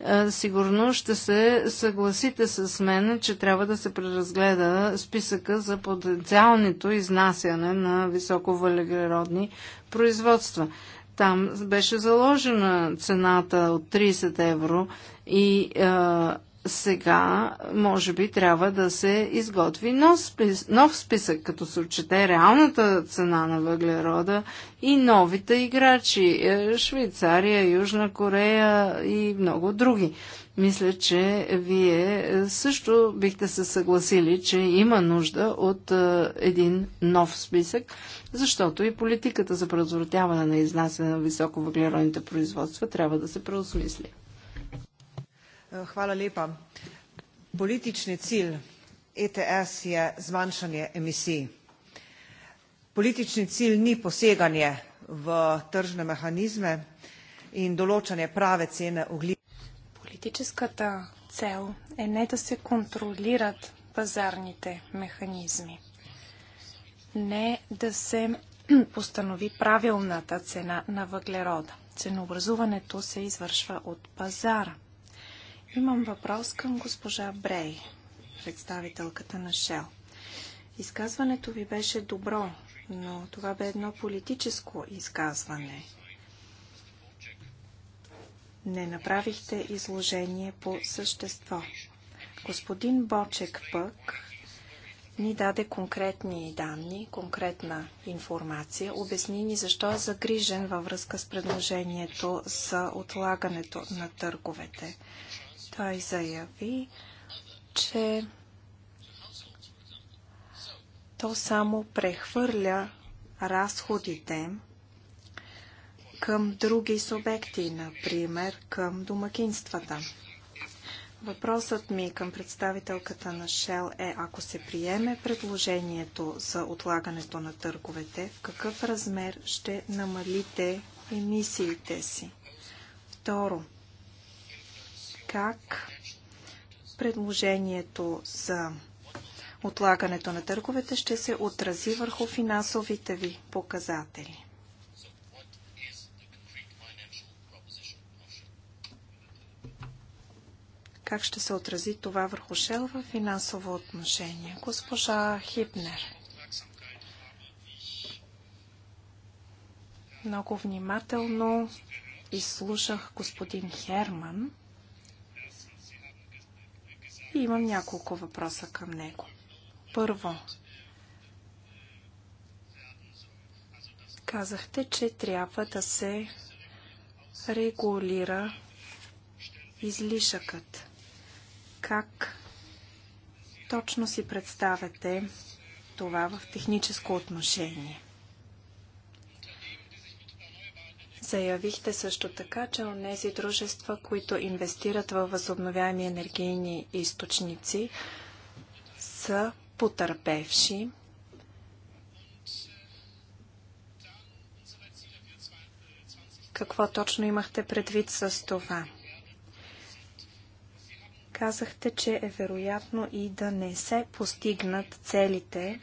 е, сигурно ще се съгласите с мен, че трябва да се преразгледа списъка за потенциалното изнасяне на високовалегродни производства. Там беше заложена цената от 30 евро и а, сега може би трябва да се изготви нов списък, нов списък, като се отчете реалната цена на въглерода и новите играчи е, Швейцария, Южна Корея и много други. Мисля, че вие е, също бихте се съгласили, че има нужда от е, един нов списък, защото и политиката за предотвратяване на изнасяне на високо въглеродните производства трябва да се преосмисли. Eh, hvala lepa. Politični cilj ETS je zmanjšanje emisij. Politični cilj ni poseganje v tržne механизме in долочане праве цене углика. Политическата цел е не да се контролират пазарните механизми, не да се постанови правилната цена на въглерода. Ценообразуването се извършва от пазара – Имам въпрос към госпожа Брей, представителката на Шел. Изказването ви беше добро, но това бе едно политическо изказване. Не направихте изложение по същество. Господин Бочек пък ни даде конкретни данни, конкретна информация. Обясни ни защо е загрижен във връзка с предложението за отлагането на търговете. Той заяви, че то само прехвърля разходите към други субекти, например към домакинствата. Въпросът ми към представителката на Shell е, ако се приеме предложението за отлагането на търговете, в какъв размер ще намалите емисиите си? Второ, как предложението за отлагането на търговете ще се отрази върху финансовите ви показатели. Как ще се отрази това върху Шел в финансово отношение? Госпожа Хипнер. Много внимателно изслушах господин Херман. И имам няколко въпроса към него. Първо, казахте, че трябва да се регулира излишъкът. Как точно си представяте това в техническо отношение? Заявихте също така, че онези дружества, които инвестират във възобновяеми енергийни източници, са потърпевши. Какво точно имахте предвид с това? Казахте, че е вероятно и да не се постигнат целите,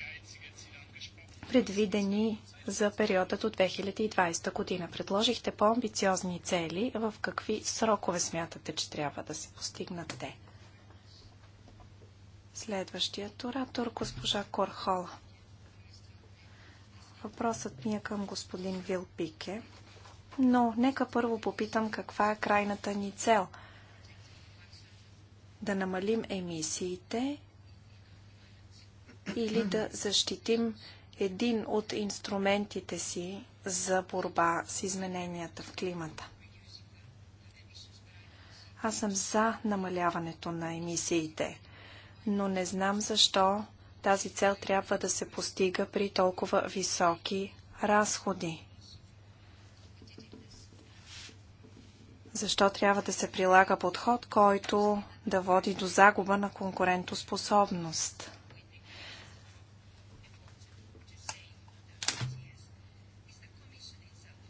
предвидени за периода до 2020 година. Предложихте по-амбициозни цели. В какви срокове смятате, че трябва да се постигнат те? Следващият оратор, госпожа Корхол. Въпросът ми е към господин Вил Пике, но нека първо попитам каква е крайната ни цел. Да намалим емисиите или да защитим един от инструментите си за борба с измененията в климата. Аз съм за намаляването на емисиите, но не знам защо тази цел трябва да се постига при толкова високи разходи. Защо трябва да се прилага подход, който да води до загуба на конкурентоспособност?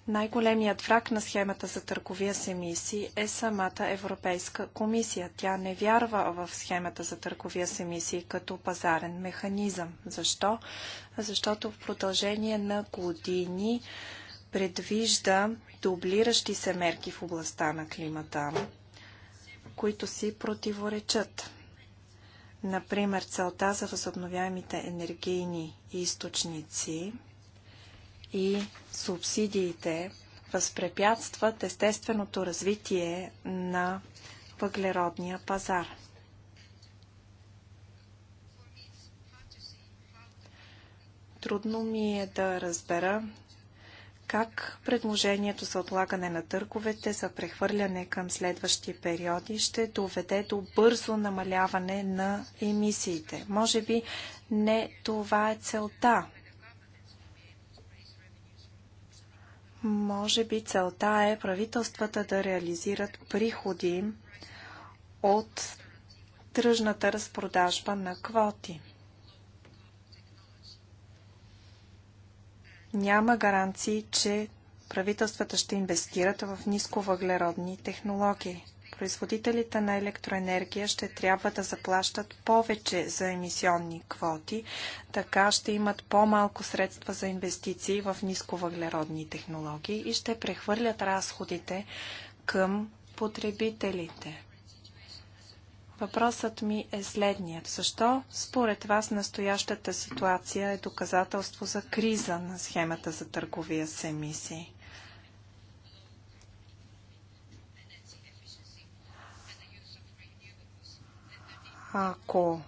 Най-големият враг на схемата за търговия с емисии е самата Европейска комисия. Тя не вярва в схемата за търговия с емисии като пазарен механизъм. Защо? Защото в продължение на години предвижда дублиращи се мерки в областта на климата, които си противоречат. Например, целта за възобновяемите енергийни източници – и субсидиите възпрепятстват естественото развитие на въглеродния пазар. Трудно ми е да разбера как предложението за отлагане на търговете за прехвърляне към следващи периоди ще доведе до бързо намаляване на емисиите. Може би не това е целта. Може би целта е правителствата да реализират приходи от тръжната разпродажба на квоти. Няма гаранции, че правителствата ще инвестират в нисковъглеродни технологии производителите на електроенергия ще трябва да заплащат повече за емисионни квоти, така ще имат по-малко средства за инвестиции в нисковъглеродни технологии и ще прехвърлят разходите към потребителите. Въпросът ми е следният. Защо според вас настоящата ситуация е доказателство за криза на схемата за търговия с емисии? Ако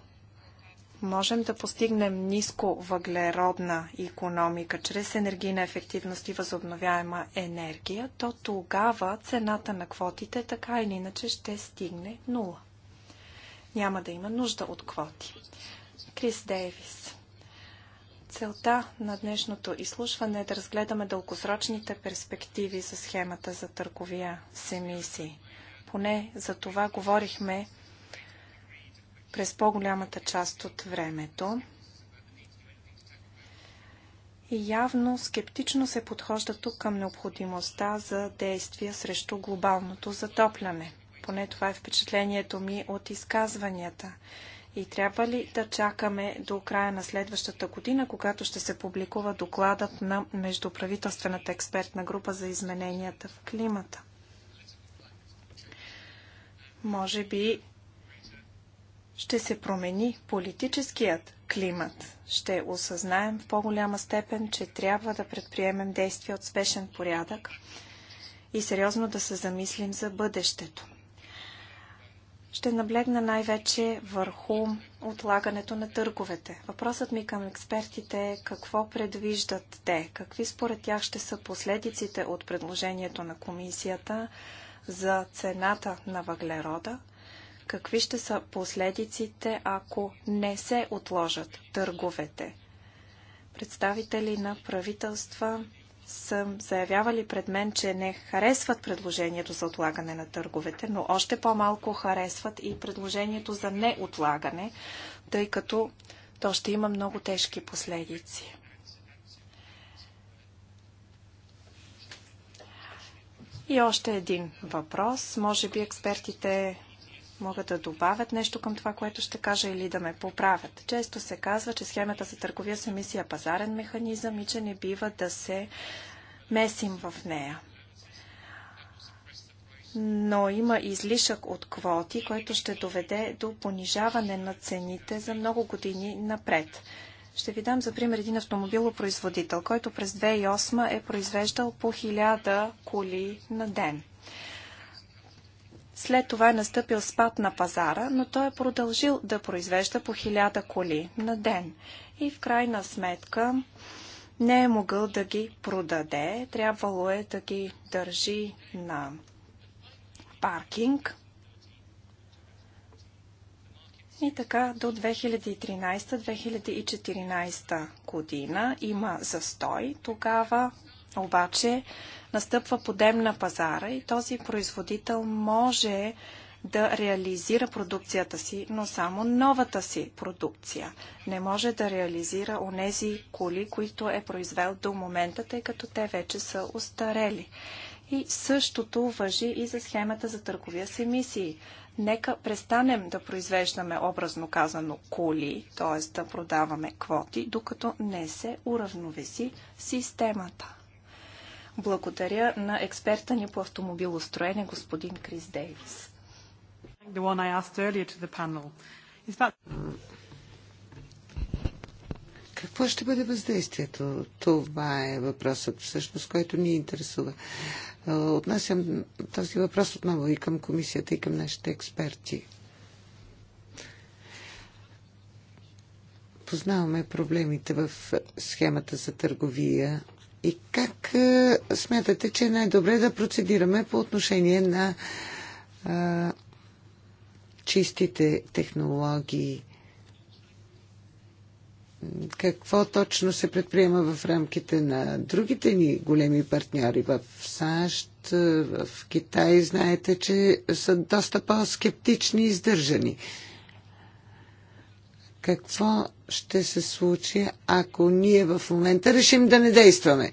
можем да постигнем ниско въглеродна економика чрез енергийна ефективност и възобновяема енергия, то тогава цената на квотите така или иначе ще стигне нула. Няма да има нужда от квоти. Крис Дейвис. Целта на днешното изслушване е да разгледаме дългосрочните перспективи за схемата за търговия с емисии. Поне за това говорихме през по-голямата част от времето. И явно скептично се подхожда тук към необходимостта за действия срещу глобалното затопляне. Поне това е впечатлението ми от изказванията. И трябва ли да чакаме до края на следващата година, когато ще се публикува докладът на Междуправителствената експертна група за измененията в климата? Може би ще се промени политическият климат. Ще осъзнаем в по-голяма степен, че трябва да предприемем действия от спешен порядък и сериозно да се замислим за бъдещето. Ще наблегна най-вече върху отлагането на търговете. Въпросът ми към експертите е какво предвиждат те, какви според тях ще са последиците от предложението на комисията за цената на въглерода – Какви ще са последиците, ако не се отложат търговете? Представители на правителства са заявявали пред мен, че не харесват предложението за отлагане на търговете, но още по-малко харесват и предложението за неотлагане, тъй като то ще има много тежки последици. И още един въпрос. Може би експертите могат да добавят нещо към това, което ще кажа или да ме поправят. Често се казва, че схемата за търговия с емисия е пазарен механизъм и че не бива да се месим в нея. Но има излишък от квоти, който ще доведе до понижаване на цените за много години напред. Ще ви дам за пример един автомобилопроизводител, който през 2008 е произвеждал по 1000 коли на ден – след това е настъпил спад на пазара, но той е продължил да произвежда по хиляда коли на ден. И в крайна сметка не е могъл да ги продаде. Трябвало е да ги държи на паркинг. И така до 2013-2014 година има застой. Тогава обаче настъпва подем на пазара и този производител може да реализира продукцията си, но само новата си продукция. Не може да реализира онези коли, които е произвел до момента, тъй като те вече са устарели. И същото въжи и за схемата за търговия с емисии. Нека престанем да произвеждаме образно казано коли, т.е. да продаваме квоти, докато не се уравновеси системата. Благодаря на експерта ни по автомобилостроене, господин Крис Дейвис. Какво ще бъде въздействието? Това е въпросът всъщност, който ни интересува. Е, отнасям този въпрос отново и към комисията, и към нашите експерти. Познаваме проблемите в схемата за търговия и как е, смятате, че е най-добре да процедираме по отношение на а, е, чистите технологии? Какво точно се предприема в рамките на другите ни големи партньори в САЩ, е, в Китай? Знаете, че са доста по-скептични и издържани. Какво ще се случи, ако ние в момента решим да не действаме.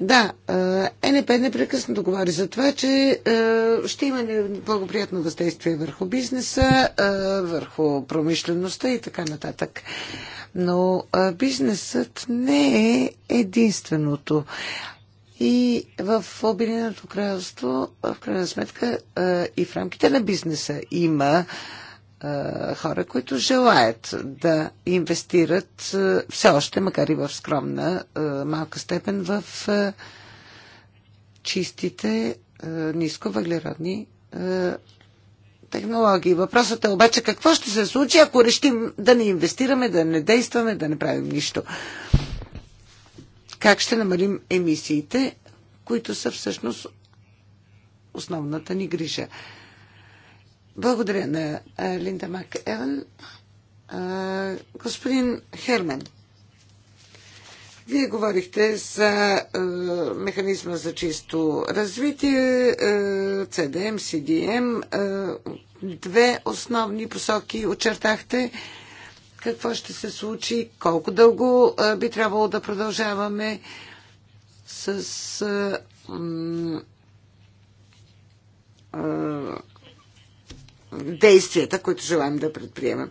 Да, е, НП непрекъснато говори за това, че е, ще има неблагоприятно въздействие върху бизнеса, е, върху промишлеността и така нататък. Но бизнесът не е единственото. И в Обединеното кралство, в крайна сметка, и в рамките на бизнеса има хора, които желаят да инвестират все още, макар и в скромна малка степен, в чистите нисковъглеродни технологии. Въпросът е обаче какво ще се случи, ако решим да не инвестираме, да не действаме, да не правим нищо. Как ще намалим емисиите, които са всъщност основната ни грижа? Благодаря на Линда Мак Еван. Господин Херман, вие говорихте за механизма за чисто развитие, е, CDM, CDM. две основни посоки очертахте. Какво ще се случи, колко дълго би трябвало да продължаваме с действията, които желаем да предприемем.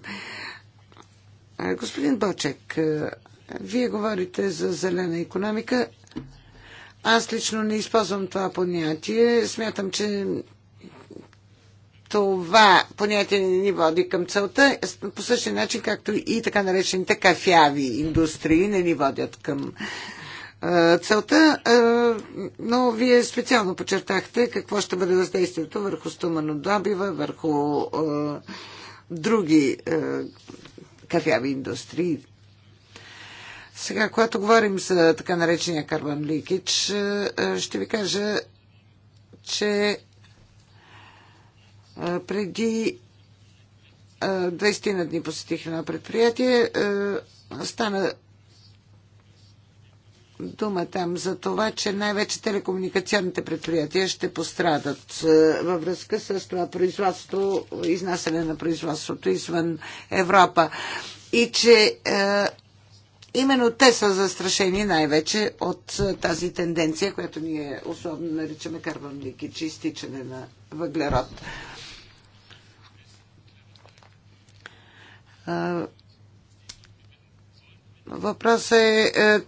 Господин Бочек, вие говорите за зелена економика. Аз лично не използвам това понятие. Смятам, че това понятие не ни води към целта, по същия начин, както и така наречените кафяви индустрии не ни водят към целта, но вие специално подчертахте какво ще бъде въздействието върху стоманодобива, върху други кафяви индустрии. Сега, когато говорим за така наречения карбон ликич, ще ви кажа, че преди 20 дни посетих едно предприятие, стана дума там за това, че най-вече телекомуникационните предприятия ще пострадат е, във връзка с това производство, изнасяне на производството извън Европа. И че е, именно те са застрашени най-вече от е, тази тенденция, която ние особено наричаме карбон че изтичане на въглерод. Е, Въпрос е, е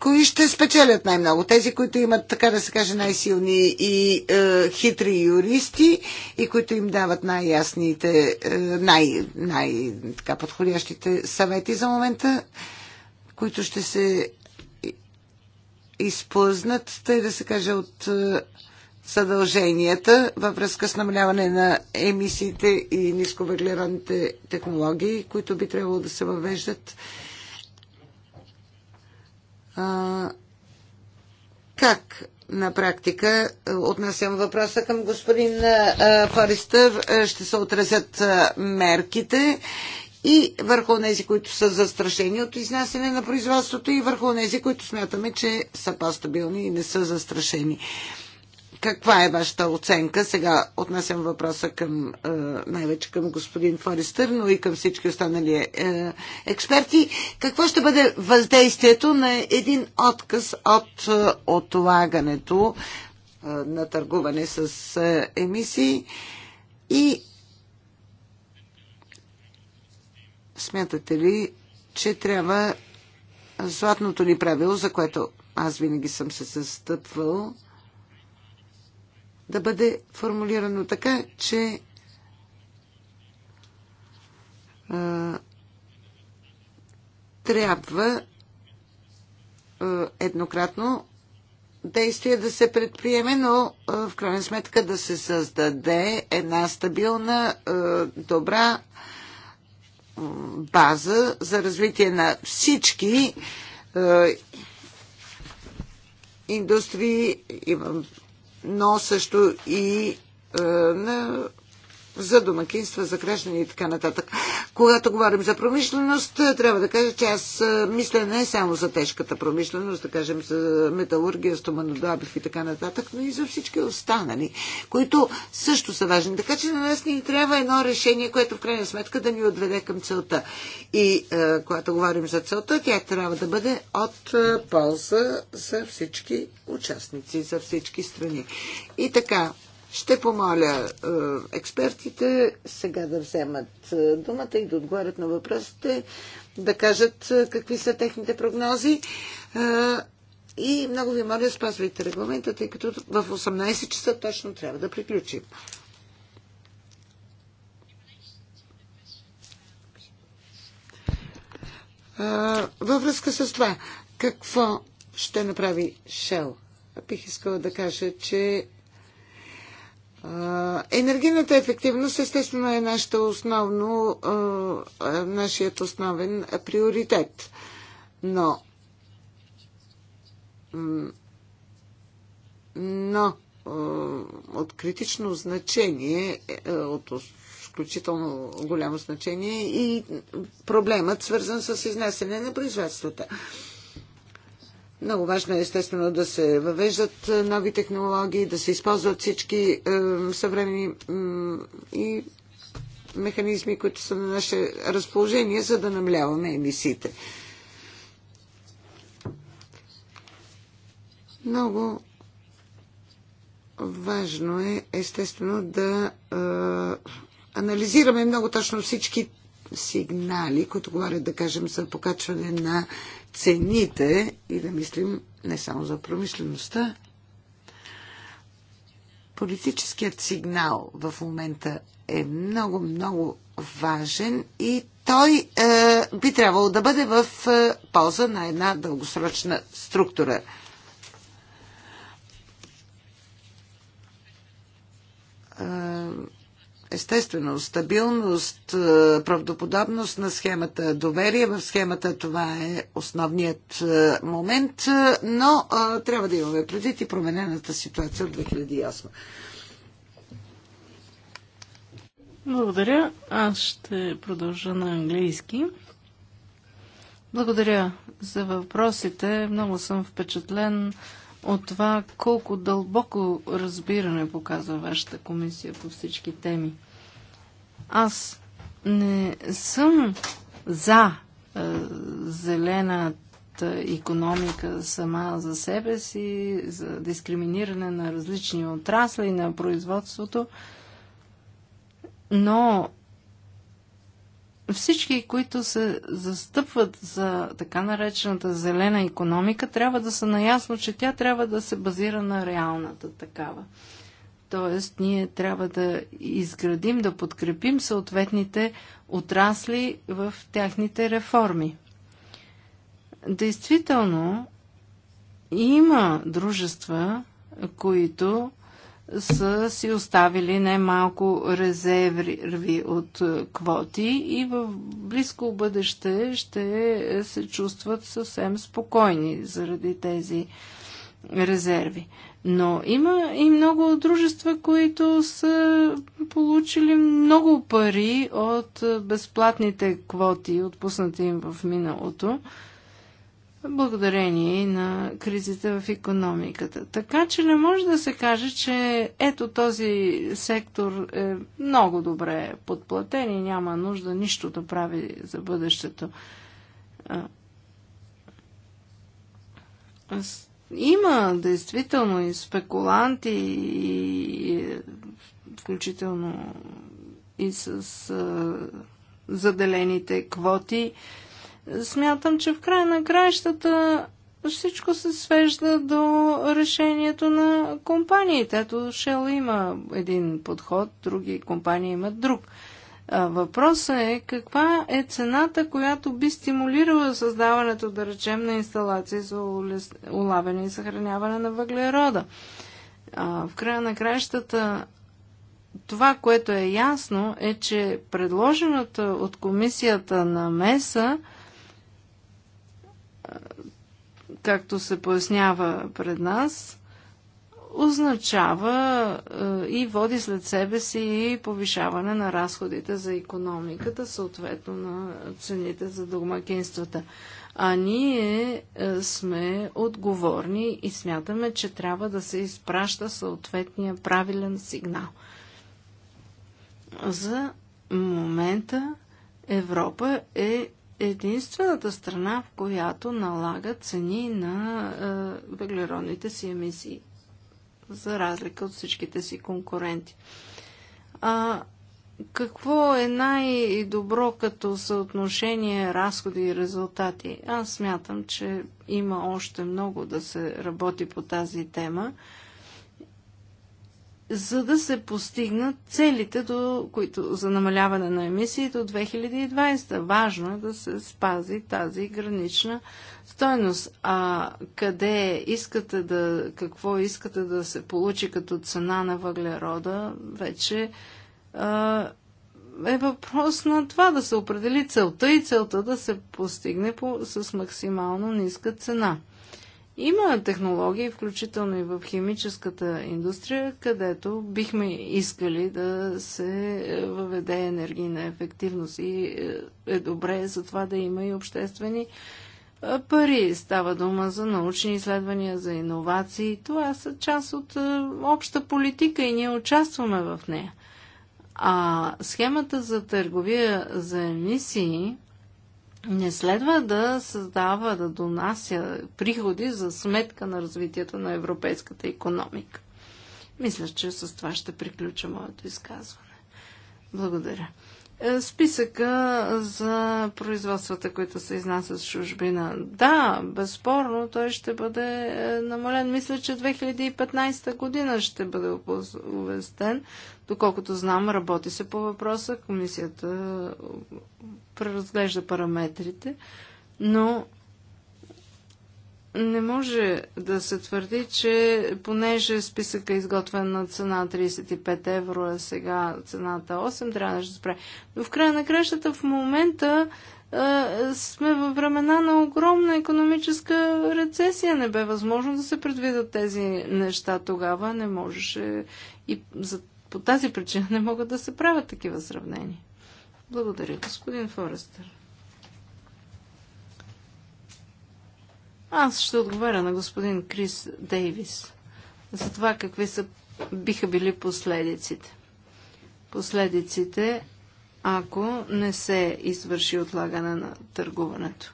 кои ще спечелят най-много? Тези, които имат, така да се каже, най-силни и е, хитри юристи и които им дават най-ясните, е, най- най-подходящите съвети за момента, които ще се изплъзнат, тъй да се каже, от е, задълженията във връзка с намаляване на емисиите и нисковъглеродните технологии, които би трябвало да се въвеждат а, как на практика, е, отнасям въпроса към господин е, е, Форестър, ще се отразят мерките и върху тези, които са застрашени от изнасяне на производството и върху тези, които смятаме, че са по-стабилни и не са застрашени каква е вашата оценка? Сега отнасям въпроса към, е, най-вече към господин Форестър, но и към всички останали е, експерти. Какво ще бъде въздействието на един отказ от е, отлагането на търгуване с емисии и смятате ли, че трябва златното ни правило, за което аз винаги съм се застъпвал, да бъде формулирано така, че а, трябва а, еднократно действие да се предприеме, но а, в крайна сметка да се създаде една стабилна, а, добра а, база за развитие на всички индустрии, имам но също и е, на, за домакинства, за граждани и така нататък. Когато говорим за промишленост, трябва да кажа, че аз мисля не само за тежката промишленост, да кажем за металургия, стоманодобив и така нататък, но и за всички останали, които също са важни. Така че на нас ни трябва едно решение, което в крайна сметка да ни отведе към целта. И е, когато говорим за целта, тя трябва да бъде от полза за всички участници, за всички страни. И така, ще помоля е, експертите сега да вземат е, думата и да отговарят на въпросите, да кажат е, какви са техните прогнози. И много ви моля, спазвайте регламента, тъй като в 18 часа точно трябва да приключим. Във връзка с това, какво ще направи Шел? Бих искала да кажа, че Енергийната ефективност естествено е нашата основно, нашият основен приоритет. Но но от критично значение, е, е, от изключително голямо значение е и проблемът свързан с изнасяне на производствата. Много важно е естествено да се въвеждат е, нови технологии, да се използват всички е, съвремени и механизми, които са на наше разположение, за да намаляваме емисиите. Много важно е, естествено, да е, анализираме много точно всички сигнали, които говорят, да кажем, за покачване на цените и да мислим не само за промишлеността. Политическият сигнал в момента е много, много важен и той е, би трябвало да бъде в е, полза на една дългосрочна структура. Е, естествено, стабилност, е, правдоподобност на схемата, доверие в схемата, това е основният е, момент, е, но трябва да имаме предвид и променената ситуация от 2008. Благодаря. Аз ще продължа на английски. Благодаря за въпросите. Много съм впечатлен от това колко дълбоко разбиране показва вашата комисия по всички теми. Аз не съм за е, зелената економика сама за себе си, за дискриминиране на различни отрасли на производството, но всички, които се застъпват за така наречената зелена економика, трябва да са наясно, че тя трябва да се базира на реалната такава. Тоест, ние трябва да изградим, да подкрепим съответните отрасли в тяхните реформи. Действително, има дружества, които са си оставили немалко резерви от квоти и в близко бъдеще ще се чувстват съвсем спокойни заради тези резерви. Но има и много дружества, които са получили много пари от безплатните квоти, отпуснати им в миналото благодарение на кризата в економиката. Така че не може да се каже, че ето този сектор е много добре подплатен и няма нужда нищо да прави за бъдещето. Има действително и спекуланти, и, включително и с заделените квоти. Смятам, че в край на краищата всичко се свежда до решението на компаниите. Ето Shell има един подход, други компании имат друг. Въпросът е каква е цената, която би стимулирала създаването, да речем, на инсталации за улавяне и съхраняване на въглерода. в края на краищата това, което е ясно, е, че предложената от комисията на МЕСА – както се пояснява пред нас, означава е, и води след себе си и повишаване на разходите за економиката, съответно на цените за домакинствата. А ние е, сме отговорни и смятаме, че трябва да се изпраща съответния правилен сигнал. За момента Европа е единствената страна, в която налага цени на е, въглеродните си емисии, за разлика от всичките си конкуренти. А, какво е най-добро като съотношение разходи и резултати? Аз смятам, че има още много да се работи по тази тема за да се постигнат целите до, които, за намаляване на емисии до 2020. Важно е да се спази тази гранична стойност. А къде искате да, какво искате да се получи като цена на въглерода, вече а, е въпрос на това да се определи целта и целта да се постигне по, с максимално ниска цена. Има технологии, включително и в химическата индустрия, където бихме искали да се е, въведе енергийна ефективност и е, е добре за това да има и обществени е, пари. Става дума за научни изследвания, за иновации. Това са част от обща политика и ние участваме в нея. А схемата за търговия за емисии – не следва да създава, да донася приходи за сметка на развитието на европейската економика. Мисля, че с това ще приключа моето изказване. Благодаря. Е, списъка за производствата, които се изнасят с чужбина. Да, безспорно, той ще бъде е, намален. Мисля, че 2015 година ще бъде увестен, Доколкото знам, работи се по въпроса, комисията преразглежда параметрите, но не може да се твърди, че понеже списъка е изготвен на цена 35 евро, а сега цената 8, е трябва да се спре. Но в края на кращата в момента е, сме във времена на огромна економическа рецесия. Не бе възможно да се предвидат тези неща тогава. Не можеше и за по тази причина не могат да се правят такива сравнения. Благодаря, господин Форестър. Аз ще отговаря на господин Крис Дейвис за това какви са, биха били последиците. Последиците, ако не се извърши отлагане на търгуването.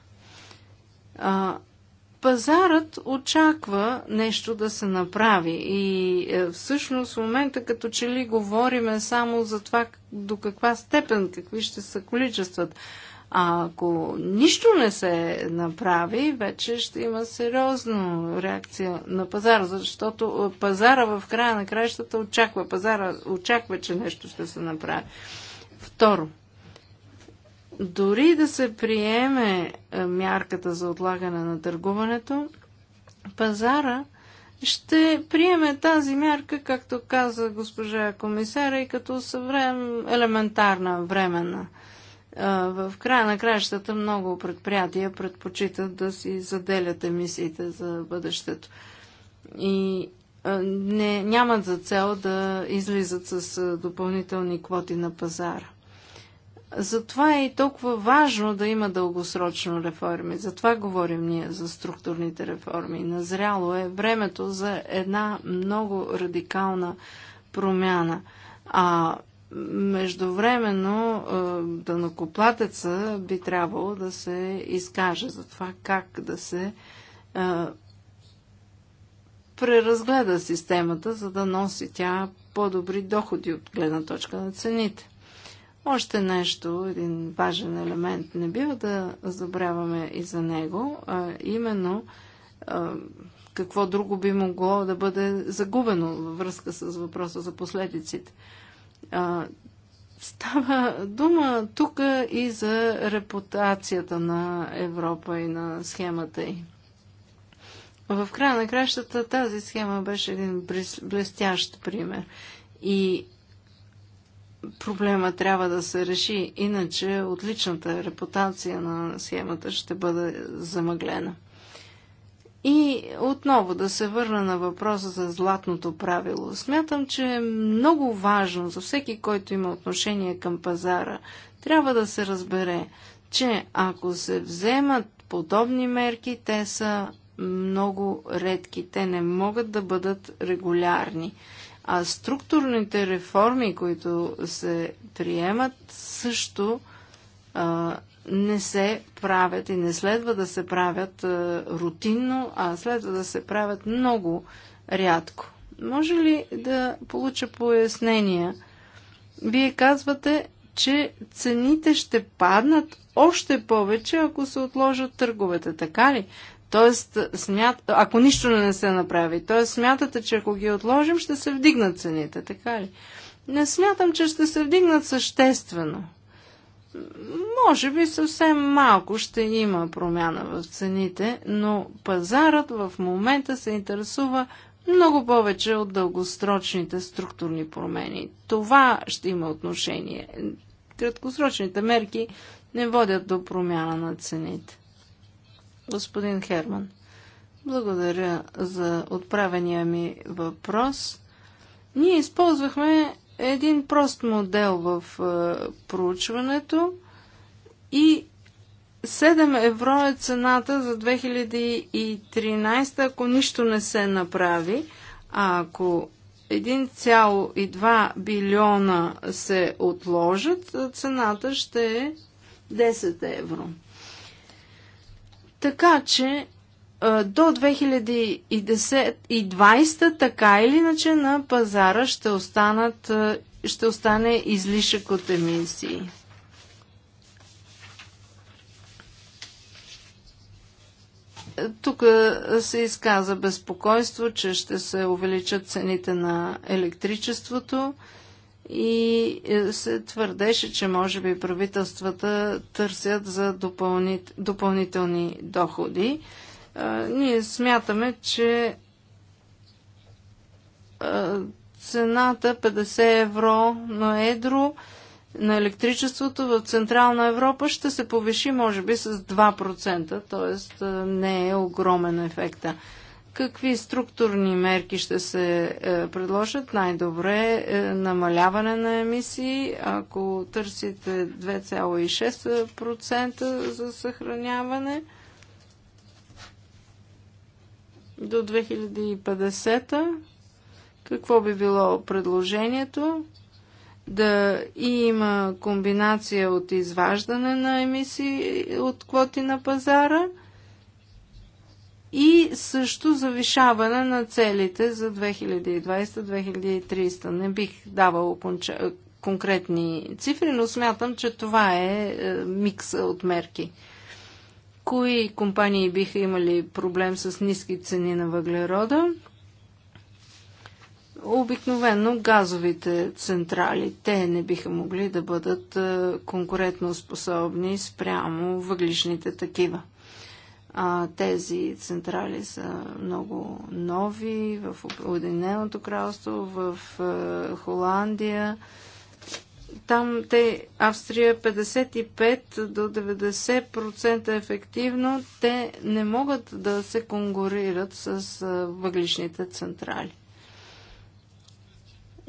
А, пазарът очаква нещо да се направи и е, всъщност в момента като че ли говориме само за това до каква степен, какви ще са количествата. А ако нищо не се направи, вече ще има сериозна реакция на пазара, защото е, пазара в края на краищата очаква, пазара очаква, че нещо ще се направи. Второ, дори да се приеме е, мярката за отлагане на търгуването, пазара ще приеме тази мярка, както каза госпожа комисара, и като съвремен елементарна, временна. Е, в края на кращата много предприятия предпочитат да си заделят емисиите за бъдещето. И е, не, нямат за цел да излизат с допълнителни квоти на пазара. Затова е и толкова важно да има дългосрочно реформи. Затова говорим ние за структурните реформи. Назряло е времето за една много радикална промяна. А междувременно дънокоплатеца би трябвало да се изкаже за това как да се преразгледа системата, за да носи тя по-добри доходи от гледна точка на цените. Още нещо, един важен елемент, не бива да забравяме и за него, а именно а, какво друго би могло да бъде загубено във връзка с въпроса за последиците. А, става дума тук и за репутацията на Европа и на схемата й. В края на кращата тази схема беше един блестящ пример. И проблема трябва да се реши, иначе отличната репутация на схемата ще бъде замъглена. И отново да се върна на въпроса за златното правило. Смятам, че е много важно за всеки, който има отношение към пазара, трябва да се разбере, че ако се вземат подобни мерки, те са много редки. Те не могат да бъдат регулярни. А структурните реформи, които се приемат, също а, не се правят и не следва да се правят а, рутинно, а следва да се правят много рядко. Може ли да получа пояснения? Вие казвате, че цените ще паднат още повече, ако се отложат търговете, така ли? Тоест, смят... ако нищо не се направи, т.е. смятате, че ако ги отложим, ще се вдигнат цените, така ли? Не смятам, че ще се вдигнат съществено. Може би съвсем малко ще има промяна в цените, но пазарът в момента се интересува много повече от дългосрочните структурни промени. Това ще има отношение. Краткосрочните мерки не водят до промяна на цените. Господин Херман, благодаря за отправения ми въпрос. Ние използвахме един прост модел в е, проучването и 7 евро е цената за 2013, ако нищо не се направи, а ако 1,2 билиона се отложат, цената ще е 10 евро. Така че до 2020 така или иначе на пазара ще, останат, ще остане излишък от емисии. Тук се изказа безпокойство, че ще се увеличат цените на електричеството и е, се твърдеше, че може би правителствата търсят за допълнит, допълнителни доходи. Е, ние смятаме, че е, цената 50 евро на едро на електричеството в Централна Европа ще се повиши може би с 2%, т.е. не е огромен ефекта. Какви структурни мерки ще се е, предложат? Най-добре е намаляване на емисии, ако търсите 2,6% за съхраняване до 2050 Какво би било предложението? да и има комбинация от изваждане на емисии от квоти на пазара – и също завишаване на целите за 2020-2030. Не бих давал конкретни цифри, но смятам, че това е, е микса от мерки. Кои компании биха имали проблем с ниски цени на въглерода? Обикновено газовите централи, те не биха могли да бъдат е, конкурентно способни спрямо въглишните такива. А, тези централи са много нови в Обединеното кралство, в е, Холандия. Там те, Австрия 55 до 90% ефективно, те не могат да се конкурират с е, въглишните централи.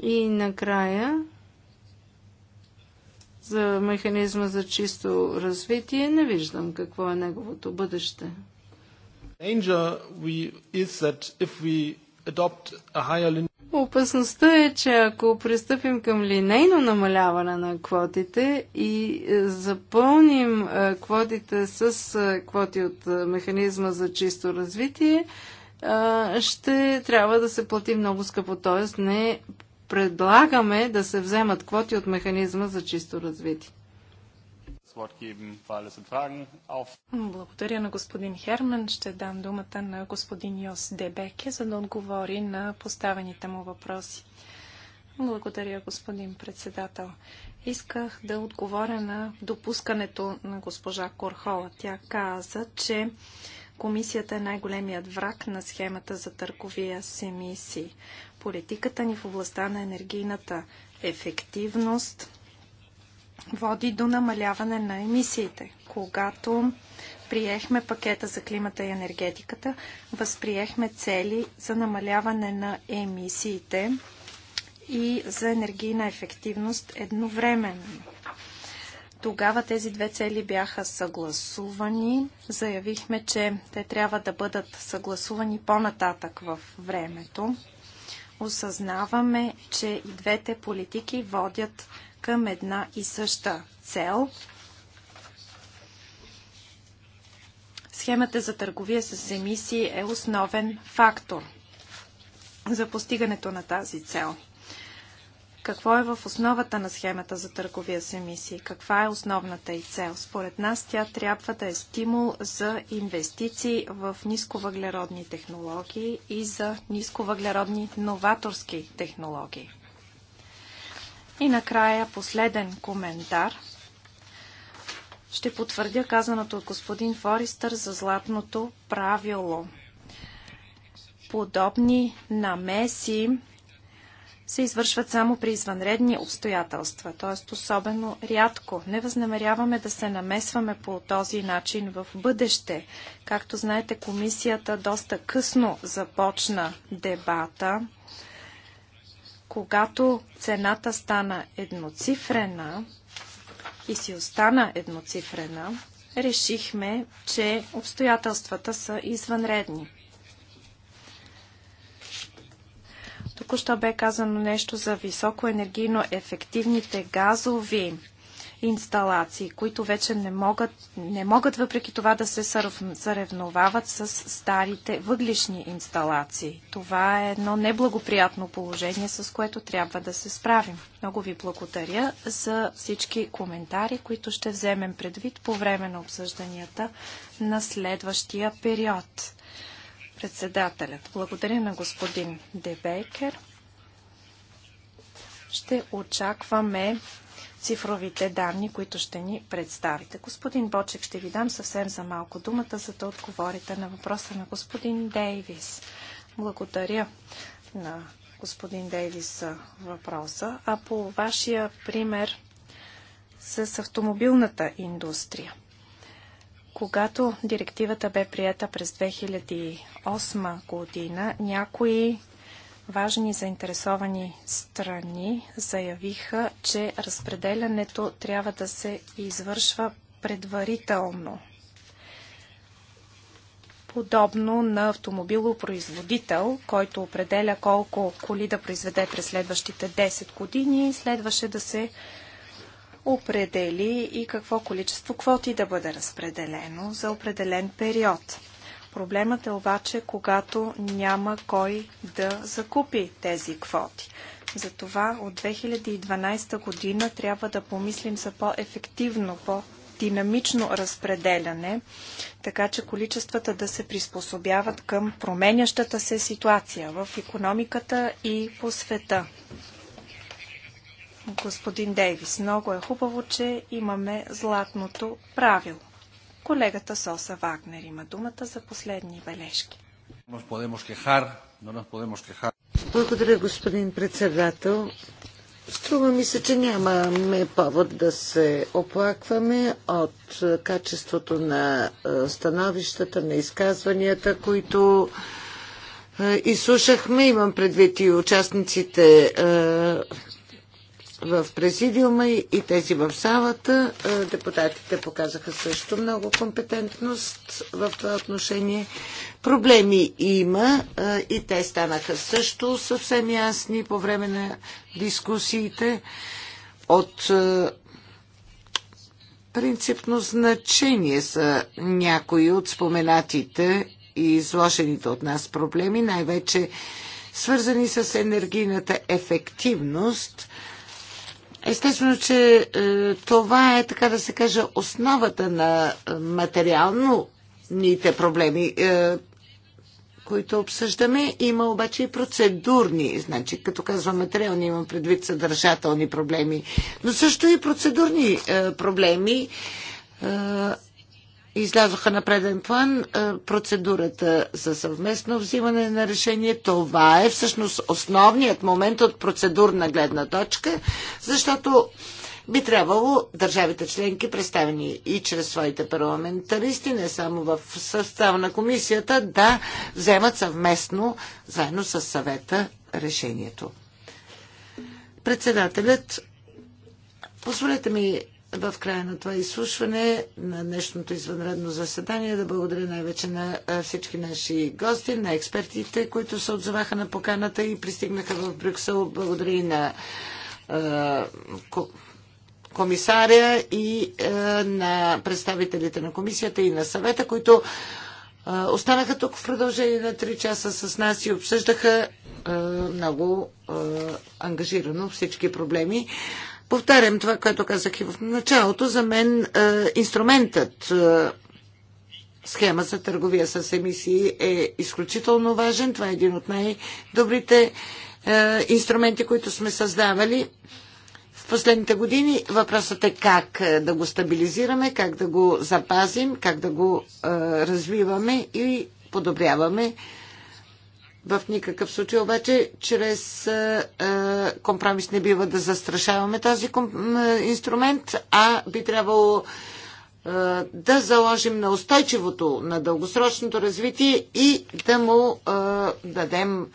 И накрая за механизма за чисто развитие, не виждам какво е неговото бъдеще. Опасността е, че ако пристъпим към линейно намаляване на квотите и е, запълним е, квотите с е, квоти от механизма за чисто развитие, ще трябва да се плати много скъпо, т.е. не предлагаме да се вземат квоти от механизма за чисто развитие. Благодаря на господин Херман. Ще дам думата на господин Йос Дебеке, за да отговори на поставените му въпроси. Благодаря, господин председател. Исках да отговоря на допускането на госпожа Корхола. Тя каза, че комисията е най-големият враг на схемата за търговия с емисии. Политиката ни в областта на енергийната ефективност води до намаляване на емисиите. Когато приехме пакета за климата и енергетиката, възприехме цели за намаляване на емисиите и за енергийна ефективност едновременно. Тогава тези две цели бяха съгласувани. Заявихме, че те трябва да бъдат съгласувани по-нататък в времето осъзнаваме, че и двете политики водят към една и съща цел. Схемата за търговия с емисии е основен фактор за постигането на тази цел. Какво е в основата на схемата за търговия с емисии? Каква е основната и цел? Според нас тя трябва да е стимул за инвестиции в нисковъглеродни технологии и за нисковъглеродни новаторски технологии. И накрая последен коментар. Ще потвърдя казаното от господин Фористър за златното правило. Подобни намеси се извършват само при извънредни обстоятелства, т.е. особено рядко. Не възнамеряваме да се намесваме по този начин в бъдеще. Както знаете, комисията доста късно започна дебата. Когато цената стана едноцифрена и си остана едноцифрена, решихме, че обстоятелствата са извънредни. Току-що бе казано нещо за високо енергийно ефективните газови инсталации, които вече не могат, не могат въпреки това да се съревновават с старите въглишни инсталации. Това е едно неблагоприятно положение, с което трябва да се справим. Много ви благодаря за всички коментари, които ще вземем предвид по време на обсъжданията на следващия период. Председателят, благодаря на господин Дебейкер. Ще очакваме цифровите данни, които ще ни представите. Господин Бочек, ще ви дам съвсем за малко думата, за да отговорите на въпроса на господин Дейвис. Благодаря на господин Дейвис за въпроса. А по вашия пример с автомобилната индустрия – когато директивата бе приета през 2008 година, някои важни заинтересовани страни заявиха, че разпределянето трябва да се извършва предварително. Подобно на автомобилопроизводител, който определя колко коли да произведе през следващите 10 години, следваше да се определи и какво количество квоти да бъде разпределено за определен период. Проблемът е обаче, когато няма кой да закупи тези квоти. Затова от 2012 година трябва да помислим за по-ефективно, по-динамично разпределяне, така че количествата да се приспособяват към променящата се ситуация в економиката и по света господин Дейвис. Много е хубаво, че имаме златното правило. Колегата Соса Вагнер има думата за последни бележки. Благодаря, господин председател. Струва ми се, че нямаме повод да се оплакваме от качеството на е, становищата, на изказванията, които е, изслушахме. Имам предвид и участниците е, в президиума и тези в салата. Е, депутатите показаха също много компетентност в това отношение. Проблеми има е, и те станаха също съвсем ясни по време на дискусиите от е, принципно значение са някои от споменатите и изложените от нас проблеми, най-вече свързани с енергийната ефективност – Естествено, че е, това е, така да се каже, основата на е, материалните проблеми, е, които обсъждаме. Има обаче и процедурни, значи, като казвам материални, имам предвид съдържателни проблеми, но също и процедурни проблеми излязоха на преден план е, процедурата за съвместно взимане на решение. Това е всъщност основният момент от процедурна гледна точка, защото би трябвало държавите членки, представени и чрез своите парламентаристи, не само в състава на комисията, да вземат съвместно, заедно с съвета, решението. Председателят, позволете ми в края на това изслушване, на днешното извънредно заседание, да благодаря най-вече на всички наши гости, на експертите, които се отзоваха на поканата и пристигнаха в Брюксел. Благодаря и на комисаря и на представителите на комисията и на съвета, които останаха тук в продължение на 3 часа с нас и обсъждаха много ангажирано всички проблеми. Повтарям това, което казах и в началото. За мен е, инструментът е, схема за търговия с емисии е изключително важен. Това е един от най-добрите е, инструменти, които сме създавали в последните години. Въпросът е как да го стабилизираме, как да го запазим, как да го развиваме и подобряваме в никакъв случай обаче чрез е, компромис не бива да застрашаваме този инструмент, а би трябвало е, да заложим на устойчивото, на дългосрочното развитие и да му е, дадем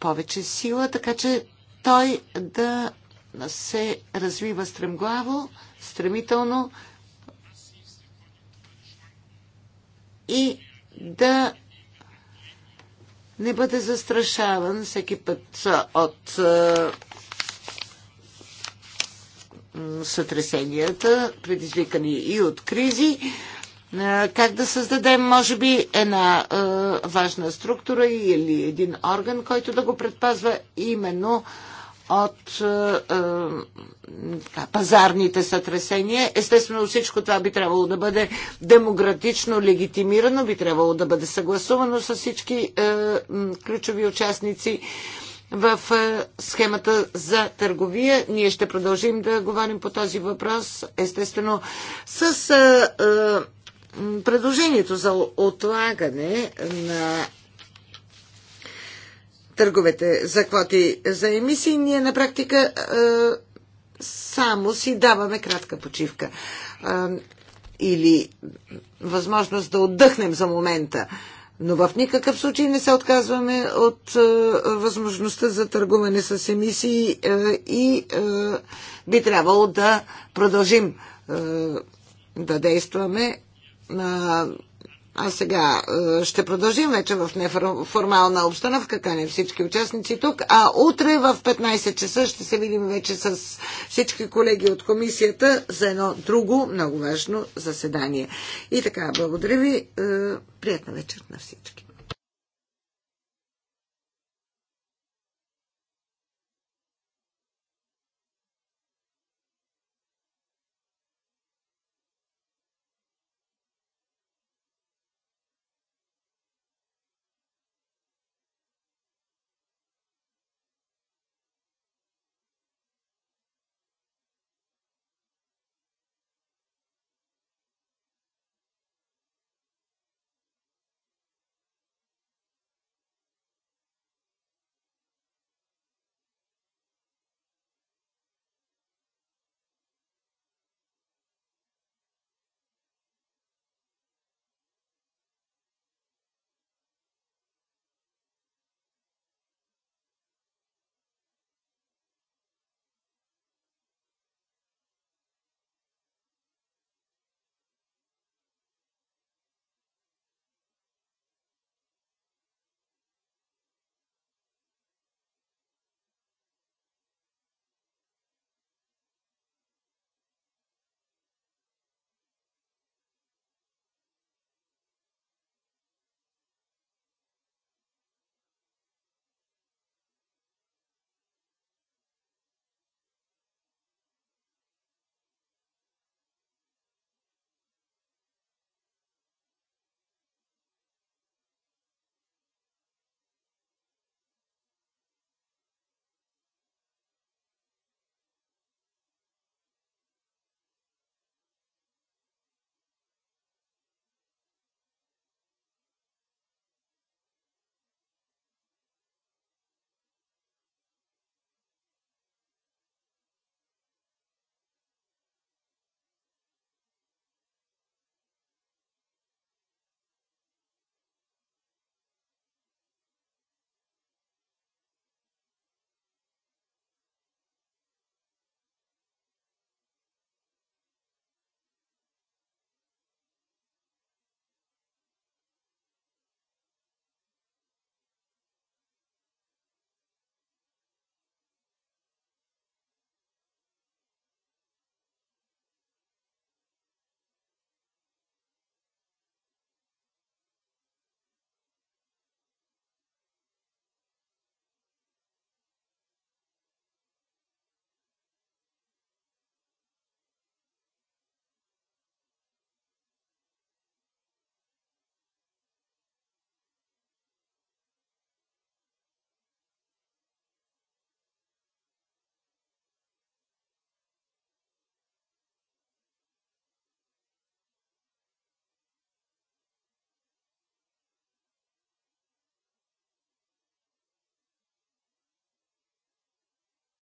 повече сила, така че той да се развива стремглаво, стремително и да не бъде застрашаван всеки път от сътресенията, предизвикани и от кризи, как да създадем, може би, една важна структура или един орган, който да го предпазва именно от е, е пазарните сътресения. Естествено, всичко това би трябвало да бъде демократично легитимирано, би трябвало да бъде съгласувано с всички е, ключови участници в е, схемата за търговия. Ние ще продължим да говорим по този въпрос, естествено, с е, е, предложението за отлагане на търговете за квоти за емисии, ние на практика само си даваме кратка почивка или възможност да отдъхнем за момента. Но в никакъв случай не се отказваме от е, възможността за търгуване с емисии е, и е, би трябвало да продължим е, да действаме. Е, а сега е, ще продължим вече в неформална обстановка, кане всички участници тук, а утре в 15 часа ще се видим вече с всички колеги от комисията за едно друго много важно заседание. И така, благодаря ви. Е, приятна вечер на всички.